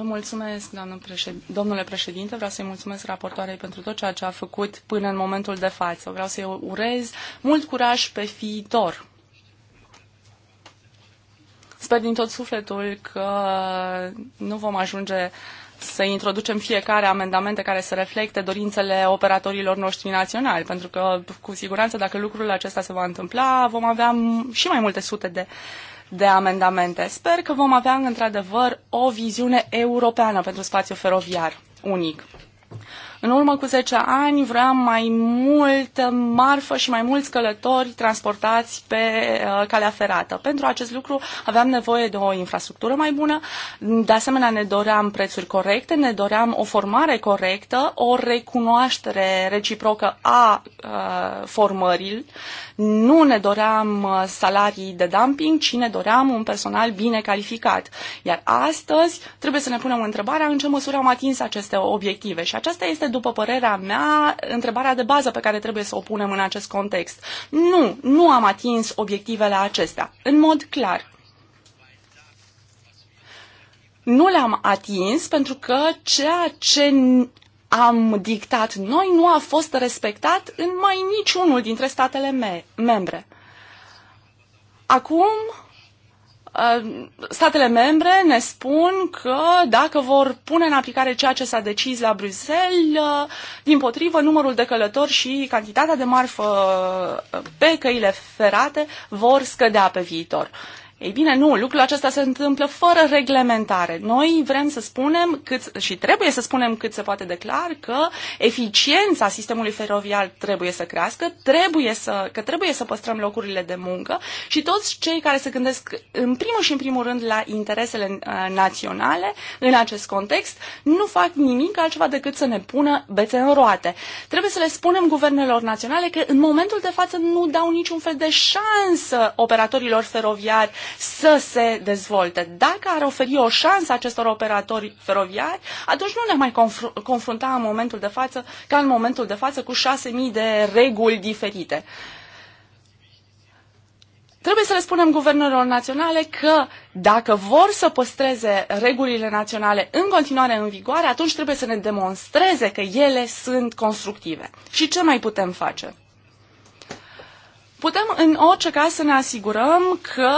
Speaker 2: Vă mulțumesc, președ... domnule președinte. Vreau să-i mulțumesc raportoarei pentru tot ceea ce a făcut până în momentul de față. Vreau să-i urez mult curaj pe viitor. Sper din tot sufletul că nu vom ajunge să introducem fiecare amendamente care să reflecte dorințele operatorilor noștri naționali, pentru că, cu siguranță, dacă lucrul acesta se va întâmpla, vom avea și mai multe sute de uh, de amendamente. Sper că vom avea într-adevăr o viziune europeană pentru spațiul feroviar unic. În urmă cu 10 ani vreau mai multă marfă și mai mulți călători transportați pe uh, calea ferată. Pentru acest lucru aveam nevoie de o infrastructură mai bună, de asemenea ne doream prețuri corecte, ne doream o formare corectă, o recunoaștere reciprocă a, uh, formării nu ne doream uh, salarii de dumping, ci ne doream un personal bine calificat. Iar astăzi trebuie să ne punem întrebarea în ce măsură am atins aceste obiective. Și aceasta este, după părerea mea, întrebarea de bază pe care trebuie să o punem în acest context. Nu, nu am atins obiectivele acestea. În mod clar, nu le-am atins pentru că ceea ce am dictat noi nu a fost respectat în mai niciunul dintre statele me- membre. Acum, uh, statele membre ne spun că dacă vor pune în aplicare ceea ce s-a decis la Bruxelles, uh, din potrivă, numărul de călători și cantitatea de marfă uh, pe căile ferate vor scădea pe viitor. Ei bine, nu, lucrul acesta se întâmplă fără reglementare. Noi vrem să spunem cât, și trebuie să spunem cât se poate de clar că eficiența sistemului feroviar trebuie să crească, trebuie să, că trebuie să păstrăm locurile de muncă și toți cei care se gândesc în primul și în primul rând la interesele uh, naționale în acest context nu fac nimic altceva decât să ne pună bețe în roate. Trebuie să le spunem guvernelor naționale că în momentul de față nu dau niciun fel de șansă operatorilor feroviari să se dezvolte. Dacă ar oferi o șansă acestor operatori feroviari, atunci nu ne mai confr- confrunta în momentul de față, ca în momentul de față, cu 6.000 de reguli diferite. Trebuie să le spunem guvernelor naționale că dacă vor să păstreze regulile naționale în continuare în vigoare, atunci trebuie să ne demonstreze că ele sunt constructive. Și ce mai putem face? Putem în orice caz să ne asigurăm că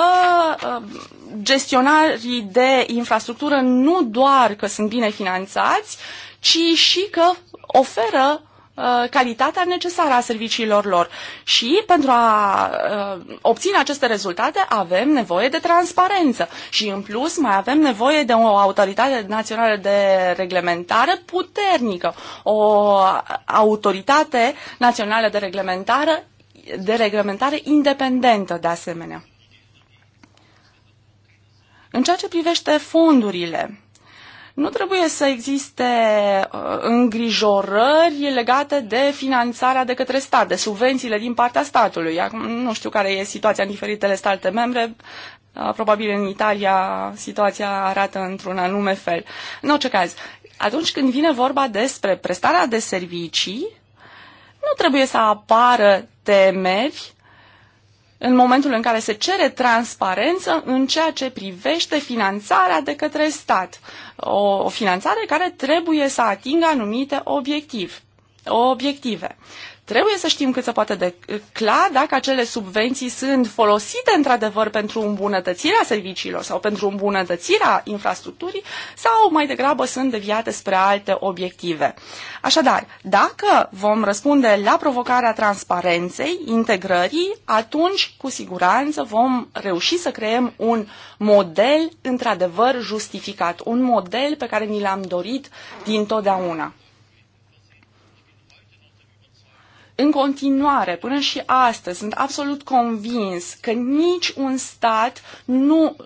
Speaker 2: uh, gestionarii de infrastructură nu doar că sunt bine finanțați, ci și că oferă uh, calitatea necesară a serviciilor lor. Și pentru a uh, obține aceste rezultate avem nevoie de transparență și în plus mai avem nevoie de o autoritate națională de reglementare puternică, o autoritate națională de reglementare de reglementare independentă de asemenea. În ceea ce privește fondurile, nu trebuie să existe uh, îngrijorări legate de finanțarea de către stat, de subvențiile din partea statului. Acum nu știu care e situația în diferitele state membre, uh, probabil în Italia situația arată într-un anume fel. În orice caz, atunci când vine vorba despre prestarea de servicii, nu trebuie să apară temeri în momentul în care se cere transparență în ceea ce privește finanțarea de către stat. O, o finanțare care trebuie să atingă anumite obiectiv, obiective. Trebuie să știm cât se poate de clar dacă acele subvenții sunt folosite într-adevăr pentru îmbunătățirea serviciilor sau pentru îmbunătățirea infrastructurii sau mai degrabă sunt deviate spre alte obiective. Așadar, dacă vom răspunde la provocarea transparenței, integrării, atunci cu siguranță vom reuși să creăm un model într-adevăr justificat, un model pe care ni l-am dorit din totdeauna. în continuare, până și astăzi, sunt absolut convins că nici un stat nu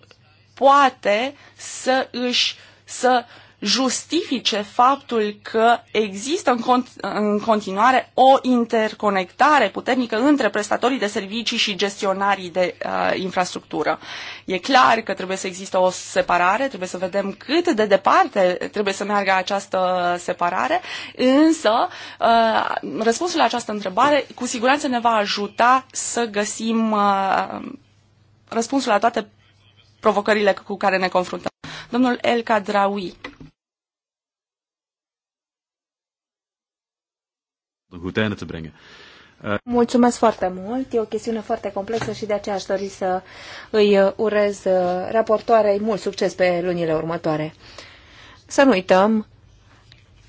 Speaker 2: poate să își să justifice faptul că există în, cont- în continuare o interconectare puternică între prestatorii de servicii și gestionarii de uh, infrastructură. E clar că trebuie să există o separare, trebuie să vedem cât de departe trebuie să meargă această separare, însă uh, răspunsul la această întrebare cu siguranță ne va ajuta să găsim uh, răspunsul la toate provocările cu care ne confruntăm. Domnul El
Speaker 3: Kadraoui. Een goed einde te brengen. Mulțumesc foarte mult. E o chestiune foarte complexă și de aceea aș dori să îi uh, urez uh, raportoarei mult succes pe lunile următoare. Să nu uităm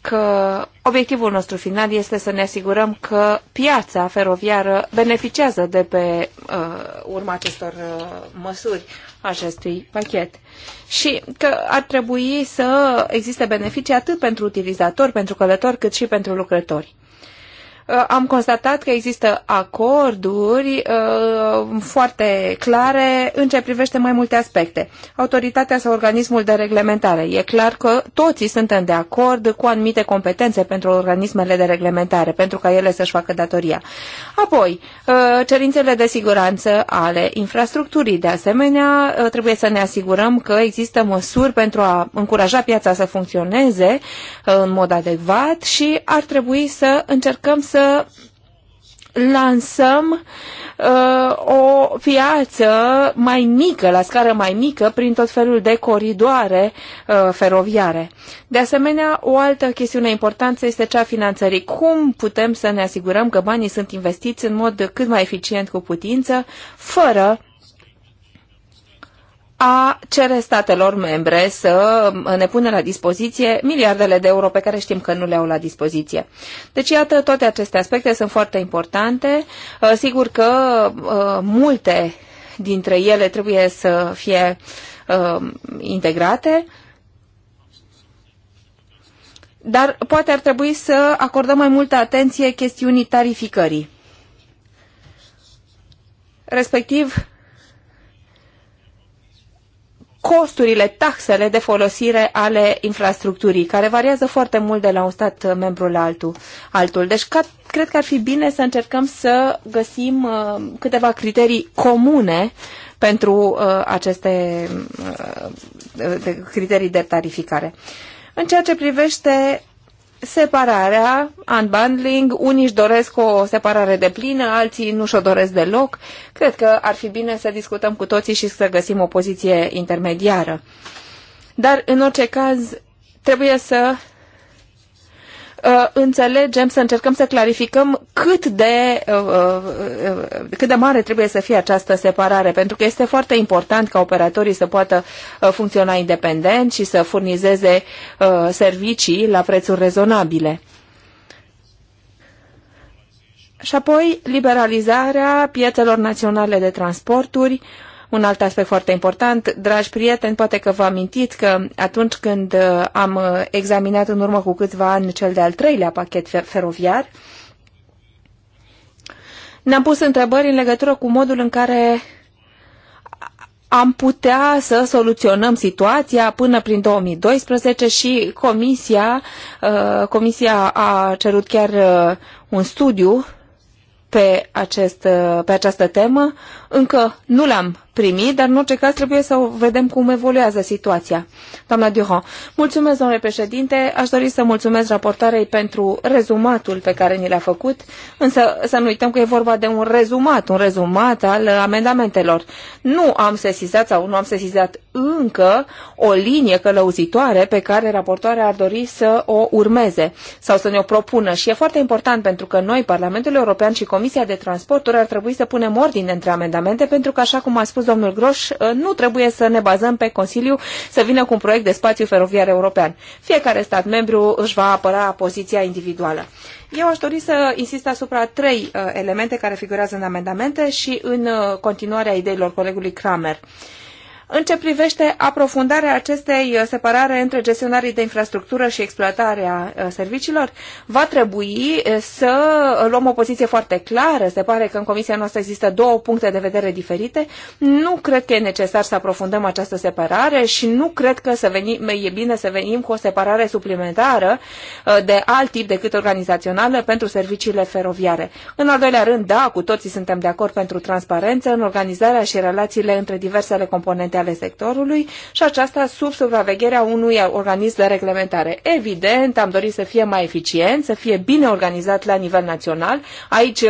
Speaker 3: că obiectivul nostru final este să ne asigurăm că piața feroviară beneficiază de pe uh, urma acestor uh, măsuri acestui pachet și că ar trebui să existe beneficii atât pentru utilizatori, pentru călători, cât și pentru lucrători. Uh, am constatat că există acorduri uh, foarte clare în ce privește mai multe aspecte. Autoritatea sau organismul de reglementare. E clar că toții suntem de acord cu anumite competențe pentru organismele de reglementare, pentru ca ele să-și facă datoria. Apoi, uh, cerințele de siguranță ale infrastructurii. De asemenea, trebuie să ne asigurăm că există măsuri pentru a încuraja piața să funcționeze în mod adecvat și ar trebui să încercăm să să lansăm uh, o piață mai mică, la scară mai mică, prin tot felul de coridoare uh, feroviare. De asemenea, o altă chestiune importantă este cea a finanțării. Cum putem să ne asigurăm că banii sunt investiți în mod cât mai eficient cu putință, fără a cere statelor membre să ne pună la dispoziție miliardele de euro pe care știm că nu le au la dispoziție. Deci, iată, toate aceste aspecte sunt foarte importante. Uh, sigur că uh, multe dintre ele trebuie să fie uh, integrate, dar poate ar trebui să acordăm mai multă atenție chestiunii tarificării. Respectiv, costurile, taxele de folosire ale infrastructurii, care variază foarte mult de la un stat membru la altul. altul. Deci ca, cred că ar fi bine să încercăm să găsim uh, câteva criterii comune pentru uh, aceste uh, de criterii de tarificare. În ceea ce privește separarea, unbundling, unii își doresc o separare de plină, alții nu și-o doresc deloc. Cred că ar fi bine să discutăm cu toții și să găsim o poziție intermediară. Dar, în orice caz, trebuie să Uh, înțelegem, să încercăm să clarificăm cât de, uh, uh, cât de mare trebuie să fie această separare, pentru că este foarte important ca operatorii să poată funcționa independent și să furnizeze servicii la prețuri rezonabile. Și apoi liberalizarea piețelor naționale de transporturi, uh, un alt aspect foarte important, dragi prieteni, poate că vă amintiți că atunci când uh, am uh, examinat în urmă cu câțiva ani cel de-al treilea pachet feroviar, ne-am pus întrebări în legătură cu modul în care am putea să soluționăm situația până prin 2012 și comisia, uh, comisia a cerut chiar un studiu pe, acest, pe această temă. Încă nu l-am primit, dar în orice caz trebuie să vedem cum evoluează situația. Doamna Duhon, mulțumesc, domnule președinte. Aș dori să mulțumesc raportarei pentru rezumatul pe care ni l-a făcut, însă să nu uităm că e vorba de un rezumat, un rezumat al amendamentelor. Nu am sesizat sau nu am sesizat încă o linie călăuzitoare pe care raportoarea ar dori să o urmeze sau să ne o propună și e foarte important pentru că noi, Parlamentul European și Comisia de Transporturi, ar trebui să punem ordine între amendamente amendamente, pentru că, așa cum a spus domnul Groș, ă, nu trebuie să ne bazăm pe Consiliu să vină cu un proiect de spațiu feroviar european. Fiecare stat membru își va apăra poziția individuală. Eu aș dori să insist asupra trei ă, elemente care figurează în amendamente și în ă, continuarea ideilor colegului Kramer. Uh, în ce privește aprofundarea acestei uh, separare între gestionarii de infrastructură și exploatarea uh, serviciilor, va trebui uh, să luăm o poziție foarte clară. Se pare că în comisia noastră există două puncte de vedere diferite. Nu cred că e necesar să aprofundăm această separare și nu cred că să venim, e bine să venim cu o separare suplimentară de alt tip decât organizațională pentru serviciile feroviare. În al doilea rând, da, cu toții suntem de acord pentru transparență în organizarea și relațiile între diversele componente ale sectorului și aceasta sub supravegherea unui organism de reglementare. Evident, am dorit să fie mai eficient, să fie bine organizat la nivel național. Aici uh,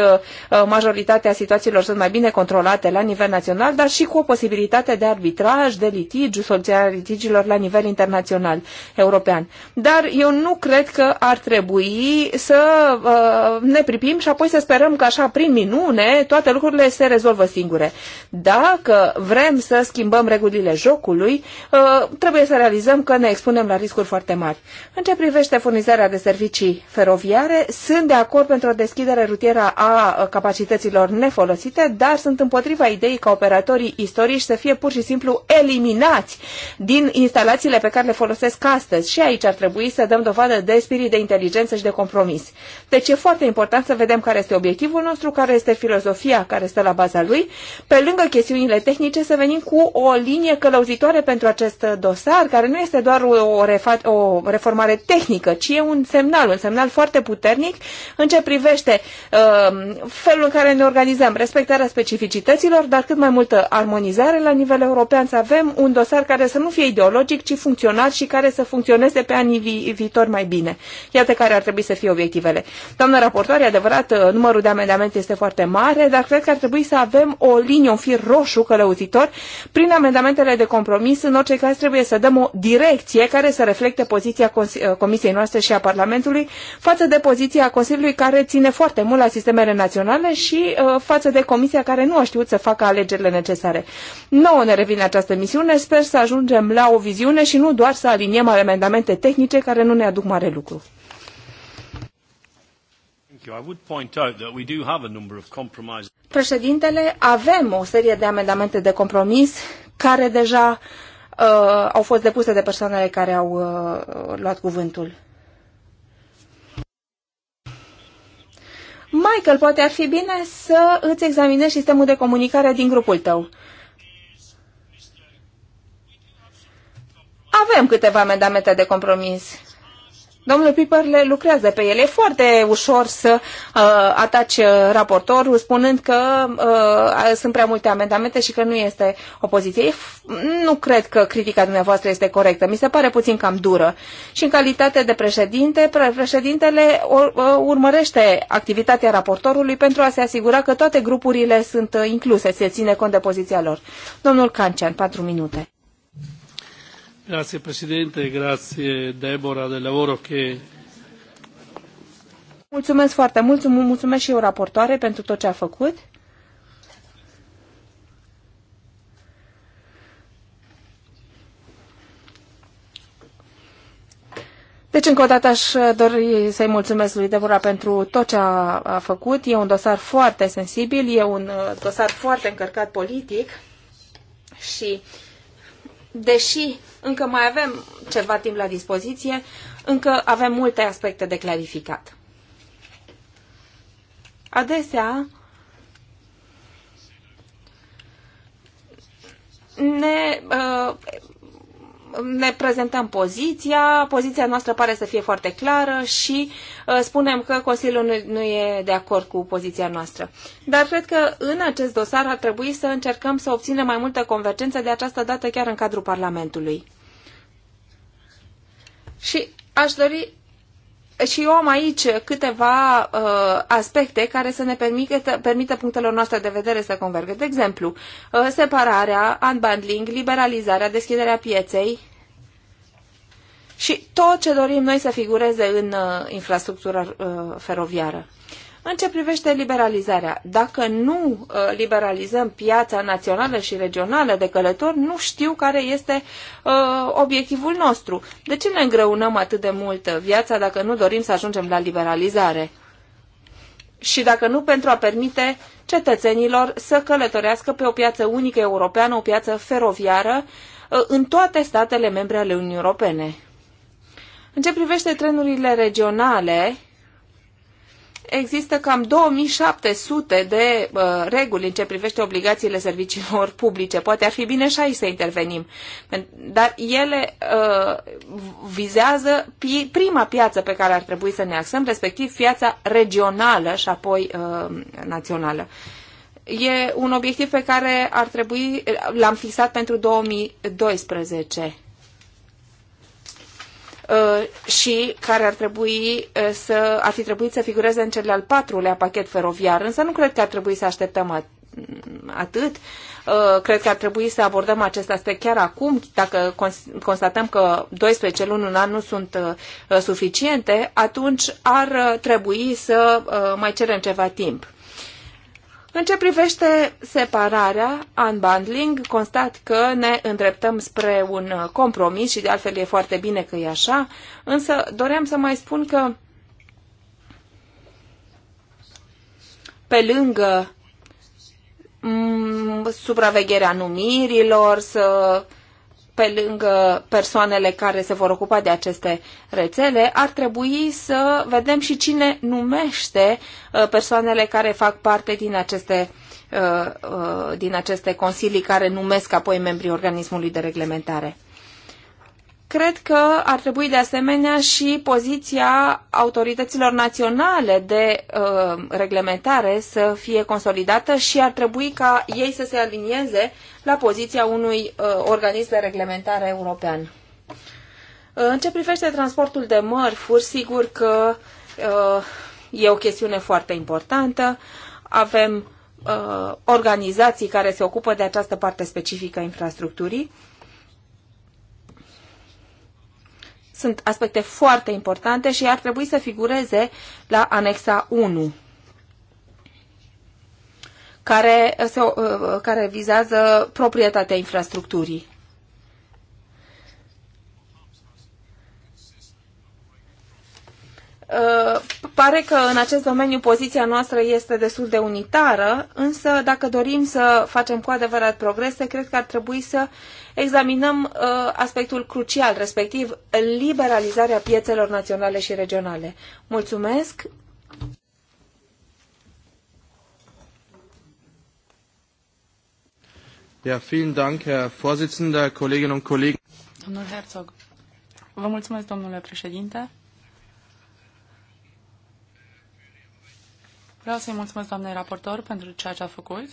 Speaker 3: uh, majoritatea situațiilor sunt mai bine controlate la nivel național, dar și cu o posibilitate de arbitraj, de litigiu, soluția litigilor la nivel internațional european. Dar eu nu cred că ar trebui să uh, ne pripim și apoi să sperăm că așa prin minune toate lucrurile se rezolvă singure. Dacă vrem să schimbăm regulile jocului, uh, trebuie să realizăm că ne expunem la riscuri foarte mari. În ce privește furnizarea de servicii feroviare, sunt de acord pentru o deschidere rutieră a capacităților nefolosite, dar sunt împotriva ideii ca operatorii istorici să fie pur și simplu eliminați din instalațiile pe care le folosesc astăzi. Și aici ar trebui să dăm dovadă de spirit de inteligență și de compromis. Deci e foarte important să vedem care este obiectivul nostru, care este filozofia care stă la baza lui, pe lângă chestiunile tehnice să venim cu o linie călăuzitoare pentru acest dosar, care nu este doar o, o reformare tehnică, ci e un semnal, un semnal foarte puternic în ce privește uh, felul în care ne organizăm, respectarea specificităților, dar cât mai multă armonizare la nivel european, să avem un dosar care să nu fie ideologic, ci funcțional și care să funcționeze pe anii vi viitori mai bine. Iată care ar trebui să fie obiectivele. Doamnă raportoare, adevărat, uh, numărul de amendamente este foarte mare, dar cred că ar trebui să avem o linie, un fir roșu călăuzitor prin amendamente amendamentele de compromis, în orice caz, trebuie să dăm o direcție care să reflecte poziția uh, Comisiei noastre și a Parlamentului față de poziția Consiliului care ține foarte mult la sistemele naționale și uh, față de Comisia care nu a știut să facă alegerile necesare. Nouă ne revine această misiune, sper să ajungem la o viziune și nu doar să aliniem amendamente tehnice care nu ne aduc mare lucru. Președintele, avem o serie de amendamente de compromis care deja uh, au fost depuse de persoanele care au uh, luat cuvântul. Michael, poate ar fi bine să îți examinezi sistemul de comunicare din grupul tău. Avem câteva amendamente de compromis. Domnul Piper le lucrează pe ele. E foarte ușor să uh, ataci uh, raportorul spunând că uh, sunt prea multe amendamente și că nu este opoziție. Nu cred că critica dumneavoastră este corectă. Mi se pare puțin cam dură. Și în calitate de președinte, președintele urmărește activitatea raportorului pentru a se asigura că toate grupurile sunt uh, incluse, se ține cont de poziția lor. Domnul Cancian, patru minute. Grazie Presidente, grazie Deborah del lavoro che... Mulțumesc foarte mult, mulțumesc și eu raportoare pentru tot ce a făcut. Deci, încă o dată, aș dori să-i mulțumesc lui Devora pentru tot ce a, a făcut. E un dosar foarte sensibil, e un uh, dosar foarte încărcat politic și, deși încă mai avem ceva timp la dispoziție, încă avem multe aspecte de clarificat. Adesea ne uh, ne prezentăm poziția, poziția noastră pare să fie foarte clară și uh, spunem că Consiliul nu, nu e de acord cu poziția noastră. Dar cred că în acest dosar ar trebui să încercăm să obținem mai multă convergență de această dată chiar în cadrul Parlamentului. Și aș dori și eu am aici câteva uh, aspecte care să ne permită, permită punctelor noastre de vedere să convergă. De exemplu, uh, separarea, unbundling, liberalizarea, deschiderea pieței și tot ce dorim noi să figureze în uh, infrastructura uh, feroviară. În ce privește liberalizarea, dacă nu uh, liberalizăm piața națională și regională de călători, nu știu care este uh, obiectivul nostru. De ce ne îngreunăm atât de mult viața dacă nu dorim să ajungem la liberalizare? Și dacă nu pentru a permite cetățenilor să călătorească pe o piață unică europeană, o piață feroviară, uh, în toate statele membre ale Uniunii Europene. În ce privește trenurile regionale, există cam 2700 de uh, reguli în ce privește obligațiile serviciilor publice. Poate ar fi bine și aici să intervenim. Dar ele uh, vizează pi- prima piață pe care ar trebui să ne axăm, respectiv piața regională și apoi uh, națională. E un obiectiv pe care ar trebui, l-am fixat pentru 2012 Uh, și care ar, trebui uh, să, ar fi trebuit să figureze în cel al patrulea pachet feroviar, însă nu cred că ar trebui să așteptăm atât. Uh, cred că ar trebui să abordăm acest aspect chiar acum, dacă constatăm că 12 luni, în an nu sunt suficiente, atunci ar trebui să mai cerem ceva timp. În ce privește separarea, unbundling, constat că ne îndreptăm spre un compromis și de altfel e foarte bine că e așa, însă doream să mai spun că pe lângă mm, supravegherea numirilor, să pe lângă persoanele care se vor ocupa de aceste rețele, ar trebui să vedem și cine numește uh, persoanele care fac parte din aceste, uh, uh, din aceste consilii care numesc apoi membrii organismului de reglementare. Cred că ar trebui de asemenea și poziția autorităților naționale de uh, reglementare să fie consolidată și ar trebui ca ei să se alinieze la poziția unui uh, organism de reglementare european. Uh, în ce privește transportul de mărfuri, sigur că uh, e o chestiune foarte importantă. Avem uh, organizații care se ocupă de această parte specifică a infrastructurii. Uh, Sunt aspecte foarte importante și ar trebui să figureze la anexa 1 care, se, uh, care vizează proprietatea infrastructurii. Uh, pare că în acest domeniu poziția noastră este destul de unitară, însă dacă dorim să facem cu adevărat progrese, cred că ar trebui să examinăm uh, aspectul crucial, respectiv liberalizarea piețelor naționale și regionale. Mulțumesc! Ja, vielen Dank, Herr Vorsitzender, Kolleginnen und Kollegen.
Speaker 2: Herr Herzog, vă mulțumesc, domnule președinte. Vreau să-i mulțumesc doamnei raportor pentru ceea ce a făcut.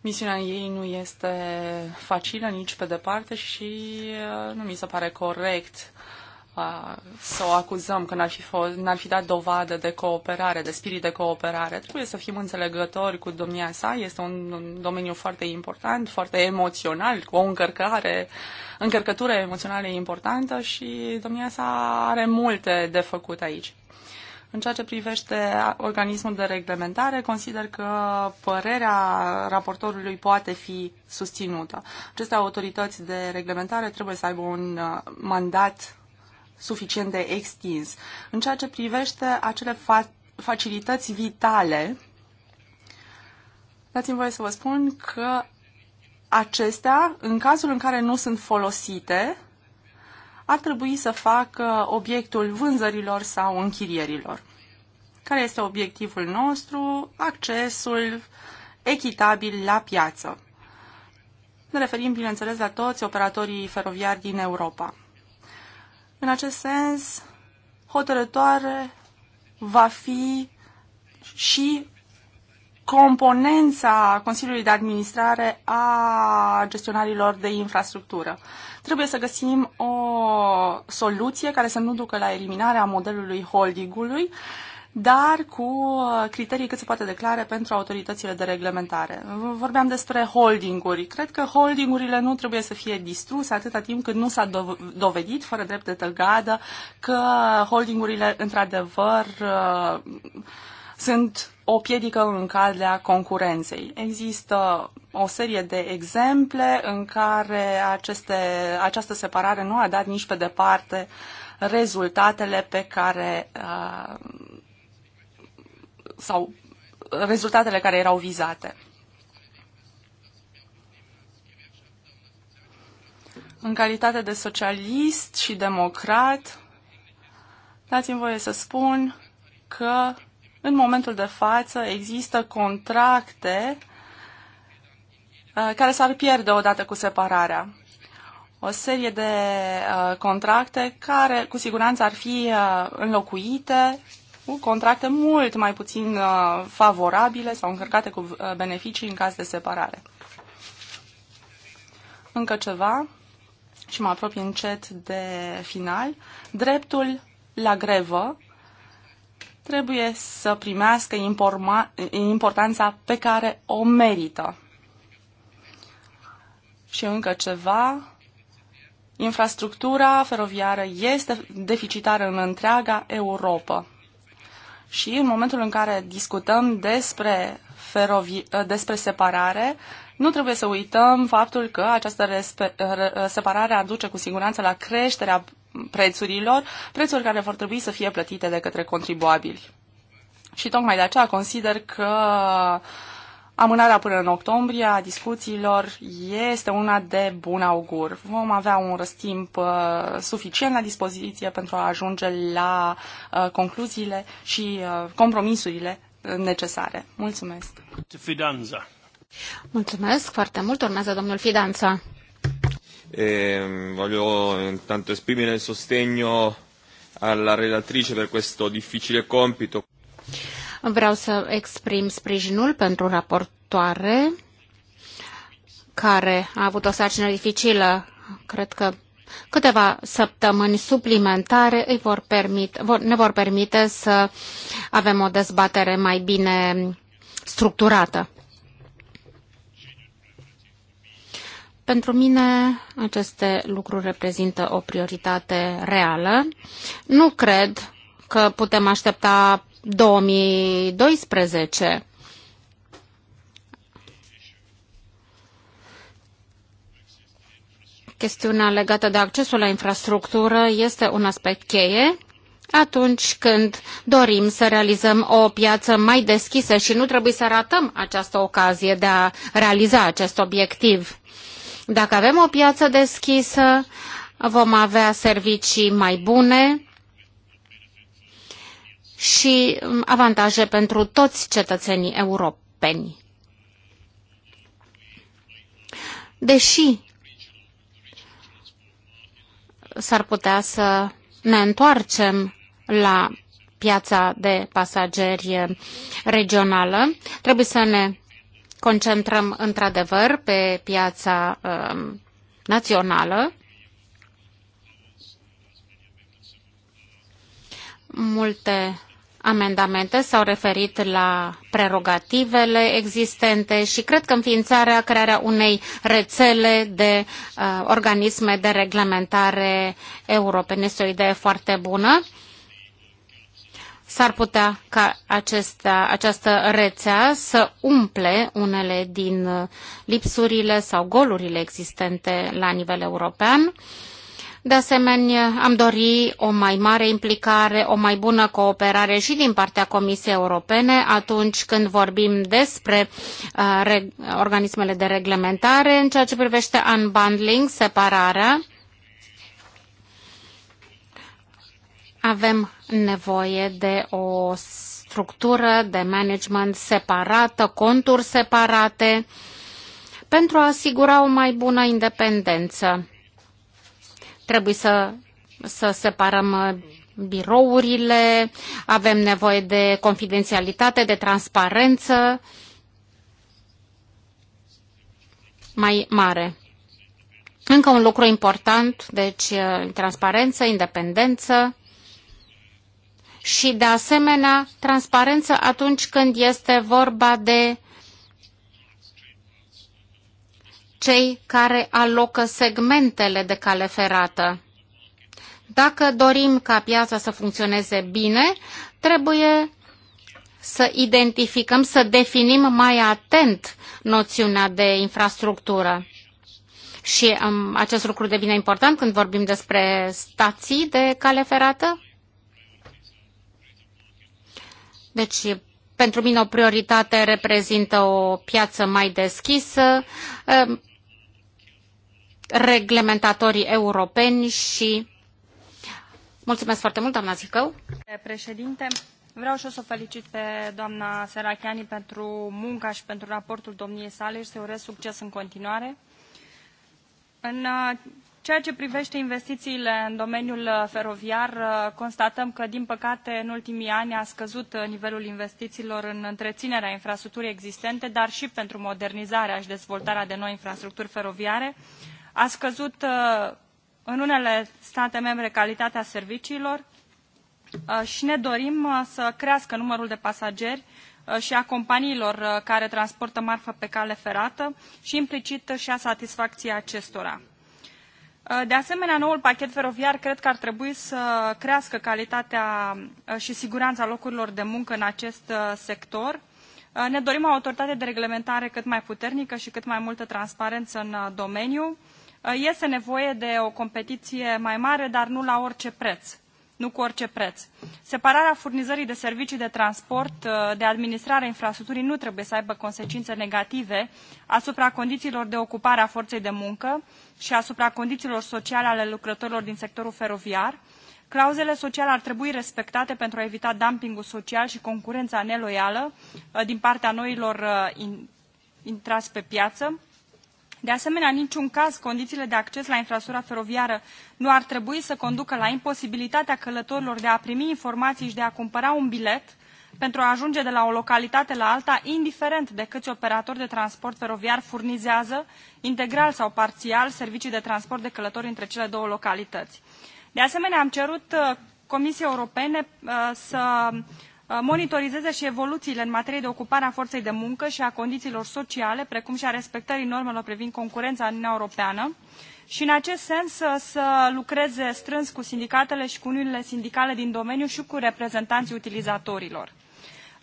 Speaker 2: Misiunea ei nu este facilă nici pe departe și uh, nu mi se pare corect uh, să o acuzăm că n-ar fi, fost, n-ar fi dat dovadă de cooperare, de spirit de cooperare. Trebuie să fim înțelegători cu domnia sa. Este un, un domeniu foarte important, foarte emoțional, cu o încărcare, încărcătură emoțională importantă și domnia sa are multe de făcut aici. În ceea ce privește organismul de reglementare, consider că părerea raportorului poate fi susținută. Aceste autorități de reglementare trebuie să aibă un uh, mandat suficient de extins. În ceea ce privește acele fa- facilități vitale, dați-mi voie să vă spun că acestea, în cazul în care nu sunt folosite, ar trebui să facă obiectul vânzărilor sau închirierilor. Care este obiectivul nostru? Accesul echitabil la piață. Ne referim, bineînțeles, la toți operatorii feroviari din Europa. În acest sens, hotărătoare va fi și componența Consiliului de Administrare a gestionarilor de infrastructură. Trebuie să găsim o soluție care să nu ducă la eliminarea modelului holdingului, dar cu criterii cât se poate declare pentru autoritățile de reglementare. Vorbeam despre holdinguri. Cred că holdingurile nu trebuie să fie distruse atâta timp cât nu s-a dovedit, fără drept de tălgadă, că holdingurile, într-adevăr, uh, sunt o piedică în calea concurenței. Există o serie de exemple în care aceste, această separare nu a dat nici pe departe rezultatele pe care uh, sau rezultatele care erau vizate. În calitate de socialist și democrat, dați-mi voie să spun că în momentul de față există contracte uh, care s-ar pierde odată cu separarea. O serie de uh, contracte care cu siguranță ar fi uh, înlocuite cu contracte mult mai puțin favorabile sau încărcate cu beneficii în caz de separare. Încă ceva și mă apropii încet de final. Dreptul la grevă trebuie să primească importanța pe care o merită. Și încă ceva, infrastructura feroviară este deficitară în întreaga Europa. Și în momentul în care discutăm despre, ferovi- despre separare, nu trebuie să uităm faptul că această separare aduce cu siguranță la creșterea prețurilor, prețuri care vor trebui să fie plătite de către contribuabili. Și tocmai de aceea consider că amânarea până în octombrie a discuțiilor este una de bun augur. Vom avea un răstimp uh, suficient la dispoziție pentru a ajunge la uh, concluziile și uh, compromisurile
Speaker 1: necesare. Mulțumesc!
Speaker 3: Fidanza.
Speaker 1: Mulțumesc foarte mult. Urmează domnul Fidanța.
Speaker 3: E ehm, voglio intanto esprimere il
Speaker 2: sostegno alla relatrice per questo difficile compito.
Speaker 1: Vreau să exprim sprijinul pentru raportoare care a avut o sarcină dificilă. Cred că câteva săptămâni suplimentare îi vor permit, vor, ne vor permite să avem o dezbatere mai bine structurată. Pentru mine aceste lucruri reprezintă o prioritate reală. Nu cred că putem aștepta 2012 chestiunea legată de accesul la infrastructură este un aspect cheie atunci când dorim să realizăm o piață mai deschisă și nu trebuie să ratăm această ocazie de a realiza acest obiectiv. Dacă avem o piață deschisă, vom avea servicii mai bune și um, avantaje pentru toți cetățenii europeni. Deși s-ar putea să ne întoarcem la piața de pasageri regională. Trebuie să ne concentrăm într-adevăr pe piața um, națională. Multe amendamente s-au referit la prerogativele existente și cred că înființarea, crearea unei rețele de uh, organisme de reglementare europene este o idee foarte bună. S-ar putea ca acesta, această rețea să umple unele din uh, lipsurile sau golurile existente la nivel european. De asemenea, am dori o mai mare implicare, o mai bună cooperare și din partea Comisiei Europene atunci când vorbim despre uh, organismele de reglementare în ceea ce privește unbundling, separarea Avem nevoie de o structură de management separată, conturi separate, pentru a asigura o mai bună independență. Trebuie să, să separăm uh, birourile, avem nevoie de confidențialitate, de transparență mai mare. Încă un lucru important, deci uh, transparență, independență și, de asemenea, transparență atunci când este vorba de cei care alocă segmentele de cale ferată. Dacă dorim ca piața să funcționeze bine, trebuie să identificăm, să definim mai atent noțiunea de infrastructură. Și um, acest lucru devine important când vorbim despre stații de cale ferată. Deci, pentru mine o prioritate reprezintă o piață mai deschisă, um, reglementatorii europeni și... Mulțumesc foarte mult, doamna Zicău.
Speaker 4: Președinte, vreau și o să o felicit pe doamna Serachiani pentru munca și pentru raportul domniei sale și să urez succes în continuare. În uh, ceea ce privește investițiile în domeniul uh, feroviar, uh, constatăm că, din păcate, în ultimii ani a scăzut uh, nivelul investițiilor în întreținerea infrastructurii existente, dar și pentru modernizarea și dezvoltarea de noi infrastructuri feroviare. A scăzut în unele state membre calitatea serviciilor și ne dorim să crească numărul de pasageri și a companiilor care transportă marfă pe cale ferată și implicit și a satisfacției acestora. Uh, de asemenea, noul pachet feroviar cred că ar trebui să crească calitatea uh, și siguranța locurilor de muncă în acest uh, sector. Ne dorim o autoritate de reglementare cât mai puternică și cât mai multă transparență în domeniu. Este nevoie de o competiție mai mare, dar nu la orice preț nu cu orice preț. Separarea furnizării de servicii de transport uh, de administrare a infrastructurii nu trebuie să aibă consecințe negative asupra condițiilor de ocupare a forței de muncă și asupra condițiilor sociale ale lucrătorilor din sectorul feroviar. Clauzele sociale ar trebui respectate pentru a evita dumpingul social și concurența neloială uh, din partea noilor uh, intrați pe piață de asemenea, în niciun caz, condițiile de acces la infrastructura feroviară nu ar trebui să conducă la imposibilitatea călătorilor de a primi informații și de a cumpăra un bilet pentru a ajunge de la o localitate la alta, indiferent de câți operatori de transport feroviar furnizează, integral sau parțial, servicii de transport de călători între cele două localități. De asemenea, am cerut uh, Comisiei Europene uh, să Uh, monitorizeze și evoluțiile în materie de ocupare a forței de muncă și a condițiilor sociale, precum și a respectării normelor privind concurența în Uniunea Europeană și, în acest sens, să lucreze strâns cu sindicatele și cu uniunile sindicale din domeniu și cu reprezentanții utilizatorilor.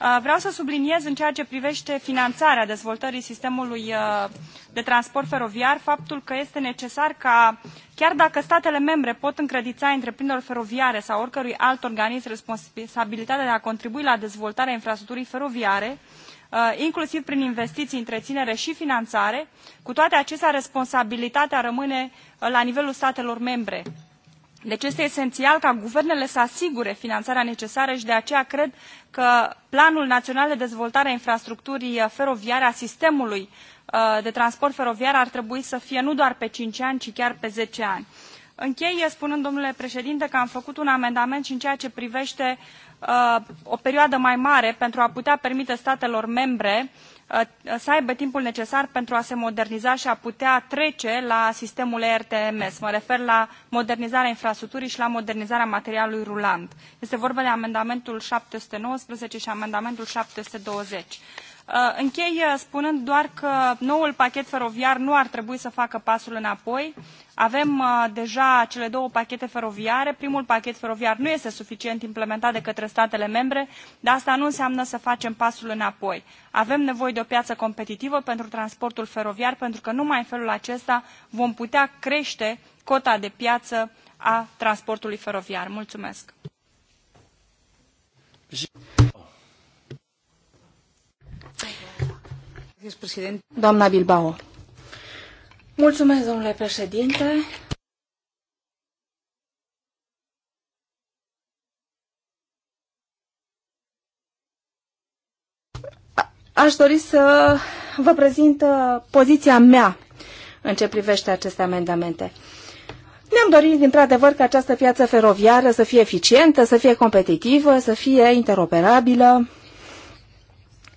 Speaker 4: Uh, vreau să subliniez în ceea ce privește finanțarea dezvoltării sistemului uh, de transport feroviar faptul că este necesar ca, chiar dacă statele membre pot încredița întreprinderilor feroviare sau oricărui alt organism responsabilitatea de a contribui la dezvoltarea infrastructurii feroviare, uh, inclusiv prin investiții, întreținere și finanțare, cu toate acestea responsabilitatea rămâne la nivelul statelor membre deci este esențial ca guvernele să asigure finanțarea necesară și de aceea cred că Planul Național de Dezvoltare a Infrastructurii uh, Feroviare, a sistemului uh, de transport feroviar, ar trebui să fie nu doar pe cinci ani, ci chiar pe zece ani. Închei uh, spunând, domnule președinte, că am făcut un amendament și în ceea ce privește o perioadă mai mare pentru a putea permite statelor membre să aibă timpul necesar pentru a se moderniza și a putea trece la sistemul ERTMS. Mă refer la modernizarea infrastructurii și la modernizarea materialului rulant. Este vorba de amendamentul 719 și amendamentul 720. Uh, închei uh, spunând doar că noul pachet feroviar nu ar trebui să facă pasul înapoi. Avem uh, deja cele două pachete feroviare. Primul pachet feroviar nu este suficient implementat de către statele membre, dar asta nu înseamnă să facem pasul înapoi. Avem nevoie de o piață competitivă pentru transportul feroviar, pentru că numai în felul acesta vom putea crește cota de piață a transportului feroviar. Mulțumesc!
Speaker 3: Doamna Bilbao. Mulțumesc, domnule președinte. Aș dori să vă prezint uh, poziția mea în ce privește aceste amendamente. Ne-am dorit, într-adevăr, ca această piață feroviară să fie eficientă, să fie competitivă, să fie interoperabilă,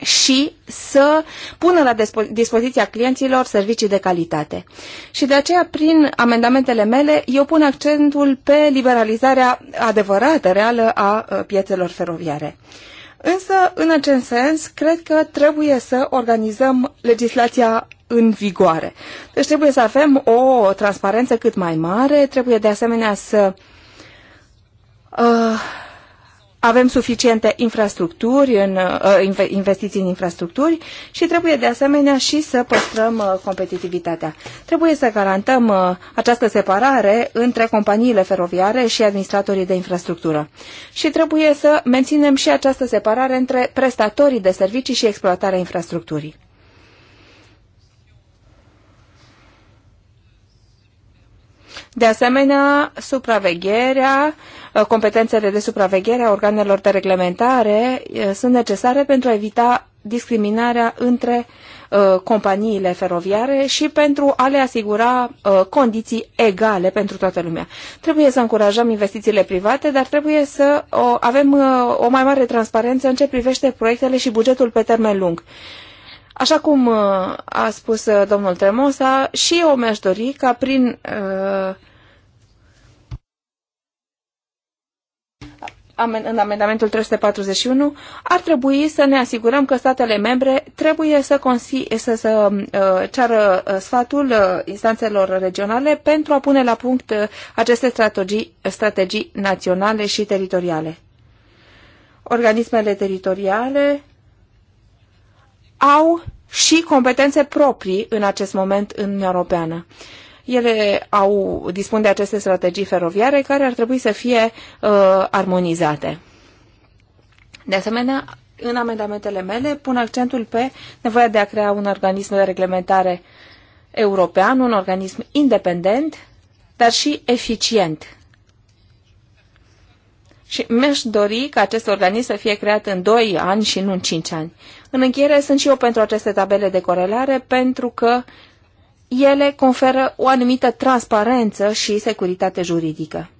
Speaker 3: și să pună la dispoziția clienților servicii de calitate. Și de aceea, prin amendamentele mele, eu pun accentul pe liberalizarea adevărată, reală a piețelor feroviare. Însă, în acest sens, cred că trebuie să organizăm legislația în vigoare. Deci trebuie să avem o transparență cât mai mare, trebuie de asemenea să uh, avem suficiente infrastructuri, în, uh, investiții în infrastructuri și trebuie de asemenea și să păstrăm uh, competitivitatea. Trebuie să garantăm uh, această separare între companiile feroviare și administratorii de infrastructură. Și trebuie să menținem și această separare între prestatorii de servicii și exploatarea infrastructurii. De asemenea, supravegherea, ă, competențele de supraveghere a organelor de reglementare ă, sunt necesare pentru a evita discriminarea între ă, companiile feroviare și pentru a le asigura condiții egale pentru toată lumea. Trebuie să încurajăm investițiile private, dar trebuie să avem o mai mare transparență în ce privește proiectele și bugetul pe termen lung. Așa cum uh, a spus uh, domnul Tremosa, și eu mi-aș dori ca prin uh, în amendamentul 341, ar trebui să ne asigurăm că statele membre trebuie să, să, să uh, ceară sfatul uh, instanțelor regionale pentru a pune la punct uh, aceste strategii, strategii naționale și teritoriale. Organismele teritoriale au și competențe proprii în acest moment în Uniunea Europeană. Ele au, dispun de aceste strategii feroviare care ar trebui să fie uh, armonizate. De asemenea, în amendamentele mele pun accentul pe nevoia de a crea un organism de reglementare european, un organism independent, dar și eficient. Și mi-aș dori ca acest organism să fie creat în 2 ani și nu în 5 ani. În încheiere sunt și eu pentru aceste tabele de corelare pentru că ele conferă o anumită transparență și securitate juridică.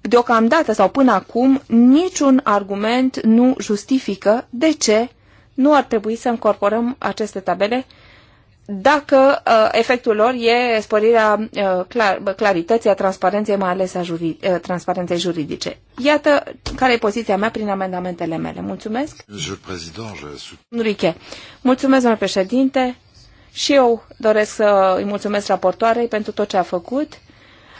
Speaker 3: Deocamdată sau până acum, niciun argument nu justifică de ce nu ar trebui să încorporăm aceste tabele dacă uh, efectul lor e sporirea uh, clar, clarității, a transparenței, mai ales a juri, uh, transparenței juridice. Iată care e poziția mea prin amendamentele mele. Mulțumesc. Enrique, mulțumesc, domnule președinte. Și eu doresc să îi mulțumesc raportoarei pentru tot ce a făcut.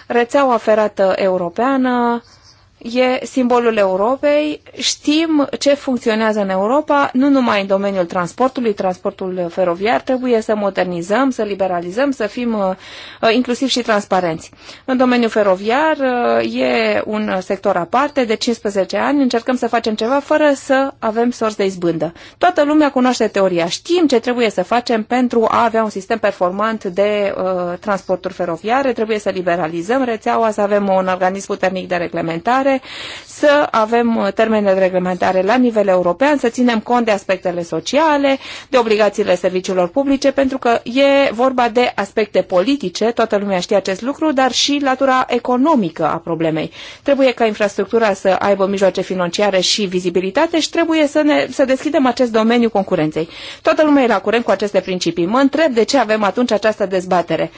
Speaker 3: Rețeaua ferată europeană, uh, e simbolul Europei, știm ce funcționează în Europa, nu numai în domeniul transportului, transportul feroviar, trebuie să modernizăm, să liberalizăm, să fim uh, uh, inclusiv și transparenți. În domeniul feroviar uh, e un sector aparte, de 15 ani încercăm să facem ceva fără să avem sorți de izbândă. Toată lumea cunoaște teoria, știm ce trebuie să facem pentru a avea un sistem performant de uh, transporturi feroviare, trebuie să liberalizăm rețeaua, să avem un organism puternic de reglementare, reglementare, să avem uh, termene de reglementare la nivel european, să ținem cont de aspectele sociale, de obligațiile serviciilor publice, pentru că e vorba de aspecte politice, toată lumea știe acest lucru, dar și latura economică a problemei. Trebuie ca infrastructura să aibă mijloace financiare și vizibilitate și trebuie să, ne, să deschidem acest domeniu concurenței. Toată lumea e la curent cu aceste principii. Mă întreb de ce avem atunci această dezbatere.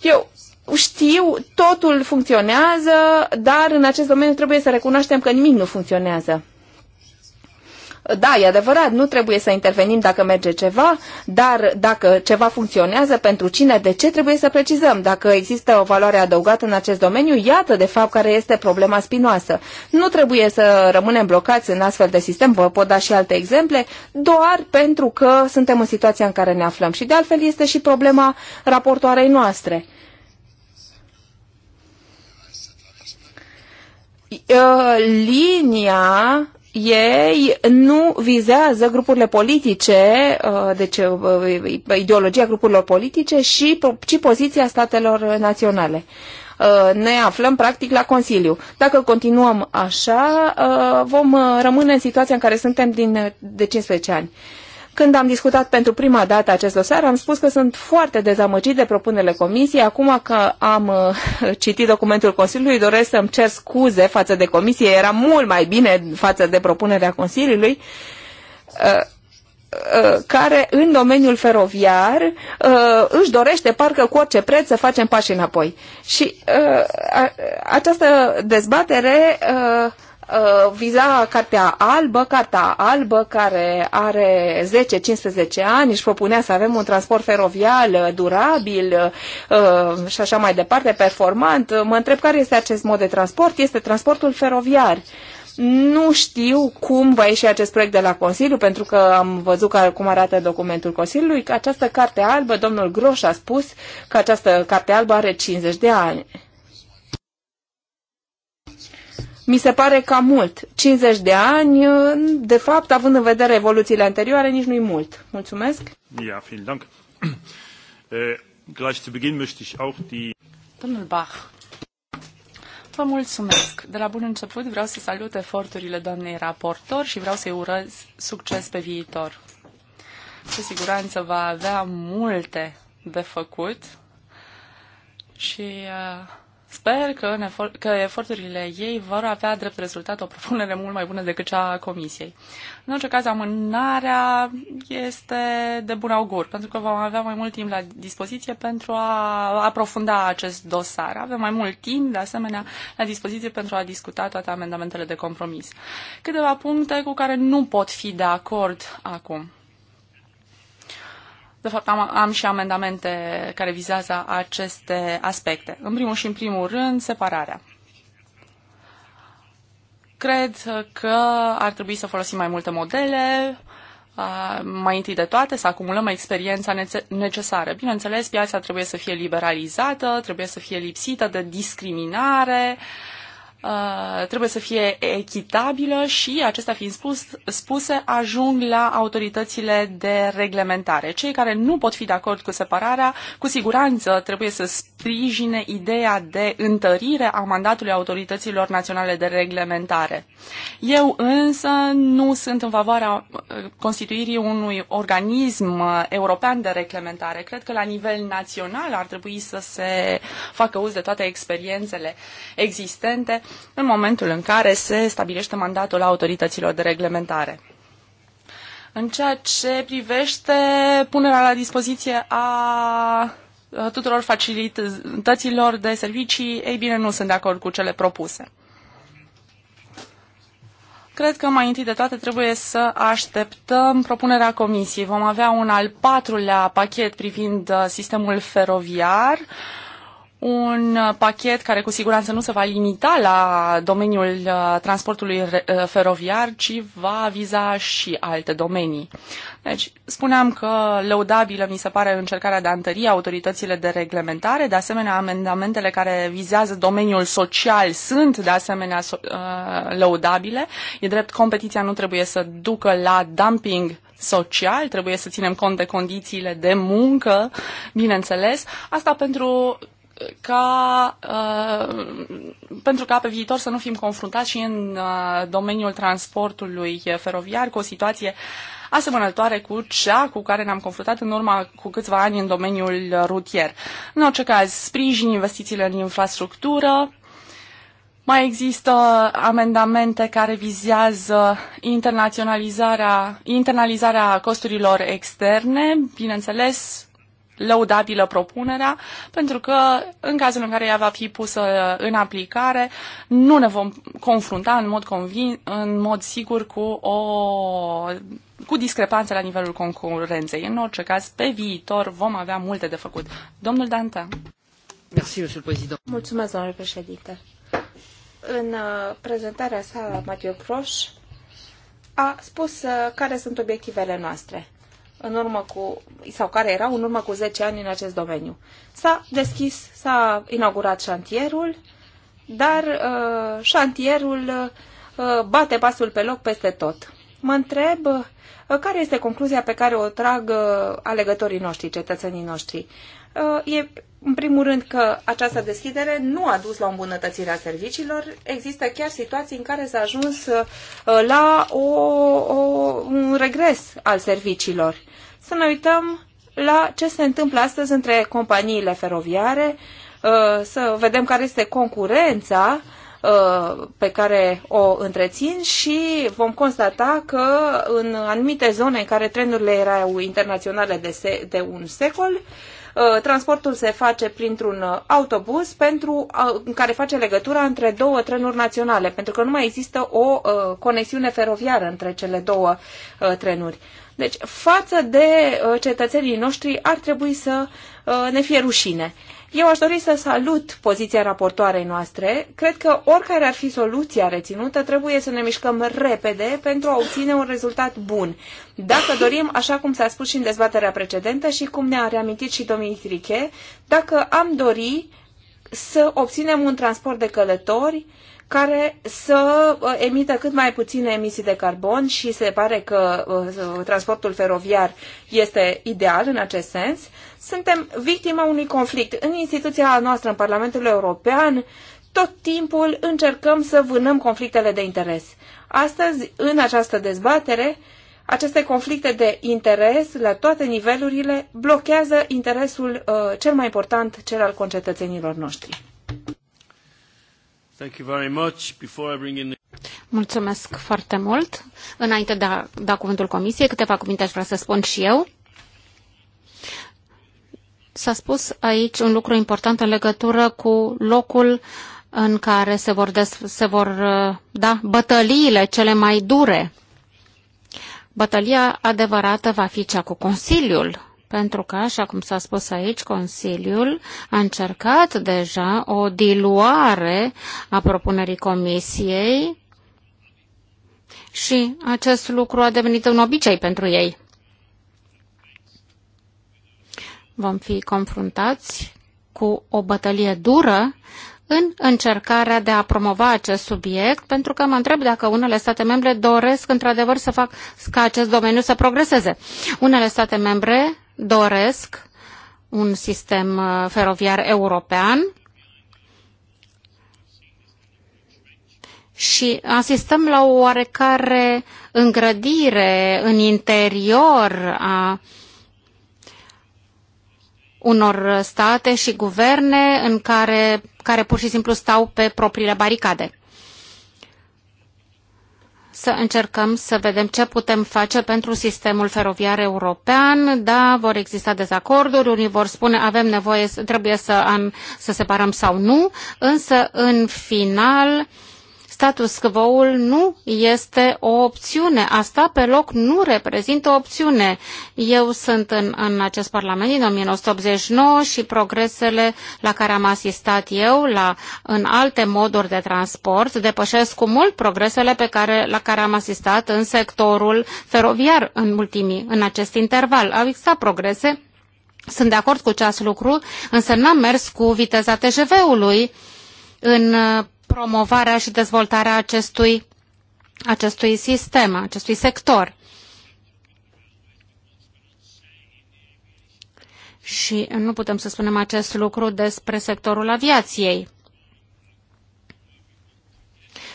Speaker 3: Eu știu, totul funcționează, dar în acest domeniu trebuie să recunoaștem că nimic nu funcționează. Da, e adevărat, nu trebuie să intervenim dacă merge ceva, dar dacă ceva funcționează, pentru cine, de ce trebuie să precizăm? Dacă există o valoare adăugată în acest domeniu, iată de fapt care este problema spinoasă. Nu trebuie să rămânem blocați în astfel de sistem, vă pot da și alte exemple, doar pentru că suntem în situația în care ne aflăm. Și de altfel este și problema raportoarei noastre. Ă, linia ei nu vizează grupurile politice, ă, deci ă, ideologia grupurilor politice, și, ci poziția statelor naționale. Ne aflăm practic la Consiliu. Dacă continuăm așa, vom rămâne în situația în care suntem din, de 15 ani. Când am discutat pentru prima dată acest dosar, am spus că sunt foarte dezamăgit de propunerile comisiei. Acum că am uh, citit documentul Consiliului, doresc să-mi cer scuze față de comisie. Era mult mai bine față de propunerea Consiliului uh, uh, care în domeniul feroviar își dorește parcă cu orice preț să facem pași înapoi. Și această dezbatere Uh, viza cartea albă, cartea albă care are 10-15 ani, își propunea să avem un transport feroviar uh, durabil uh, și așa mai departe, performant. Mă întreb care este acest mod de transport. Este transportul feroviar. Nu știu cum va ieși acest proiect de la Consiliu, pentru că am văzut că, cum arată documentul Consiliului, că această carte albă, domnul Groș a spus că această carte albă are 50 de ani mi se pare ca mult. 50 de ani, de fapt, având în vedere evoluțiile anterioare, nici nu-i mult. Mulțumesc.
Speaker 4: Ja, vielen Dank. Uh, gleich zu Beginn möchte ich auch die...
Speaker 3: Domnul Bach, vă
Speaker 2: mulțumesc. De la bun început vreau să salut eforturile doamnei raportor și vreau să-i urez succes pe viitor. Cu siguranță va avea multe de făcut și uh, Sper că, în că eforturile ei vor avea drept rezultat o propunere mult mai bună decât cea a Comisiei. În orice caz, amânarea este de bun augur, pentru că vom avea mai mult timp la dispoziție pentru a aprofunda acest dosar. Avem mai mult timp, de asemenea, la dispoziție pentru a discuta toate amendamentele de compromis. Câteva puncte cu care nu pot fi de acord acum. De fapt, am, am și amendamente care vizează aceste aspecte. În primul și în primul rând, separarea. Cred că ar trebui să folosim mai multe modele, mai întâi de toate să acumulăm experiența necesară. Bineînțeles, piața trebuie să fie liberalizată, trebuie să fie lipsită de discriminare, uh, Uh, trebuie să fie echitabilă și, acesta fiind spus, spuse, ajung la autoritățile de reglementare. Cei care nu pot fi de acord cu separarea, cu siguranță trebuie să sprijine ideea de întărire a mandatului autorităților naționale de reglementare. Eu însă nu sunt în favoarea uh, constituirii unui organism uh, european de reglementare. Cred că la nivel național ar trebui să se facă uz de toate experiențele existente în momentul în care se stabilește mandatul autorităților de reglementare. În ceea ce privește punerea la dispoziție a tuturor facilităților de servicii, ei bine, nu sunt de acord cu cele propuse. Cred că mai întâi de toate trebuie să așteptăm propunerea comisiei. Vom avea un al patrulea pachet privind uh, sistemul feroviar. Uh, un uh, pachet care cu siguranță nu se va limita la domeniul uh, transportului uh, feroviar, ci va viza și alte domenii. Deci, spuneam că lăudabilă mi se pare încercarea de a întări autoritățile de reglementare, de asemenea amendamentele care vizează domeniul social sunt de asemenea lăudabile. E drept, competiția nu trebuie să ducă la dumping social, trebuie să ținem cont de condițiile de muncă, bineînțeles. Asta pentru ca, uh, pentru ca pe viitor să nu fim confruntați și în uh, domeniul transportului feroviar cu o situație asemănătoare cu cea cu care ne-am confruntat în urma cu câțiva ani în domeniul rutier. În orice caz, sprijin investițiile în infrastructură, mai există amendamente care vizează internaționalizarea, internalizarea costurilor externe, bineînțeles, lăudabilă propunerea, pentru că în cazul în care ea va fi pusă în aplicare, nu ne vom confrunta în mod, convin, în mod sigur cu o cu discrepanțe la nivelul concurenței. În orice caz, pe viitor vom avea multe de făcut.
Speaker 3: Domnul Danta. Mulțumesc, domnule președinte. În uh, prezentarea sa, Matiu Proș a spus uh, care sunt obiectivele noastre în urmă cu, sau care erau în urmă cu 10 ani în acest domeniu. S-a deschis, s-a inaugurat șantierul, dar uh, șantierul uh, bate pasul pe loc peste tot. Mă întreb uh, care este concluzia pe care o trag uh, alegătorii noștri, cetățenii noștri. Uh, e, în primul rând, că această deschidere nu a dus la îmbunătățirea serviciilor. Există chiar situații în care s-a ajuns uh, la o, o, un regres al serviciilor să ne uităm la ce se întâmplă astăzi între companiile feroviare, uh, să vedem care este concurența uh, pe care o întrețin și vom constata că în anumite zone în care trenurile erau internaționale de, se- de un secol, uh, transportul se face printr-un autobuz pentru, în care face legătura între două trenuri naționale, pentru că nu mai există o conexiune feroviară între cele două trenuri. Deci, față de uh, cetățenii noștri, ar trebui să uh, ne fie rușine. Eu aș dori să salut poziția raportoarei noastre. Cred că oricare ar fi soluția reținută, trebuie să ne mișcăm repede pentru a obține un rezultat bun. Dacă dorim, așa cum s-a spus și în dezbaterea precedentă și cum ne-a reamintit și domnul Triche, dacă am dori să obținem un transport de călători uh, care să uh, emită cât mai puține emisii de carbon și se pare că uh, transportul feroviar este ideal în acest sens. Suntem victima unui conflict. În instituția noastră, în Parlamentul European, tot timpul încercăm să vânăm conflictele de interes. Astăzi, în această dezbatere, aceste conflicte de interes la toate nivelurile blochează interesul
Speaker 1: uh, cel mai important, cel al concetățenilor noștri.
Speaker 3: Thank you very much. Before I bring in
Speaker 1: Mulțumesc foarte mult. Înainte de a da cuvântul comisiei, câteva cuvinte aș vrea să spun și eu. S-a spus aici un lucru important în legătură cu locul în care se vor, des, se vor uh, da bătăliile cele mai dure. Bătălia adevărată va fi cea cu Consiliul pentru că, așa cum s-a spus aici, Consiliul a încercat deja o diluare a propunerii Comisiei și acest lucru a devenit un obicei pentru ei. Vom fi confruntați cu o bătălie dură în încercarea de a promova acest subiect, pentru că mă întreb dacă unele state membre doresc într-adevăr să fac ca acest domeniu să progreseze. Unele state membre doresc un sistem uh, feroviar european și asistăm la o oarecare îngrădire în interior a unor state și guverne în care, care pur și simplu stau pe propriile baricade să încercăm să vedem ce putem face pentru sistemul feroviar european. Da, vor exista dezacorduri, unii vor spune avem nevoie, trebuie să, am, să separăm sau nu, însă în final uh, status quo-ul nu este o opțiune. Asta pe loc nu reprezintă o opțiune. Eu sunt în, în acest Parlament din 1989 și progresele la care am asistat eu la, în alte moduri de transport depășesc cu mult progresele pe care, la care am asistat în sectorul feroviar în ultimii, în acest interval. Au existat progrese, sunt de acord cu acest lucru, însă n-am mers cu viteza TGV-ului în promovarea și dezvoltarea acestui, acestui sistem, acestui sector. Și nu putem să spunem acest lucru despre sectorul aviației.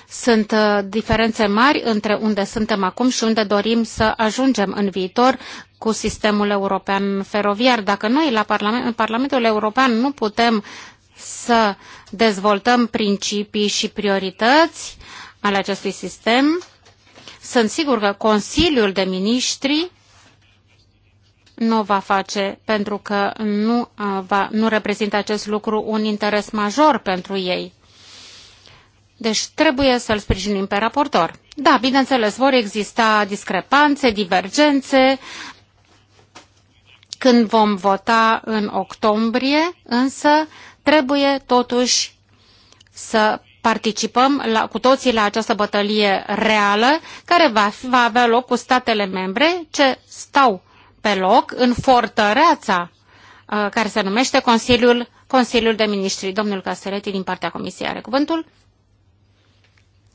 Speaker 1: Sunt uh, diferențe mari între unde suntem acum și unde dorim să ajungem în viitor cu sistemul european feroviar. Dacă noi la Parlament, în Parlamentul European nu putem să dezvoltăm principii și priorități ale acestui sistem. Sunt sigur că Consiliul de Ministri nu va face pentru că nu, uh, va, nu reprezintă acest lucru un interes major pentru ei. Deci trebuie să-l sprijinim pe raportor. Da, bineînțeles, vor exista discrepanțe, divergențe când vom vota în octombrie, însă Trebuie totuși să participăm la, cu toții la această bătălie reală care va, fi, va avea loc cu statele membre ce stau pe loc în fortăreața uh, care se numește Consiliul, Consiliul de Ministri. Domnul Castelletti din partea Comisiei are cuvântul.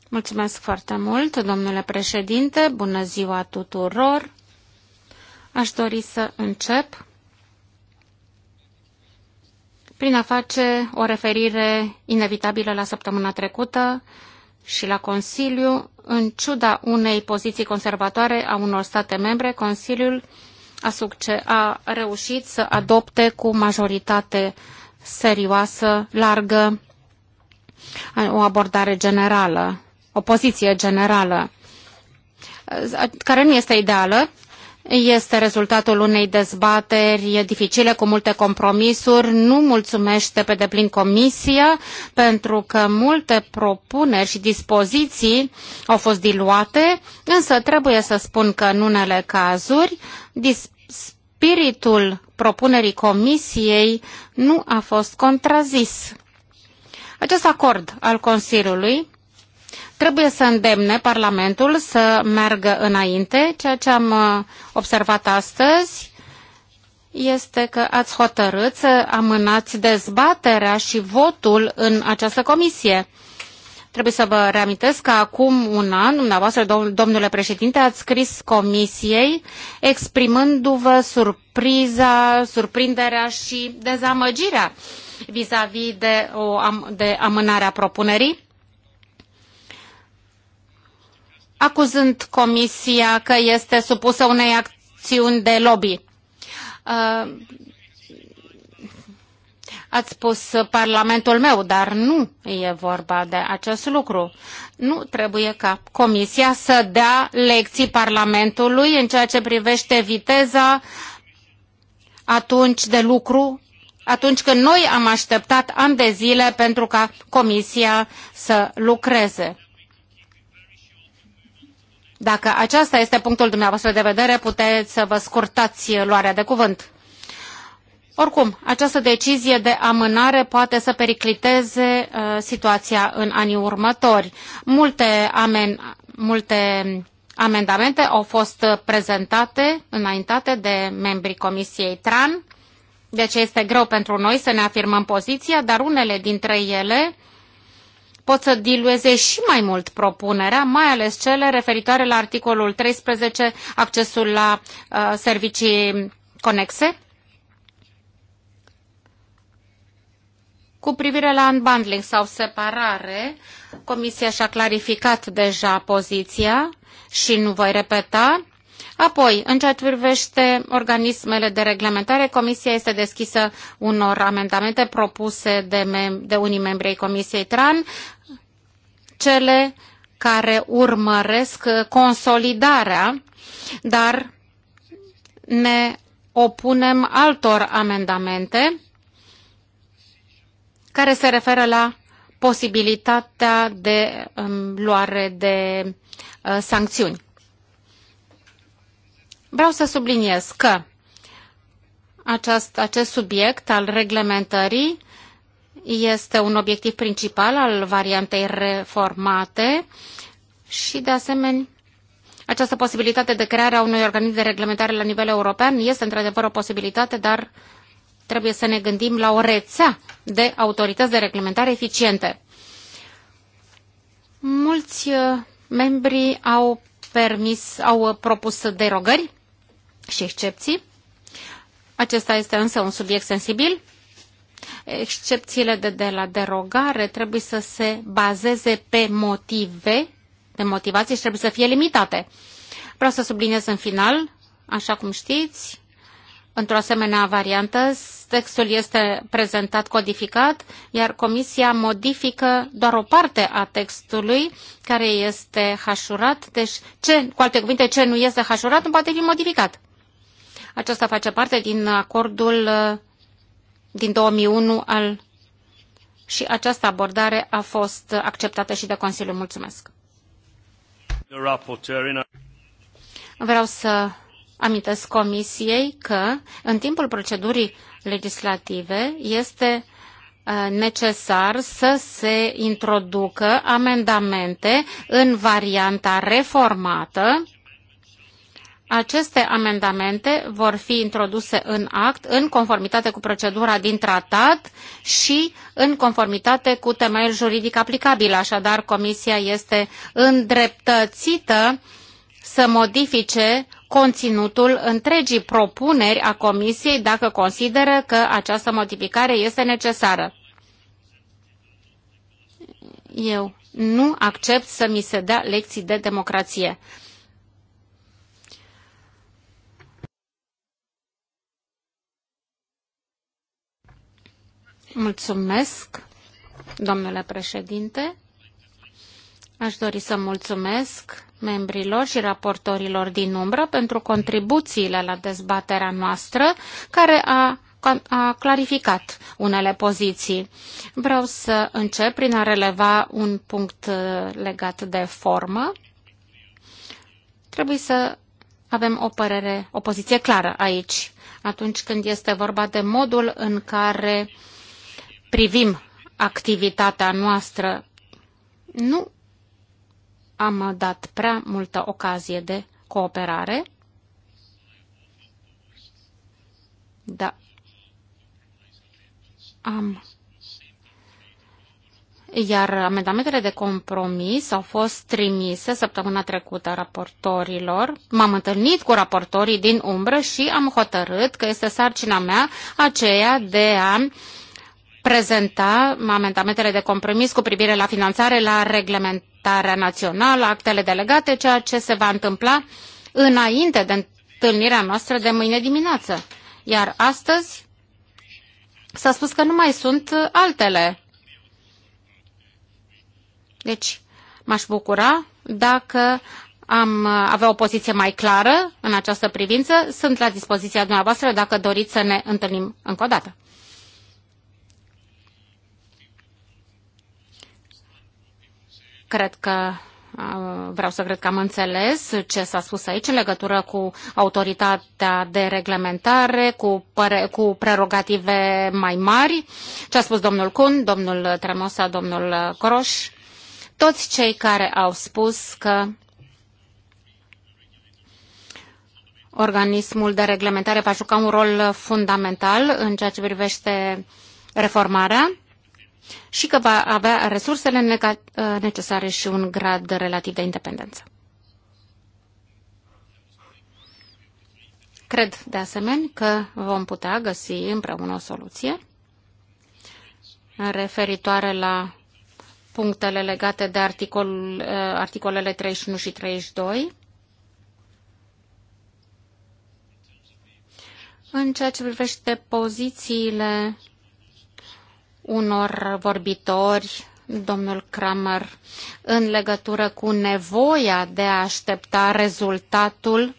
Speaker 1: Mulțumesc foarte mult, domnule președinte. Bună ziua tuturor. Aș dori să încep prin a face o referire inevitabilă la săptămâna trecută și la Consiliu, în ciuda unei poziții conservatoare a unor state membre, Consiliul a, succe- a reușit să adopte cu majoritate serioasă, largă, o abordare generală, o poziție generală, care nu este ideală, este rezultatul unei dezbateri dificile cu multe compromisuri. Nu mulțumește pe deplin comisia pentru că multe propuneri și dispoziții au fost diluate, însă trebuie să spun că în unele cazuri spiritul propunerii comisiei nu a fost contrazis. Acest acord al Consiliului trebuie să îndemne Parlamentul să meargă înainte. Ceea ce am uh, observat astăzi este că ați hotărât să amânați dezbaterea și votul în această comisie. Trebuie să vă reamintesc că acum un an, dumneavoastră, domnule președinte, ați scris comisiei exprimându-vă surpriza, surprinderea și dezamăgirea vis-a-vis -vis de, o, de amânarea propunerii acuzând Comisia că este supusă unei acțiuni de lobby. Uh, ați spus Parlamentul meu, dar nu e vorba de acest lucru. Nu trebuie ca Comisia să dea lecții Parlamentului în ceea ce privește viteza atunci de lucru, atunci când noi am așteptat ani de zile pentru ca Comisia să lucreze. Dacă aceasta este punctul dumneavoastră de vedere, puteți să vă scurtați luarea de cuvânt. Oricum, această decizie de amânare poate să pericliteze uh, situația în anii următori. Multe, amen, multe amendamente au fost prezentate, înaintate de membrii Comisiei TRAN, deci este greu pentru noi să ne afirmăm poziția, dar unele dintre ele pot să dilueze și mai mult propunerea, mai ales cele referitoare la articolul 13, accesul la uh, servicii conexe. Cu privire la unbundling sau separare, Comisia și-a clarificat deja poziția și nu voi repeta. Apoi, în ceea ce privește organismele de reglementare, Comisia este deschisă unor amendamente propuse de, mem- de unii membri ai Comisiei TRAN, cele care urmăresc consolidarea, dar ne opunem altor amendamente care se referă la posibilitatea de um, luare de uh, sancțiuni. Vreau să subliniez că acest, acest subiect al reglementării este un obiectiv principal al variantei reformate și, de asemenea, această posibilitate de creare a unui organism de reglementare la nivel european este într-adevăr o posibilitate, dar trebuie să ne gândim la o rețea de autorități de reglementare eficiente. Mulți uh, membri au permis, au uh, propus derogări și excepții. Acesta este însă un subiect sensibil. Excepțiile de, de la derogare trebuie să se bazeze pe motive, pe motivații și trebuie să fie limitate. Vreau să subliniez în final, așa cum știți, într-o asemenea variantă, textul este prezentat codificat, iar comisia modifică doar o parte a textului care este hașurat, deci ce, cu alte cuvinte, ce nu este hașurat nu poate fi modificat. Aceasta face parte din acordul uh, din 2001 al și această abordare a fost acceptată și de Consiliu. Mulțumesc! Vreau să amintesc Comisiei că în timpul procedurii legislative este uh, necesar să se introducă amendamente în varianta reformată aceste amendamente vor fi introduse în act în conformitate cu procedura din tratat și în conformitate cu temeiul juridic aplicabil. Așadar, Comisia este îndreptățită să modifice conținutul întregii propuneri a Comisiei dacă consideră că această modificare este necesară. Eu nu accept să mi se dea lecții de democrație. Mulțumesc, domnule președinte. Aș dori să mulțumesc membrilor și raportorilor din umbră pentru contribuțiile la dezbaterea noastră, care a, a clarificat unele poziții. Vreau să încep prin a releva un punct uh, legat de formă. Trebuie să avem o părere, o poziție clară aici, atunci când este vorba de modul în care uh, privim activitatea noastră, nu am dat prea multă ocazie de cooperare. Da. Am. Iar amendamentele de compromis au fost trimise săptămâna trecută raportorilor. M-am întâlnit cu raportorii din umbră și am hotărât că este sarcina mea aceea de a uh, prezenta amendamentele de compromis cu privire la finanțare, la reglementarea națională, actele delegate, ceea ce se va întâmpla înainte de întâlnirea noastră de mâine dimineață. Iar astăzi s-a spus că nu mai sunt altele. Deci, m-aș bucura dacă am avea o poziție mai clară în această privință. Sunt la dispoziția dumneavoastră dacă doriți să ne întâlnim încă o dată. Cred că vreau să cred că am înțeles ce s-a spus aici în legătură cu autoritatea de reglementare, cu, pre- cu prerogative mai mari, ce a spus domnul Kun, domnul Tremosa, domnul Coroș, toți cei care au spus că organismul de reglementare va juca un rol fundamental în ceea ce privește reformarea și că va avea resursele necesare și un grad relativ de independență. Cred, de asemenea, că vom putea găsi împreună o soluție referitoare la punctele legate de articol, eh, articolele 31 și 32. În ceea ce privește pozițiile unor vorbitori, domnul Kramer, în legătură cu nevoia de a aștepta rezultatul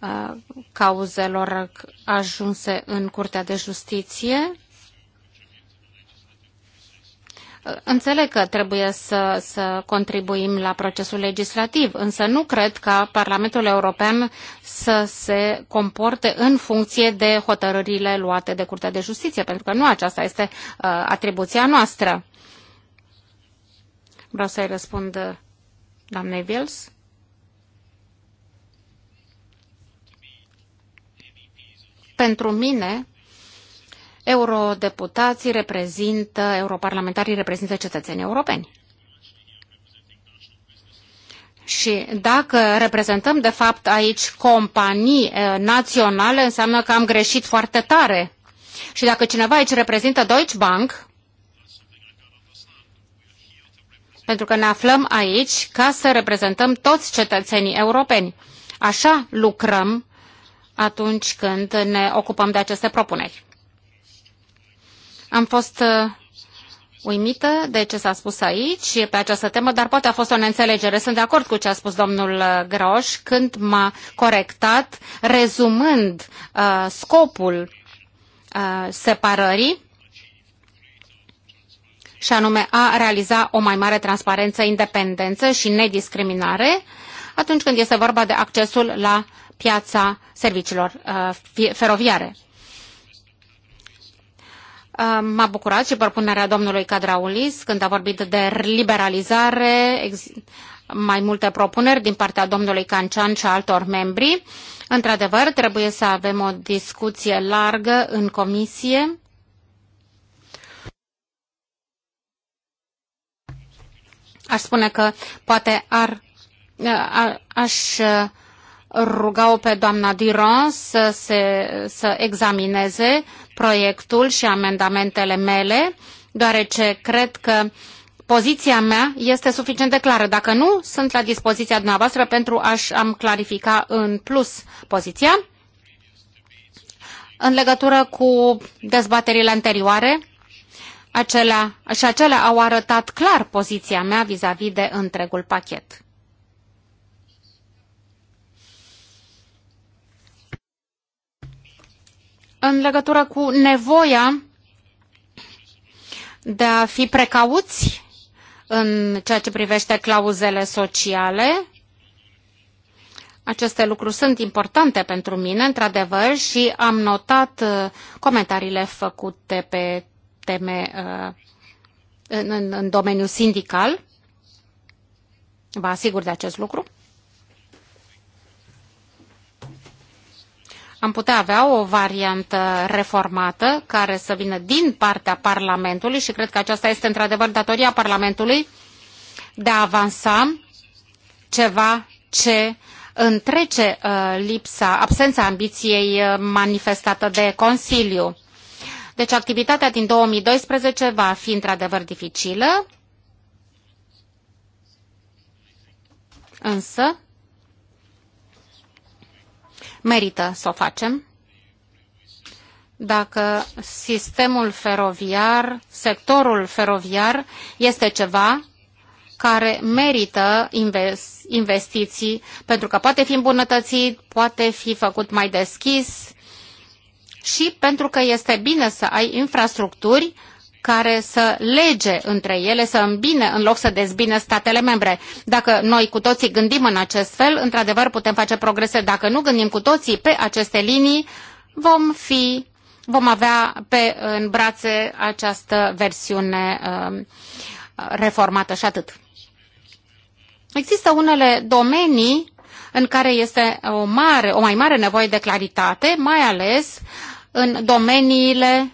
Speaker 1: uh, cauzelor ajunse în Curtea de Justiție Înțeleg că trebuie să, să contribuim la procesul legislativ, însă nu cred ca Parlamentul European să se comporte în funcție de hotărârile luate de Curtea de Justiție, pentru că nu aceasta este uh, atribuția noastră. Vreau să-i răspund uh, doamnei Vils. Pentru mine, eurodeputații reprezintă, europarlamentarii reprezintă cetățenii europeni. Și dacă reprezentăm, de fapt, aici companii eh, naționale, înseamnă că am greșit foarte tare. Și dacă cineva aici reprezintă Deutsche Bank, pentru că ne aflăm aici ca să reprezentăm toți cetățenii europeni. Așa lucrăm atunci când ne ocupăm de aceste propuneri. Am fost uh, uimită de ce s-a spus aici pe această temă, dar poate a fost o neînțelegere. Sunt de acord cu ce a spus domnul uh, Groș când m-a corectat, rezumând uh, scopul uh, separării și anume a realiza o mai mare transparență, independență și nediscriminare atunci când este vorba de accesul la piața serviciilor uh, feroviare. M-a bucurat și propunerea domnului Cadraulis când a vorbit de liberalizare, mai multe propuneri din partea domnului Cancian și a altor membri. Într-adevăr, trebuie să avem o discuție largă în comisie. Aș spune că poate ar, a, aș ruga-o pe doamna Diron să, se, să examineze proiectul și amendamentele mele, deoarece cred că poziția mea este suficient de clară. Dacă nu, sunt la dispoziția dumneavoastră pentru a-și am clarifica în plus poziția. În legătură cu dezbaterile anterioare, acelea, și acelea au arătat clar poziția mea vis-a-vis -vis de întregul pachet. în legătură cu nevoia de a fi precauți în ceea ce privește clauzele sociale. Aceste lucruri sunt importante pentru mine, într-adevăr, și am notat uh, comentariile făcute pe teme uh, în, în, în domeniul sindical. Vă asigur de acest lucru. am putea avea o variantă reformată care să vină din partea Parlamentului și cred că aceasta este într-adevăr datoria Parlamentului de a avansa ceva ce întrece uh, lipsa, absența ambiției uh, manifestată de Consiliu. Deci activitatea din 2012 va fi într-adevăr dificilă, însă merită să o facem. Dacă sistemul feroviar, sectorul feroviar este ceva care merită investiții, pentru că poate fi îmbunătățit, poate fi făcut mai deschis și pentru că este bine să ai infrastructuri care să lege între ele, să îmbine în loc să dezbine statele membre. Dacă noi cu toții gândim în acest fel, într-adevăr putem face progrese. Dacă nu gândim cu toții pe aceste linii, vom fi vom avea pe în brațe această versiune uh, reformată și atât. Există unele domenii în care este o, mare, o mai mare nevoie de claritate, mai ales în domeniile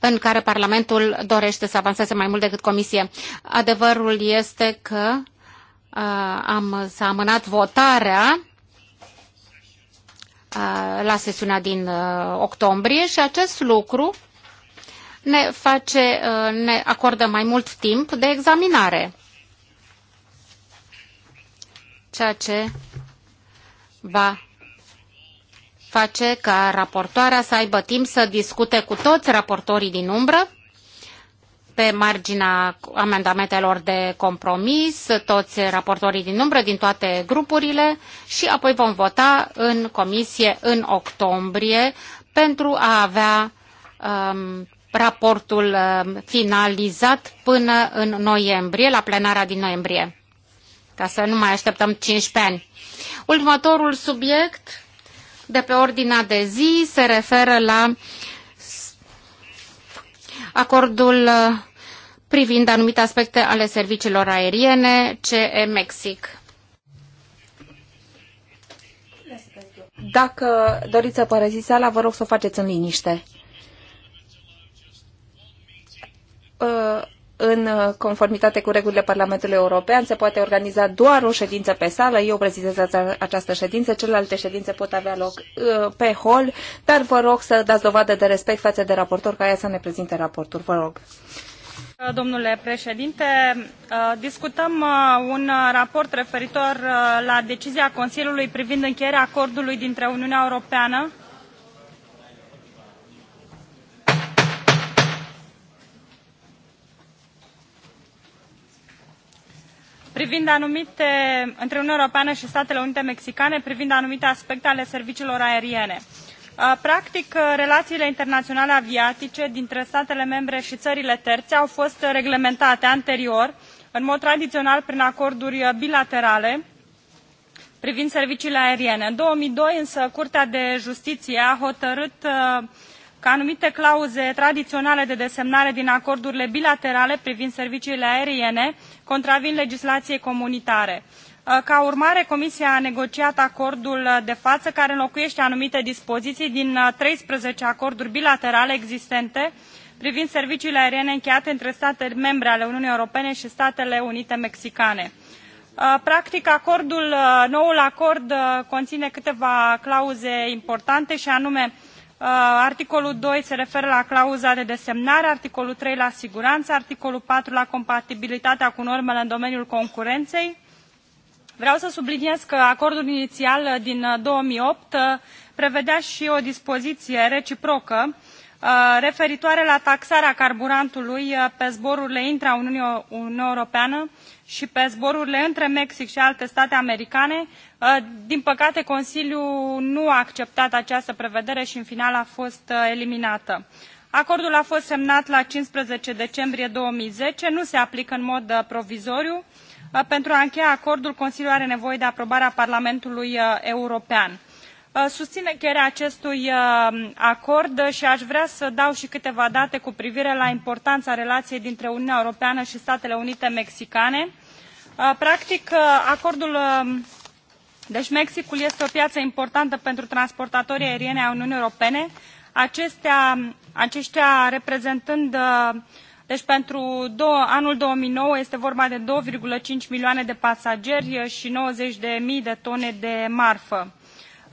Speaker 1: în care Parlamentul dorește să avanseze mai mult decât Comisie. Adevărul este că uh, am, s-a amânat votarea uh, la sesiunea din uh, octombrie și acest lucru ne face, uh, ne acordă mai mult timp de examinare. Ceea ce va face ca raportoarea să aibă timp să discute cu toți raportorii din umbră pe marginea amendamentelor de compromis, toți raportorii din umbră din toate grupurile și apoi vom vota în comisie în octombrie pentru a avea um, raportul um, finalizat până în noiembrie, la plenarea din noiembrie, ca să nu mai așteptăm 15 ani. Următorul subiect de pe ordinea de zi se referă la acordul uh, privind anumite aspecte ale serviciilor aeriene, CE Mexic. Dacă doriți să părăsiți sala, vă rog să o faceți în liniște.
Speaker 3: Uh, în uh, conformitate cu regulile Parlamentului European, se poate organiza doar o ședință pe sală. Eu prezidez această ședință, celelalte ședințe pot avea loc uh, pe hol, dar vă rog să dați dovadă de respect față de raportor, ca ea să ne prezinte raportul. Vă rog.
Speaker 4: Uh, domnule președinte, discutăm un raport referitor la decizia Consiliului privind încheierea acordului dintre Uniunea Europeană privind anumite, între Uniunea Europeană și Statele Unite Mexicane privind anumite aspecte ale serviciilor aeriene. Uh, practic, uh, relațiile internaționale aviatice dintre statele membre și țările terțe au fost uh, reglementate anterior, în mod tradițional prin acorduri bilaterale privind serviciile aeriene. În 2002, însă, Curtea de Justiție a hotărât că anumite clauze tradiționale de desemnare din acordurile bilaterale privind serviciile aeriene contravin legislației comunitare. Uh, ca urmare, Comisia a negociat acordul uh, de față care înlocuiește anumite dispoziții din 13 uh, acorduri bilaterale existente privind serviciile aeriene încheiate între state membre ale Uniunii Europene și Statele Unite Mexicane. Practic, acordul, noul acord conține câteva clauze importante și anume Uh, articolul 2 se referă la clauza de desemnare, articolul 3 la siguranță, articolul 4 la compatibilitatea cu normele în domeniul concurenței. Vreau să subliniez că acordul inițial uh, din 2008 uh, prevedea și o dispoziție reciprocă referitoare la taxarea carburantului pe zborurile intra uniunii Europeană și pe zborurile între Mexic și alte state americane. Uh, din păcate, Consiliul nu a acceptat această prevedere și în final a fost uh, eliminată. Acordul a fost semnat la 15 decembrie 2010, nu se aplică în mod uh, provizoriu. Pentru a încheia acordul, Consiliul are nevoie de aprobarea Parlamentului European Uh, susțin încheierea acestui uh, acord și aș vrea să dau și câteva date cu privire la importanța relației dintre Uniunea Europeană și Statele Unite Mexicane. Uh, practic, acordul um, deci Mexicul este o piață importantă pentru transportatorii aerieni ai Uniunii Europene, acestea, um, aceștia reprezentând deci pentru două, anul 2009 este vorba de 2,5 milioane de pasageri și 90 de mii de tone de marfă.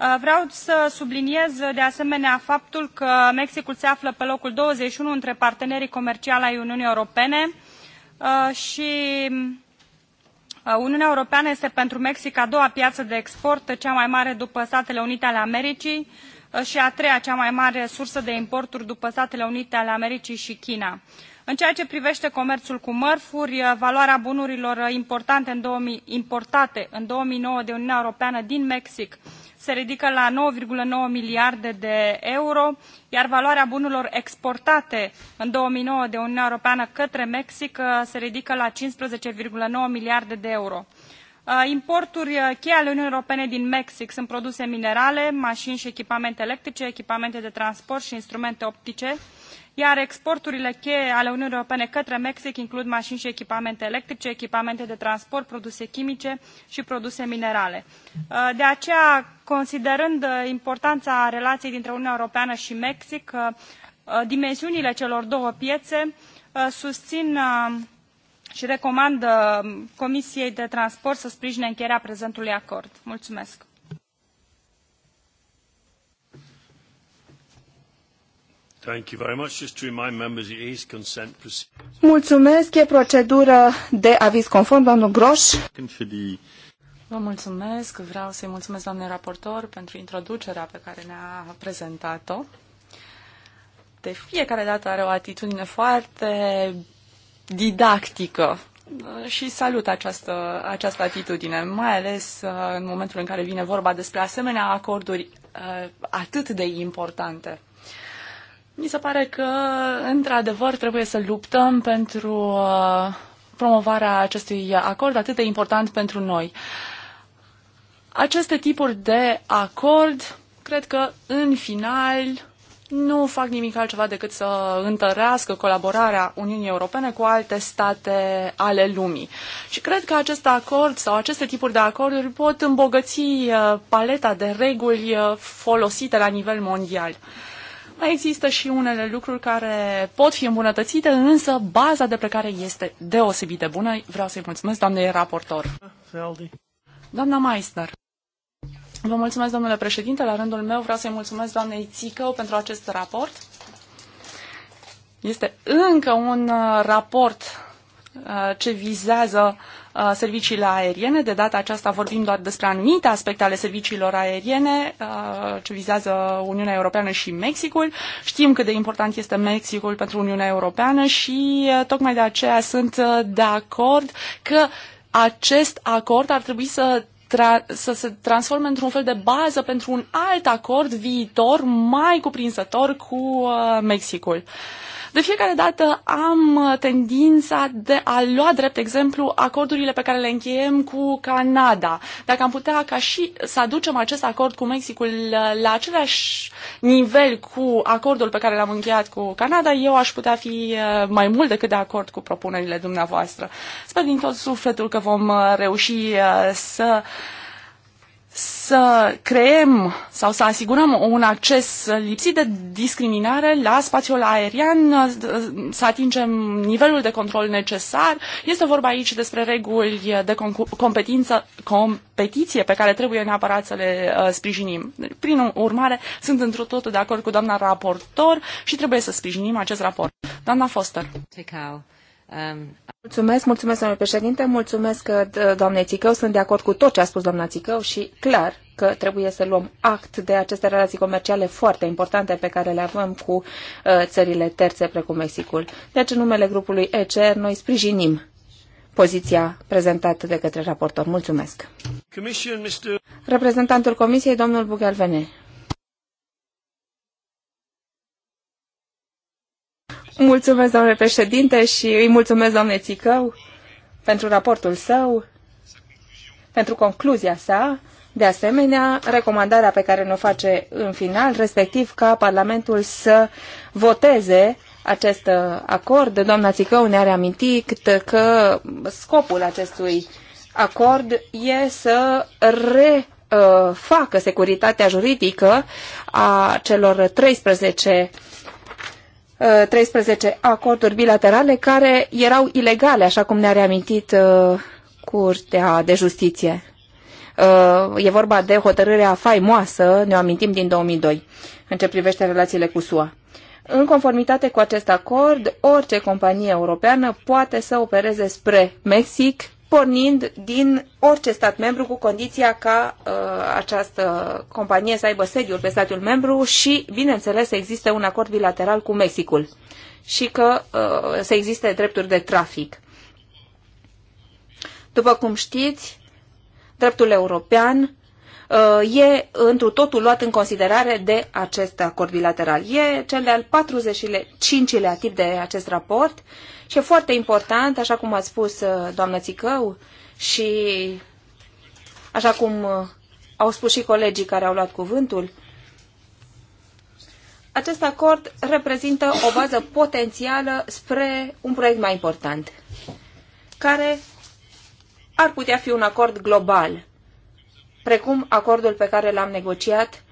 Speaker 4: Uh, vreau să subliniez uh, de asemenea faptul că Mexicul se află pe locul 21 între partenerii comerciali ai Uniunii Europene uh, și um, Uniunea Europeană este pentru Mexic a doua piață de export, cea mai mare după Statele Unite ale Americii și a treia cea mai mare sursă de importuri după Statele Unite ale Americii și China. În ceea ce privește comerțul cu mărfuri, valoarea bunurilor în 2000, importate în 2009 de Uniunea Europeană din Mexic se ridică la 9,9 miliarde de euro, iar valoarea bunurilor exportate în 2009 de Uniunea Europeană către Mexic uh, se ridică la 15,9 miliarde de euro. Uh, importuri uh, cheie ale Uniunii Europene din Mexic sunt produse minerale, mașini și echipamente electrice, echipamente de transport și instrumente optice, iar exporturile cheie ale Uniunii Europene către Mexic includ mașini și echipamente electrice, echipamente de transport, produse chimice și produse minerale. Uh, de aceea, considerând uh, importanța relației dintre Uniunea Europeană și Mexic, uh, dimensiunile celor două piețe, susțin și recomand Comisiei de Transport să sprijine încheierea prezentului acord. Mulțumesc!
Speaker 3: Mulțumesc, e procedură de aviz conform, domnul Groș. Vă mulțumesc, vreau să-i mulțumesc
Speaker 2: doamne raportor pentru introducerea pe care ne-a prezentat-o. De fiecare dată are o atitudine foarte didactică și salut această, această atitudine, mai ales uh, în momentul în care vine vorba despre asemenea acorduri uh, atât de importante. Mi se pare că, într-adevăr, trebuie să luptăm pentru uh, promovarea acestui acord atât de important pentru noi. Aceste tipuri de acord, cred că, în final, nu fac nimic altceva decât să întărească colaborarea Uniunii Europene cu alte state ale lumii. Și cred că acest acord sau aceste tipuri de acorduri pot îmbogăți uh, paleta de reguli uh, folosite la nivel mondial. Mai există și unele lucruri care pot fi îmbunătățite, însă baza de plecare este deosebit de bună. Vreau să-i mulțumesc doamnei raportor. Doamna Meissner. Vă mulțumesc, domnule președinte. La rândul meu vreau să-i mulțumesc doamnei Țicău pentru acest raport. Este încă un uh, raport uh, ce vizează Uh, serviciile aeriene. De data aceasta vorbim doar despre anumite aspecte ale serviciilor aeriene uh, ce vizează Uniunea Europeană și Mexicul. Știm cât de important este Mexicul pentru Uniunea Europeană și uh, tocmai de aceea sunt de acord că acest acord ar trebui să să se transforme într-un fel de bază pentru un alt acord viitor mai cuprinzător cu Mexicul. Uh, de fiecare dată am uh, tendința de a lua drept exemplu acordurile pe care le încheiem cu Canada. Dacă am putea ca și să aducem acest acord cu Mexicul uh, la același nivel cu acordul pe care l-am încheiat cu Canada, eu aș putea fi uh, mai mult decât de acord cu propunerile dumneavoastră. Sper din tot sufletul că vom reuși să să creăm sau să asigurăm un acces lipsit de discriminare la spațiul aerian, să atingem nivelul de control necesar. Este vorba aici despre reguli de competință, competiție pe care trebuie neapărat să le uh, sprijinim. Prin urmare, sunt într totul de acord cu doamna raportor și trebuie să sprijinim acest raport. Doamna Foster. Um,
Speaker 3: mulțumesc, mulțumesc, domnule președinte, mulțumesc uh, doamne Țicău. Sunt de acord cu tot ce a spus doamna Țicău și clar că trebuie să luăm act de aceste relații comerciale foarte importante pe care le avem cu uh, țările terțe precum Mexicul. Deci, în numele grupului ECR, noi sprijinim poziția prezentată de către raportor. Mulțumesc. Reprezentantul Comisiei, domnul Bugalvene. Mulțumesc, domnule președinte, și îi mulțumesc, doamne Țicău, pentru raportul său, pentru concluzia sa. De asemenea, recomandarea pe care ne-o face în final, respectiv ca Parlamentul să voteze acest acord. Doamna Țicău ne-a reamintit că scopul acestui acord e să refacă uh, securitatea juridică a celor 13 13 uh, acorduri bilaterale care erau ilegale, așa cum ne-a reamintit uh, Curtea de Justiție. Uh, e vorba de hotărârea faimoasă, ne-o amintim, din 2002, în ce privește relațiile cu SUA. În conformitate cu acest acord, orice companie europeană poate să opereze spre Mexic pornind din orice stat membru cu condiția ca uh, această companie să aibă sediul pe statul membru și, bineînțeles, să existe un acord bilateral cu Mexicul și că uh, să existe drepturi de trafic. După cum știți, dreptul european uh, e întru totul luat în considerare de acest acord bilateral. E cel de-al 45-lea tip de acest raport și e foarte important, așa cum a spus uh, doamna Țicău și așa cum uh, au spus și colegii care au luat cuvântul, acest acord reprezintă o bază potențială spre un proiect mai important, care ar putea fi un acord global, precum acordul pe care l-am negociat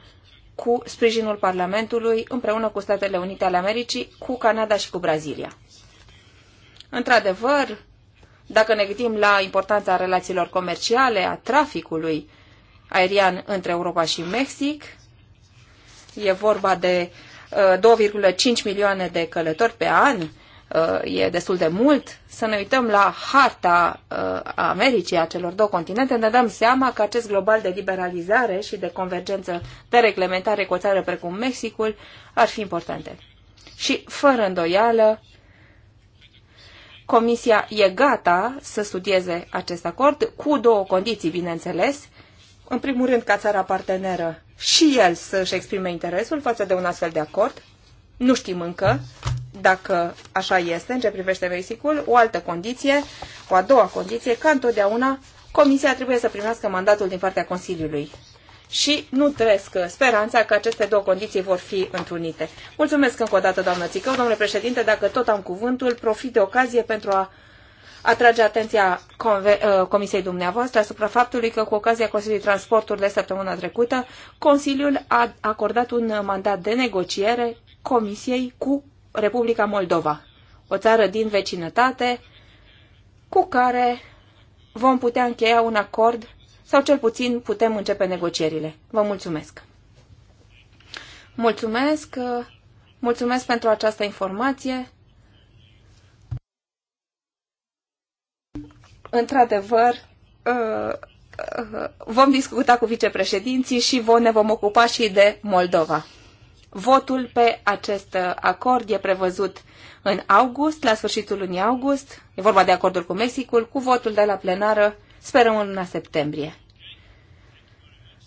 Speaker 3: cu sprijinul Parlamentului împreună cu Statele Unite ale Americii, cu Canada și cu Brazilia. Într-adevăr, dacă ne gândim la importanța relațiilor comerciale, a traficului aerian între Europa și Mexic, e vorba de 2,5 uh, milioane de călători pe an, uh, e destul de mult, să ne uităm la harta uh, a Americii, a celor două continente, ne dăm seama că acest global de liberalizare și de convergență de reglementare cu o țară precum Mexicul ar fi importante. Și, fără îndoială, Comisia e gata să studieze acest acord cu două condiții, bineînțeles. În primul rând, ca țara parteneră și el să-și exprime interesul față de un astfel de acord. Nu știm încă dacă așa este în ce privește Mexicul. O altă condiție, o a doua condiție, ca întotdeauna, Comisia trebuie să primească mandatul din partea Consiliului și nu trăiesc uh, speranța că aceste două condiții vor fi întrunite. Mulțumesc încă o dată, doamnă Țicău. Domnule președinte, dacă tot am cuvântul, profit de ocazie pentru a atrage atenția uh, Comisiei dumneavoastră asupra faptului că cu ocazia Consiliului de săptămâna trecută, Consiliul a acordat un mandat de negociere Comisiei cu Republica Moldova, o țară din vecinătate cu care vom putea încheia un acord sau cel puțin putem începe negocierile. Vă mulțumesc! Mulțumesc! Uh, mulțumesc pentru această informație. Într-adevăr, uh, uh, vom discuta cu vicepreședinții și ne vom ocupa și de Moldova. Votul pe acest acord e prevăzut în august, la sfârșitul lunii august. E vorba de acordul cu Mexicul, cu votul de la plenară Sperăm în luna septembrie.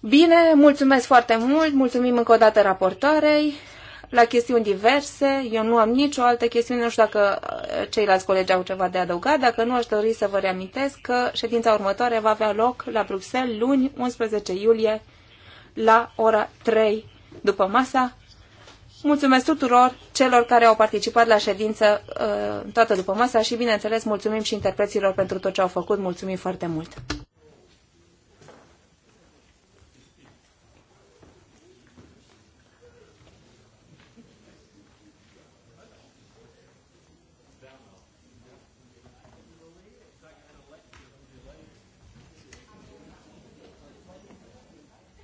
Speaker 3: Bine, mulțumesc foarte mult, mulțumim încă o dată raportoarei. La chestiuni diverse, eu nu am nicio altă chestiune, nu știu dacă uh, ceilalți colegi au ceva de adăugat, dacă nu aș dori să vă reamintesc că ședința următoare va avea loc la Bruxelles luni, 11 iulie, la ora 3 după masa Mulțumesc tuturor celor care au participat la ședință uh, toată după masa și, bineînțeles, mulțumim și interpreților pentru tot ce au făcut. Mulțumim foarte mult!